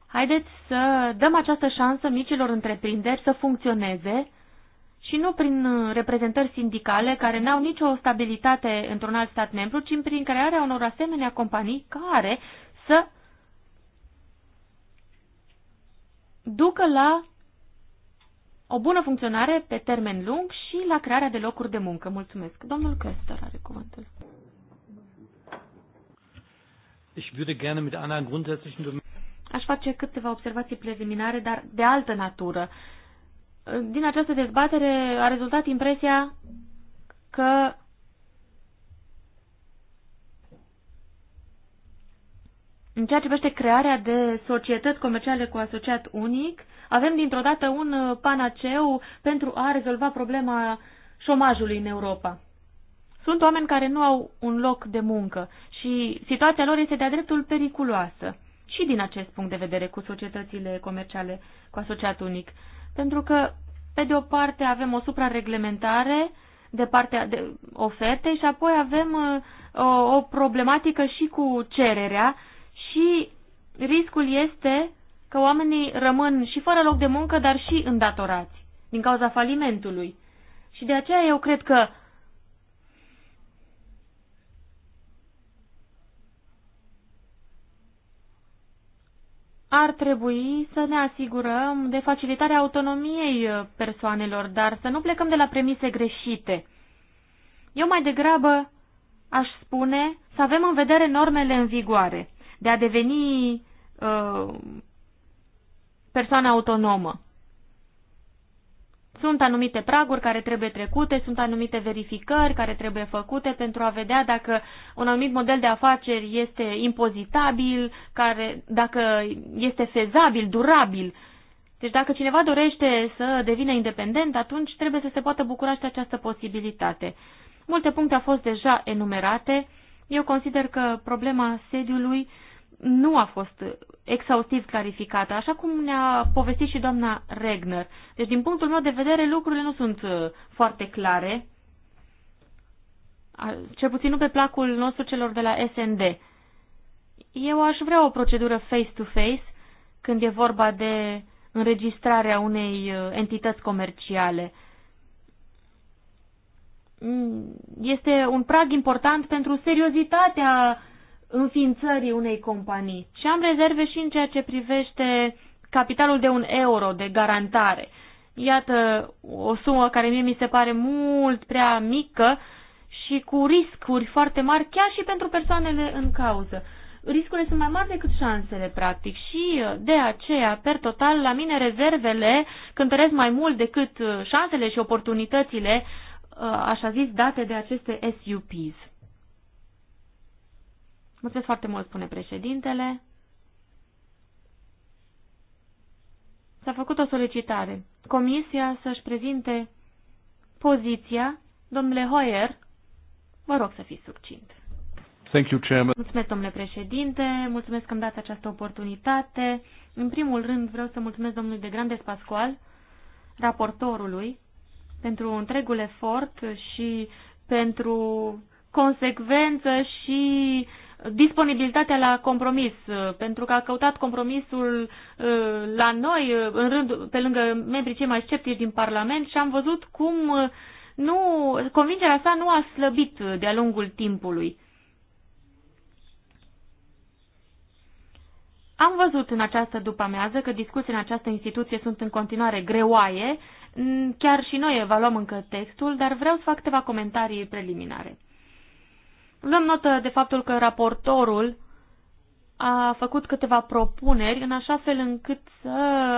Haideți să dăm această șansă micilor întreprinderi să funcționeze și nu prin reprezentări sindicale care n-au nicio stabilitate într-un alt stat membru, ci prin crearea unor asemenea companii care să ducă la o bună funcționare pe termen lung și la crearea de locuri de muncă. Mulțumesc. Domnul Köster are cuvântul. Ich würde gerne mit einer grundsätzlichen Aș face câteva observații preliminare, dar de altă natură. Din această dezbatere a rezultat impresia că În ceea ce privește crearea de societăți comerciale cu asociat unic, avem dintr-o dată un uh, panaceu pentru a rezolva problema șomajului în Europa. Sunt oameni care nu au un loc de muncă și situația lor este de-a dreptul periculoasă. Și din acest punct de vedere cu societățile comerciale cu asociat unic. Pentru că, pe de o parte, avem o suprareglementare de partea de oferte și apoi avem uh, o, o problematică și cu cererea și riscul este că oamenii rămân și fără loc de muncă, dar și îndatorați din cauza falimentului. Și de aceea eu cred că ar trebui să ne asigurăm de facilitarea autonomiei uh, persoanelor, dar să nu plecăm de la premise greșite. Eu mai degrabă aș spune să avem în vedere normele în vigoare de a deveni uh, persoană autonomă. Sunt anumite praguri care trebuie trecute, sunt anumite verificări care trebuie făcute pentru a vedea dacă un anumit model de afaceri este impozitabil, care, dacă este fezabil, durabil. Deci dacă cineva dorește să devină independent, atunci trebuie să se poată bucura și de această posibilitate. Multe puncte au fost deja enumerate. Eu consider că problema sediului nu a fost exhaustiv clarificată, așa cum ne-a povestit și doamna Regner. Deci, din punctul meu de vedere, lucrurile nu sunt uh, foarte clare, cel puțin nu pe placul nostru celor de la SND. Eu aș vrea o procedură face-to-face -face când e vorba de înregistrarea unei uh, entități comerciale – este un prag important pentru seriozitatea înființării unei companii. Și am rezerve și în ceea ce privește capitalul de un euro de garantare. Iată o sumă care mie mi se pare mult prea mică și cu riscuri foarte mari, chiar și pentru persoanele în cauză. Riscurile sunt mai mari decât șansele, practic, și de aceea, per total, la mine rezervele cântăresc mai mult decât uh, șansele și oportunitățile Uh, așa zis, date de aceste SUPs. Mulțumesc foarte mult, spune președintele. S-a făcut o solicitare. Comisia să-și prezinte poziția. Domnule Hoyer, vă rog să fiți succint. Thank you, Chairman. Mulțumesc, domnule președinte, mulțumesc că îmi dați această oportunitate. În primul rând vreau să mulțumesc domnului de Grandes Pascual, raportorului, pentru întregul efort și pentru consecvență și disponibilitatea la compromis, pentru că a căutat compromisul uh, la noi, uh, în rând, pe lângă membrii cei mai sceptici din Parlament și am văzut cum uh, nu, convingerea sa nu a slăbit de-a lungul timpului. Am văzut în această după-amiază că discuții în această instituție sunt în continuare greoaie, Chiar și noi evaluăm încă textul, dar vreau să fac câteva comentarii preliminare. Luăm notă de faptul că raportorul a făcut câteva propuneri în așa fel încât să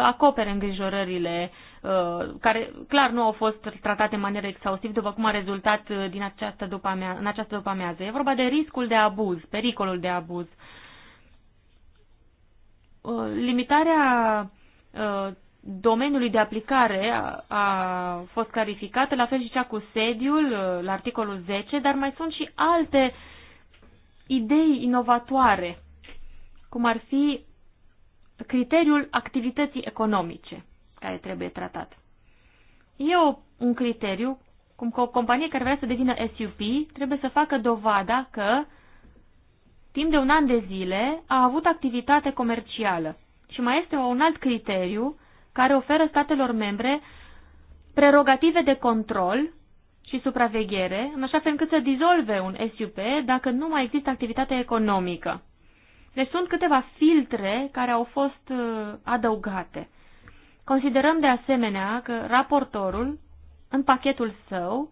acopere îngrijorările uh, care clar nu au fost tratate în manieră exhaustiv, după cum a rezultat uh, din această după în această după amiază. E vorba de riscul de abuz, pericolul de abuz. Uh, limitarea domeniului de aplicare a, a fost clarificată, la fel și cea cu sediul, uh, la articolul 10, dar mai sunt și alte idei inovatoare, cum ar fi criteriul activității economice care trebuie tratat. E o, un criteriu, cum că o companie care vrea să devină SUP trebuie să facă dovada că timp de un an de zile a avut activitate comercială. Și mai este un alt criteriu care oferă statelor membre prerogative de control și supraveghere, în așa fel încât să dizolve un SUP dacă nu mai există activitate economică. Deci sunt câteva filtre care au fost uh, adăugate. Considerăm de asemenea că raportorul, în pachetul său,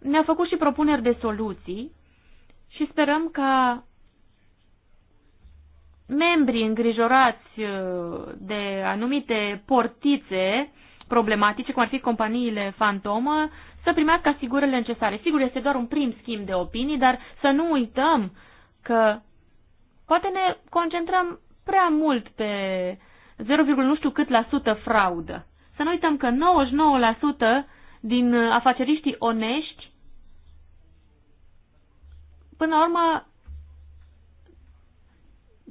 ne-a făcut și propuneri de soluții și sperăm ca membrii îngrijorați uh, de anumite portițe problematice, cum ar fi companiile fantomă, să primească asigurările necesare. Sigur, este doar un prim schimb de opinii, dar să nu uităm că poate ne concentrăm prea mult pe 0, nu știu cât la sută fraudă. Să nu uităm că 99% din afaceriștii onești, până la urmă,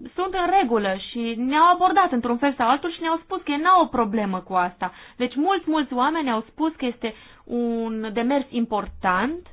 sunt în regulă și ne-au abordat într-un fel sau altul și ne-au spus că nu n-au o problemă cu asta. Deci mulți, mulți oameni au spus că este un demers important.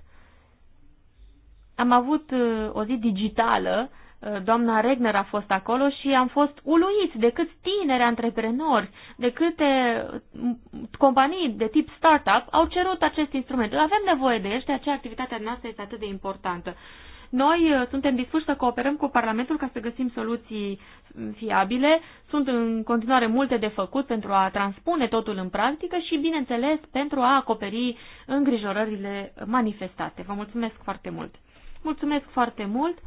Am avut uh, o zi digitală, uh, doamna Regner a fost acolo și am fost uluiți de câți tineri antreprenori, de câte uh, companii de tip startup au cerut acest instrument. Avem nevoie de el și de aceea activitatea noastră este atât de importantă. Uh, noi uh, suntem dispuși să cooperăm cu Parlamentul ca să găsim soluții mm, fiabile. Sunt în continuare multe de făcut pentru a transpune totul în practică și, bineînțeles, pentru a acoperi îngrijorările manifestate. Vă mulțumesc foarte mult! Mulțumesc foarte mult!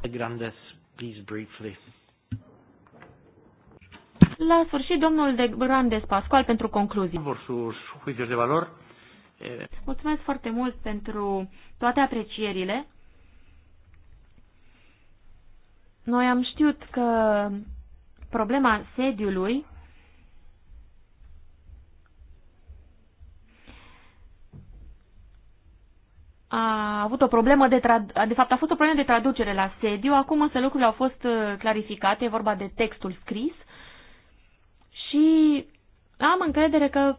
La sfârșit, domnul de Grandes Pascual pentru concluzii. Mulțumesc foarte mult pentru toate aprecierile. Noi am știut că problema sediului a avut o problemă de trad de fapt a fost o problemă de traducere la sediu, acum însă lucrurile au fost uh, clarificate, e vorba de textul scris și am încredere că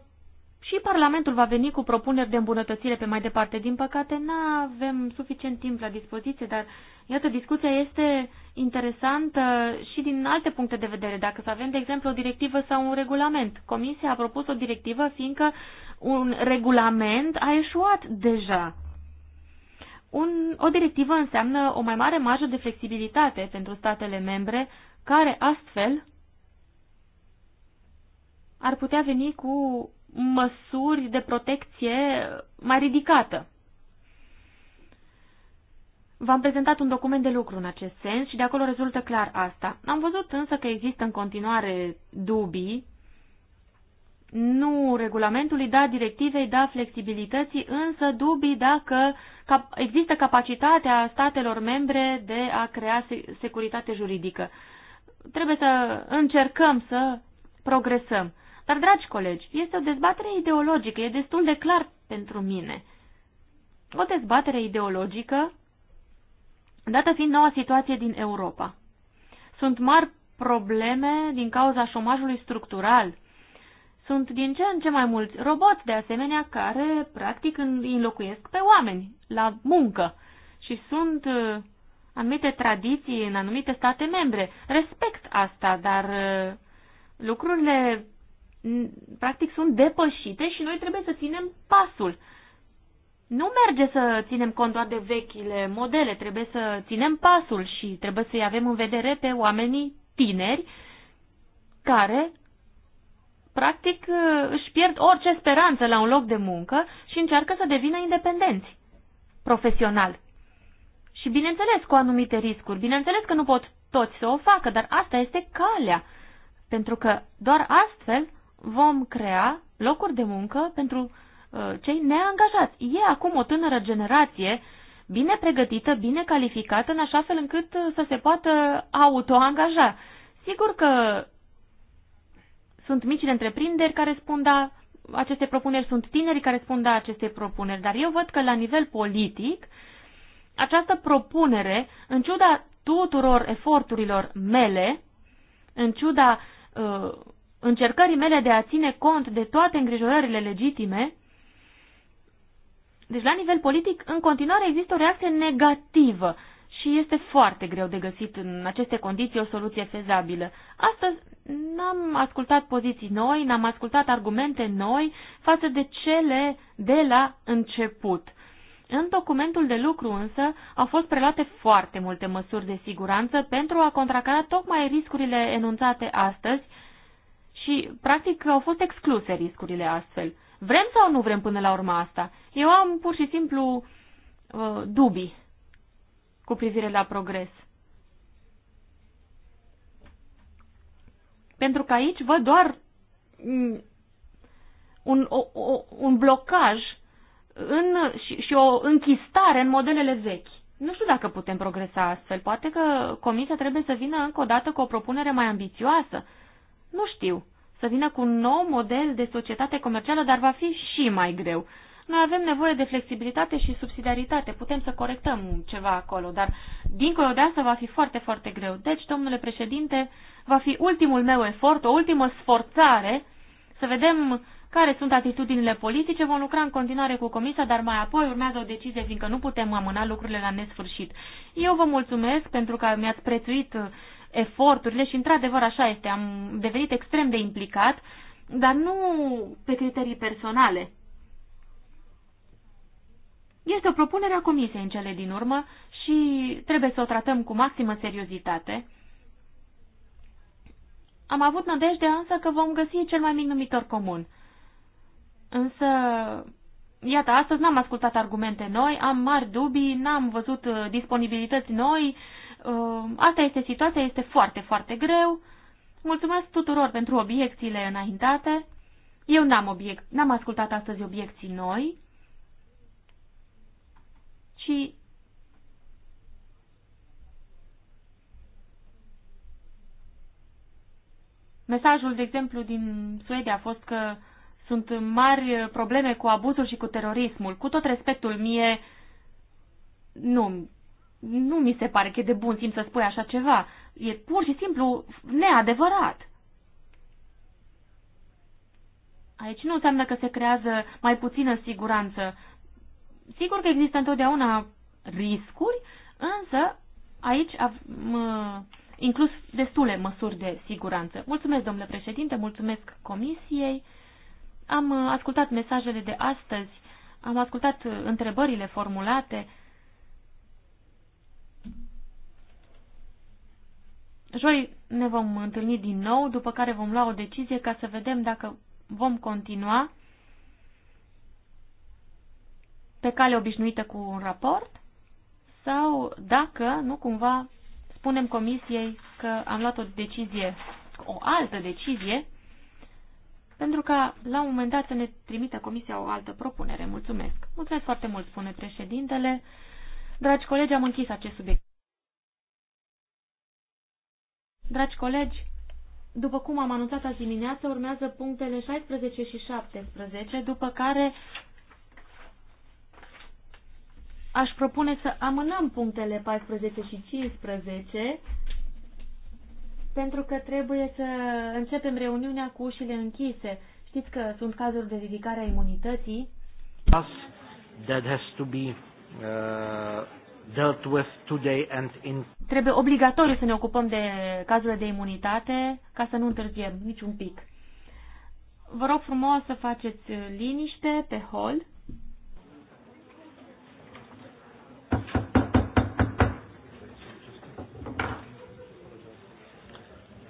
și Parlamentul va veni cu propuneri de îmbunătățire pe mai departe. Din păcate, nu avem suficient timp la dispoziție, dar, iată, discuția este interesantă și din alte puncte de vedere. Dacă să avem, de exemplu, o directivă sau un regulament. Comisia a propus o directivă, fiindcă un regulament a eșuat deja. Un, o directivă înseamnă o mai mare marjă de flexibilitate pentru statele membre, care astfel ar putea veni cu măsuri de protecție mai ridicată. V-am prezentat un document de lucru în acest sens și de acolo rezultă clar asta. Am văzut însă că există în continuare dubii, nu regulamentului, da directivei, da flexibilității, însă dubii dacă există capacitatea statelor membre de a crea securitate juridică. Trebuie să încercăm să progresăm. Dar, dragi colegi, este o dezbatere ideologică, e destul de clar pentru mine. O dezbatere ideologică, dată fiind noua situație din Europa. Sunt mari probleme din cauza șomajului structural. Sunt din ce în ce mai mulți roboți, de asemenea, care practic înlocuiesc pe oameni la muncă și sunt uh, anumite tradiții în anumite state membre. Respect asta, dar uh, lucrurile practic sunt depășite și noi trebuie să ținem pasul. Nu merge să ținem cont doar de vechile modele, trebuie să ținem pasul și trebuie să-i avem în vedere pe oamenii tineri care practic își pierd orice speranță la un loc de muncă și încearcă să devină independenți profesional. Și bineînțeles cu anumite riscuri, bineînțeles că nu pot toți să o facă, dar asta este calea, pentru că doar astfel vom crea locuri de muncă pentru uh, cei neangajați. E acum o tânără generație bine pregătită, bine calificată, în așa fel încât uh, să se poată autoangaja. Sigur că sunt micile întreprinderi care spun da aceste propuneri, sunt tinerii care spun da aceste propuneri, dar eu văd că la nivel politic această propunere, în ciuda tuturor eforturilor mele, în ciuda uh, încercării mele de a ține cont de toate îngrijorările legitime, deci la nivel politic, în continuare există o reacție negativă și este foarte greu de găsit în aceste condiții o soluție fezabilă. Astăzi n-am ascultat poziții noi, n-am ascultat argumente noi față de cele de la început. În documentul de lucru însă au fost preluate foarte multe măsuri de siguranță pentru a contracara tocmai riscurile enunțate astăzi și, practic, au fost excluse riscurile astfel. Vrem sau nu vrem până la urmă asta? Eu am pur și simplu uh, dubii cu privire la progres. Pentru că aici văd doar mm, un, o, o, un blocaj în, și, și o închistare în modelele vechi. Nu știu dacă putem progresa astfel. Poate că comisia trebuie să vină încă o dată cu o propunere mai ambițioasă. Nu știu să vină cu un nou model de societate comercială, dar va fi și mai greu. Noi avem nevoie de flexibilitate și subsidiaritate, putem să corectăm ceva acolo, dar dincolo de asta va fi foarte, foarte greu. Deci, domnule președinte, va fi ultimul meu efort, o ultimă sforțare să vedem care sunt atitudinile politice, vom lucra în continuare cu comisia, dar mai apoi urmează o decizie, fiindcă nu putem amâna lucrurile la nesfârșit. Eu vă mulțumesc pentru că mi-ați prețuit eforturile și într-adevăr așa este, am devenit extrem de implicat, dar nu pe criterii personale. Este o propunere a comisiei în cele din urmă și trebuie să o tratăm cu maximă seriozitate. Am avut nădejdea însă că vom găsi cel mai mic numitor comun. Însă, iată, astăzi n-am ascultat argumente noi, am mari dubii, n-am văzut uh, disponibilități noi, Um, asta este situația, este foarte, foarte greu. Mulțumesc tuturor pentru obiecțiile înaintate. Eu n-am, obiec n-am ascultat astăzi obiecții noi, ci Mesajul, de exemplu, din Suedia a fost că sunt mari probleme cu abuzul și cu terorismul. Cu tot respectul mie, nu nu mi se pare că e de bun timp să spui așa ceva. E pur și simplu neadevărat. Aici nu înseamnă că se creează mai puțină siguranță. Sigur că există întotdeauna riscuri, însă aici am inclus destule măsuri de siguranță. Mulțumesc, domnule președinte, mulțumesc comisiei. Am uh, ascultat mesajele de astăzi, am ascultat uh, întrebările formulate. Joi ne vom întâlni din nou, după care vom lua o decizie ca să vedem dacă vom continua pe cale obișnuită cu un raport sau dacă nu cumva spunem comisiei că am luat o decizie, o altă decizie, pentru ca la un moment dat să ne trimită comisia o altă propunere. Mulțumesc! Mulțumesc foarte mult, spune președintele. Dragi colegi, am închis acest subiect. Dragi colegi, după cum am anunțat azi dimineață, urmează punctele 16 și 17, după care aș propune să amânăm punctele 14 și 15, pentru că trebuie să începem reuniunea cu ușile închise. Știți că sunt cazuri de ridicare a imunității. That has to be uh, dealt with today and in... Trebuie obligatoriu să ne ocupăm de cazurile de imunitate ca să nu întârziem niciun pic. Vă rog frumos să faceți liniște pe hol.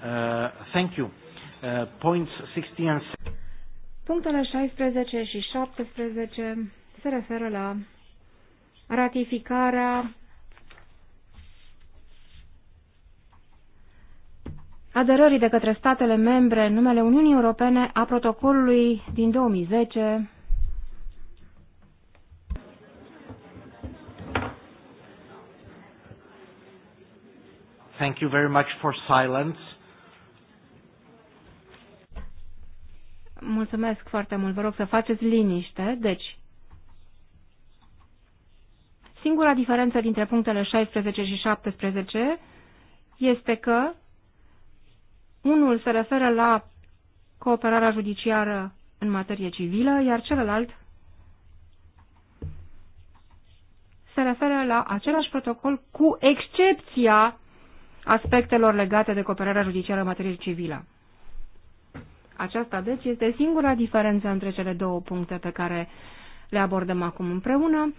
Uh, thank you. Uh, points 16 and... Punctele 16 și 17 se referă la ratificarea aderării de către statele membre în numele Uniunii Europene a protocolului din 2010 Thank you very much for silence. Mulțumesc foarte mult. Vă rog să faceți liniște. Deci, Singura diferență dintre punctele 16 și 17 este că unul se referă la cooperarea judiciară în materie civilă, iar celălalt se referă la același protocol cu excepția aspectelor legate de cooperarea judiciară în materie civilă. Aceasta, deci, este singura diferență între cele două puncte pe care le abordăm acum împreună.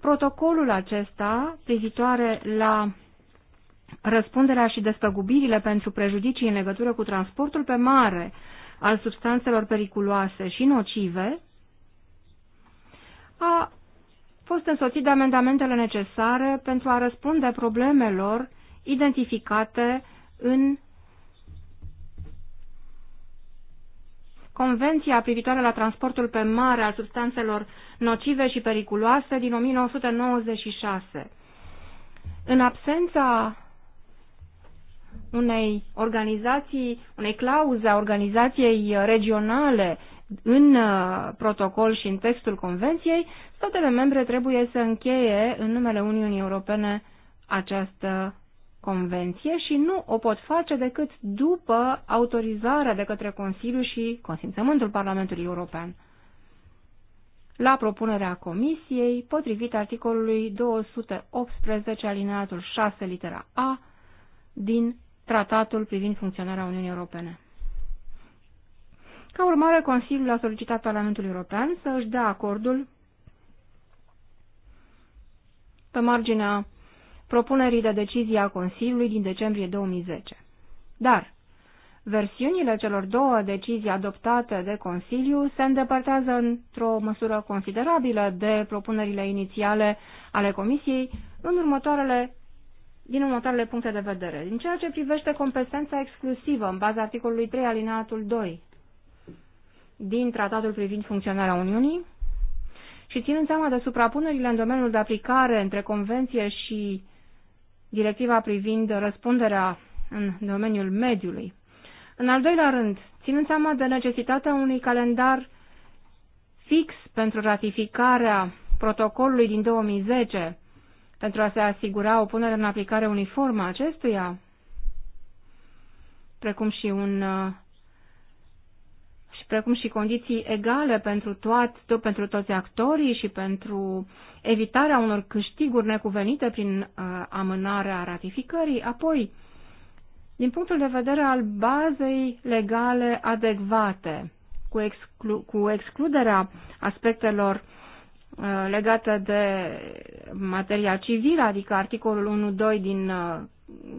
Protocolul acesta, privitoare la răspunderea și despăgubirile pentru prejudicii în legătură cu transportul pe mare al substanțelor periculoase și nocive, a fost însoțit de amendamentele necesare pentru a răspunde problemelor identificate în Convenția privitoare la transportul pe mare al substanțelor nocive și periculoase din 1996. În absența unei organizații, unei clauze a organizației regionale în uh, protocol și în textul convenției, statele membre trebuie să încheie în numele Uniunii Europene această convenție și nu o pot face decât după autorizarea de către Consiliu și consimțământul Parlamentului European. La propunerea Comisiei, potrivit articolului 218 alineatul 6 litera A din Tratatul privind funcționarea Uniunii Europene. Ca urmare, Consiliul a solicitat Parlamentului European să își dea acordul pe marginea propunerii de decizie a Consiliului din decembrie 2010. Dar versiunile celor două decizii adoptate de Consiliu se îndepărtează într-o măsură considerabilă de propunerile inițiale ale Comisiei în următoarele din următoarele puncte de vedere. În ceea ce privește competența exclusivă în baza articolului 3 alineatul 2 din Tratatul privind funcționarea Uniunii și ținând seama de suprapunerile în domeniul de aplicare între Convenție și directiva privind răspunderea în domeniul mediului. În al doilea rând, ținând seama de necesitatea unui calendar fix pentru ratificarea protocolului din 2010, pentru a se asigura o punere în aplicare uniformă a acestuia, precum și un uh, precum și condiții egale pentru, toat, pentru toți actorii și pentru evitarea unor câștiguri necuvenite prin uh, amânarea ratificării. Apoi, din punctul de vedere al bazei legale adecvate, cu, exclu- cu excluderea aspectelor legată uh, legate de materia civilă, adică articolul 1.2 din uh,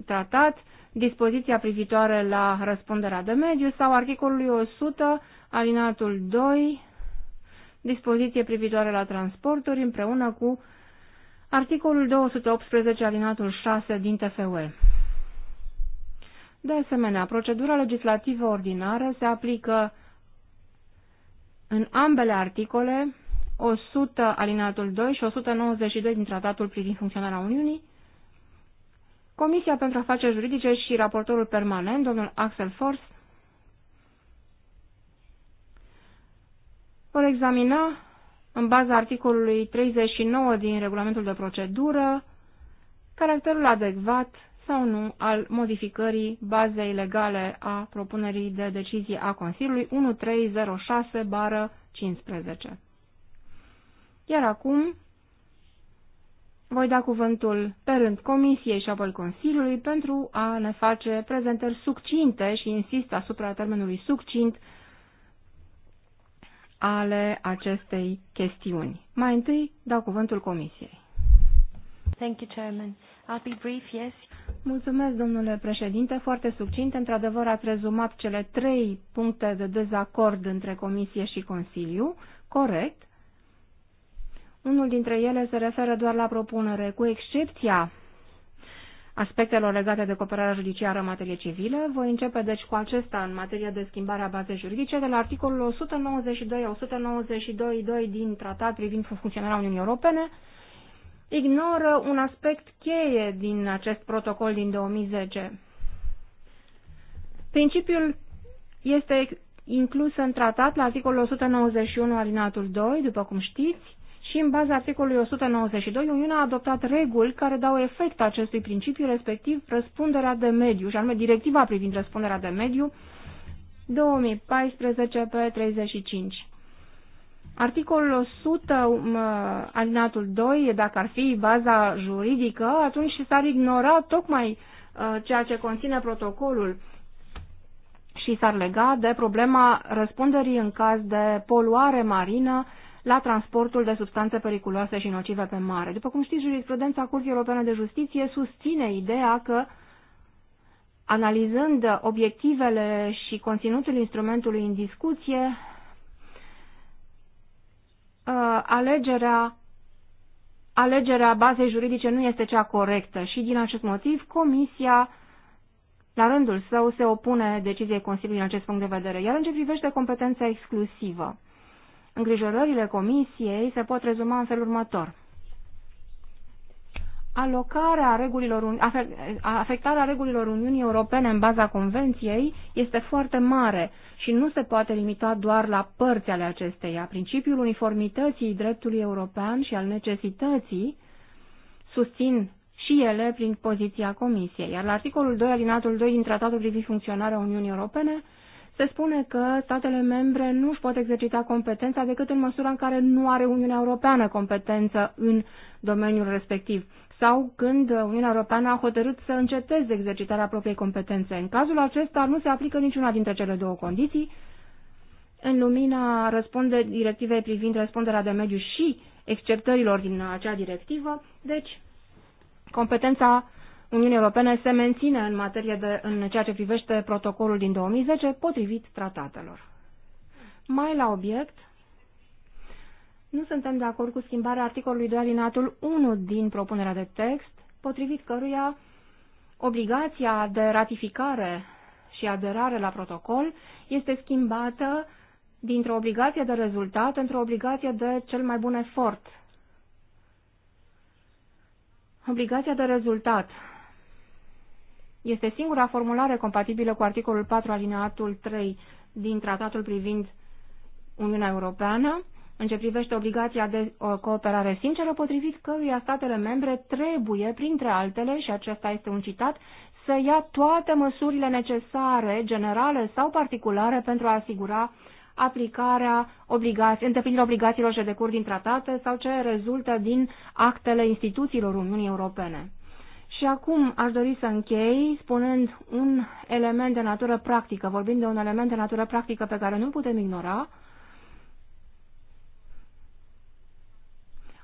tratat, dispoziția privitoare la răspunderea de mediu sau articolului 100 alinatul 2, dispoziție privitoare la transporturi, împreună cu articolul 218, alinatul 6 din TFUE. De asemenea, procedura legislativă ordinară se aplică în ambele articole, 100 alinatul 2 și 192 din Tratatul privind funcționarea Uniunii, Comisia pentru Afaceri Juridice și raportorul permanent, domnul Axel Forst, examina, în baza articolului 39 din regulamentul de procedură, caracterul adecvat sau nu al modificării bazei legale a propunerii de decizie a Consiliului 1306 15. Iar acum voi da cuvântul pe rând Comisiei și apoi Consiliului pentru a ne face prezentări succinte și insist asupra termenului succint ale acestei chestiuni. Mai întâi dau cuvântul Comisiei. Thank you, Chairman. I'll be brief, yes. Mulțumesc, domnule președinte. Foarte succint. Într-adevăr, ați rezumat cele trei puncte de dezacord între Comisie și Consiliu. Corect. Unul dintre ele se referă doar la propunere, cu excepția aspectelor legate de cooperarea judiciară în materie civilă. Voi începe deci cu acesta în materie de schimbare a bazei juridice de la articolul 192 192 2 din tratat privind funcționarea Uniunii Europene, ignoră un aspect cheie din acest protocol din 2010. Principiul este inclus în tratat la articolul 191 alinatul 2, după cum știți, și în baza articolului 192, Uniunea a adoptat reguli care dau efect acestui principiu, respectiv răspunderea de mediu, și anume directiva privind răspunderea de mediu 2014 pe 35. Articolul 100, um, alinatul 2, dacă ar fi baza juridică, atunci s-ar ignora tocmai uh, ceea ce conține protocolul și s-ar lega de problema răspunderii în caz de poluare marină la transportul de substanțe periculoase și nocive pe mare. După cum știți, jurisprudența Curții Europene de Justiție susține ideea că analizând obiectivele și conținutul instrumentului în discuție, ă, alegerea, alegerea bazei juridice nu este cea corectă și din acest motiv Comisia la rândul său se opune deciziei Consiliului în acest punct de vedere. Iar în ce privește competența exclusivă, Îngrijorările comisiei se pot rezuma în felul următor. Alocarea regulilor, afectarea regulilor Uniunii Europene în baza Convenției este foarte mare și nu se poate limita doar la părți ale acesteia. Principiul uniformității dreptului european și al necesității susțin și ele prin poziția Comisiei, iar la articolul 2 alinatul 2 din Tratatul privind funcționarea Uniunii Europene se spune că statele membre nu își pot exercita competența decât în măsura în care nu are Uniunea Europeană competență în domeniul respectiv sau când Uniunea Europeană a hotărât să înceteze exercitarea propriei competențe. În cazul acesta nu se aplică niciuna dintre cele două condiții. În lumina răspunde directivei privind răspunderea de mediu și exceptărilor din acea directivă, deci competența Uniunii Europene se menține în materie de, în ceea ce privește protocolul din 2010 potrivit tratatelor. Mai la obiect, nu suntem de acord cu schimbarea articolului 2 alinatul 1 din propunerea de text, potrivit căruia obligația de ratificare și aderare la protocol este schimbată dintr-o obligație de rezultat într-o obligație de cel mai bun efort. Obligația de rezultat este singura formulare compatibilă cu articolul 4 alineatul 3 din tratatul privind Uniunea Europeană, în ce privește obligația de o uh, cooperare sinceră, potrivit căruia statele membre trebuie, printre altele, și acesta este un citat, să ia toate măsurile necesare, generale sau particulare, pentru a asigura aplicarea obligației, îndeplinirea obligațiilor și curs din tratate sau ce rezultă din actele instituțiilor Uniunii Europene. Și acum aș dori să închei spunând un element de natură practică, vorbind de un element de natură practică pe care nu putem ignora,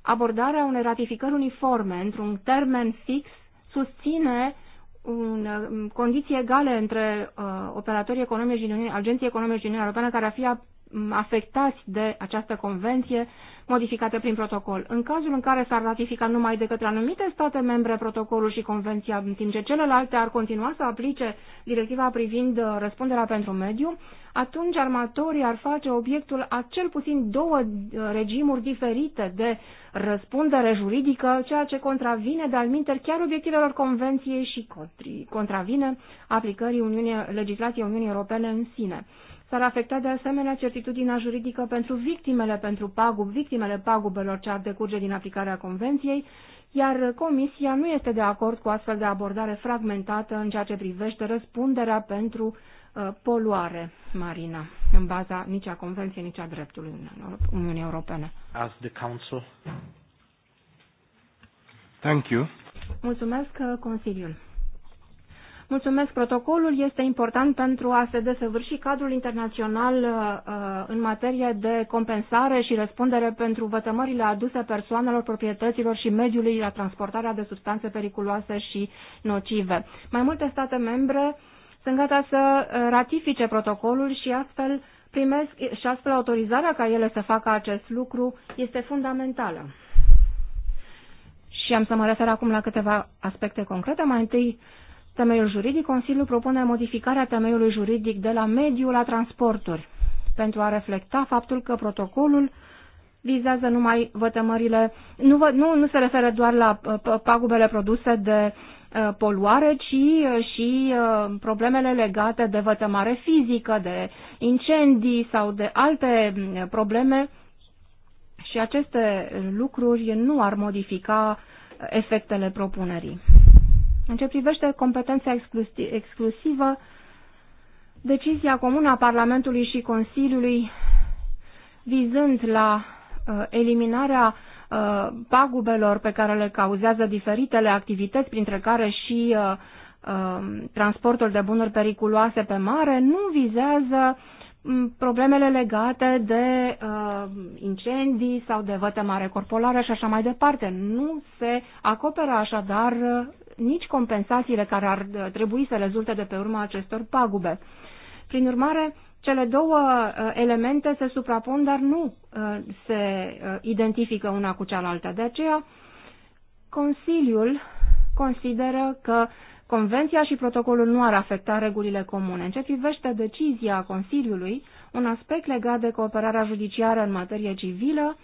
abordarea unei ratificări uniforme într-un termen fix susține un, um, condiții egale între uh, operatorii economici din Uniunea, agenții economici din Uniunea Europeană care ar fi afectați de această convenție modificată prin protocol. În cazul în care s-ar ratifica numai de către anumite state membre protocolul și convenția, în timp ce celelalte ar continua să aplice directiva privind uh, răspunderea pentru mediu, atunci armatorii ar face obiectul a cel puțin două uh, regimuri diferite de răspundere juridică, ceea ce contravine de alminter chiar obiectivelor convenției și contravine aplicării Uniunii, legislației Uniunii Europene în sine. S-ar afecta de asemenea certitudinea juridică pentru victimele, pentru pagub, victimele pagubelor ce ar decurge din aplicarea convenției, iar Comisia nu este de acord cu astfel de abordare fragmentată în ceea ce privește răspunderea pentru uh, poluare marină, în baza nici a Convenției, nici a dreptului Uniunii Europene. As the Council. Thank you. Mulțumesc, uh, Consiliul. Mulțumesc, protocolul este important pentru a se desăvârși cadrul internațional uh, uh în materie de compensare și răspundere pentru vătămările aduse persoanelor, proprietăților și mediului la transportarea de substanțe periculoase și nocive. Mai multe state membre sunt gata să uh, ratifice protocolul și astfel primesc și astfel autorizarea ca ele să facă acest lucru este fundamentală. Și am să mă refer acum la câteva aspecte concrete. Mai întâi, temeiul juridic, Consiliul propune modificarea temeiului juridic de la mediu la transporturi, pentru a reflecta faptul că protocolul vizează numai vătămările, nu, vă, nu, nu se referă doar la uh, pagubele produse de uh, poluare, ci uh, și problemele legate de vătămare fizică, de incendii sau de alte mm, probleme și aceste lucruri nu ar modifica efectele propunerii. În ce privește competența exclusivă, decizia comună a Parlamentului și Consiliului vizând la uh, eliminarea uh, pagubelor pe care le cauzează diferitele activități, printre care și uh, uh, transportul de bunuri periculoase pe mare, nu vizează mm, problemele legate de uh, incendii sau de vătămare corporală și așa mai departe. Nu se acoperă așadar uh, nici compensațiile care ar uh, trebui să rezulte de pe urma acestor pagube. Prin urmare, cele două uh, elemente se suprapun, dar nu uh, se identifică una cu cealaltă. De aceea, Consiliul consideră că Convenția și protocolul nu ar afecta regulile comune. În ce privește decizia Consiliului, un aspect legat de cooperarea judiciară în materie civilă,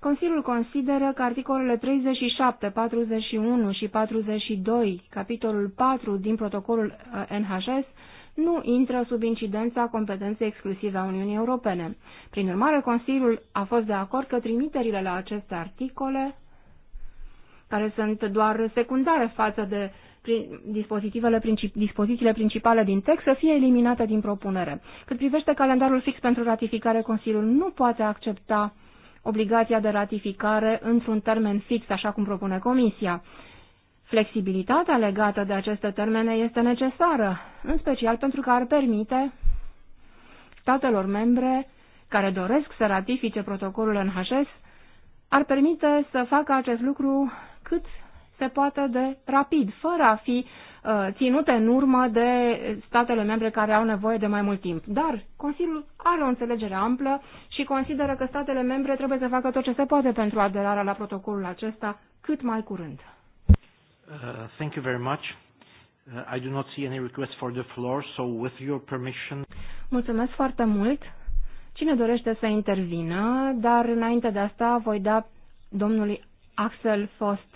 Consiliul consideră că articolele 37, 41 și 42, capitolul 4 din protocolul uh, NHS, nu intră sub incidența competenței exclusive a Uniunii Europene. Prin urmare, Consiliul a fost de acord că trimiterile la aceste articole, care sunt doar secundare față de dispozitivele princip dispozițiile principale din text să fie eliminate din propunere. Cât privește calendarul fix pentru ratificare, Consiliul nu poate accepta uh, obligația de ratificare într-un termen fix, așa cum propune Comisia. Flexibilitatea legată de aceste termene este necesară, în special pentru că ar permite statelor membre care doresc să ratifice protocolul în ar permite să facă acest lucru cât se poate de rapid, fără a fi Uh, ținute în urmă de statele membre care au nevoie de mai mult timp. Dar Consiliul are o înțelegere amplă și consideră că statele membre trebuie să facă tot ce se poate pentru aderarea la protocolul acesta cât mai curând. Uh, thank you very much. Uh, I do not see any request for the floor, so with your permission... Mulțumesc foarte mult. Cine dorește să intervină, dar înainte de asta voi da domnului Axel Fost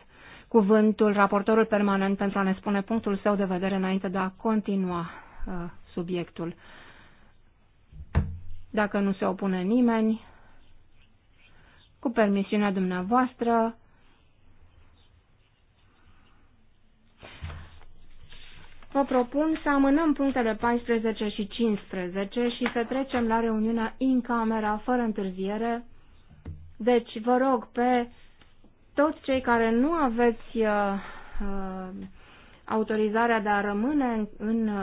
cuvântul raportorul permanent pentru a ne spune punctul său de vedere înainte de a continua uh, subiectul. Dacă nu se opune nimeni, cu permisiunea dumneavoastră, Vă propun să amânăm punctele 14 și 15 și să trecem la reuniunea în camera fără întârziere. Deci, vă rog pe toți cei care nu aveți uh, uh, autorizarea de a rămâne în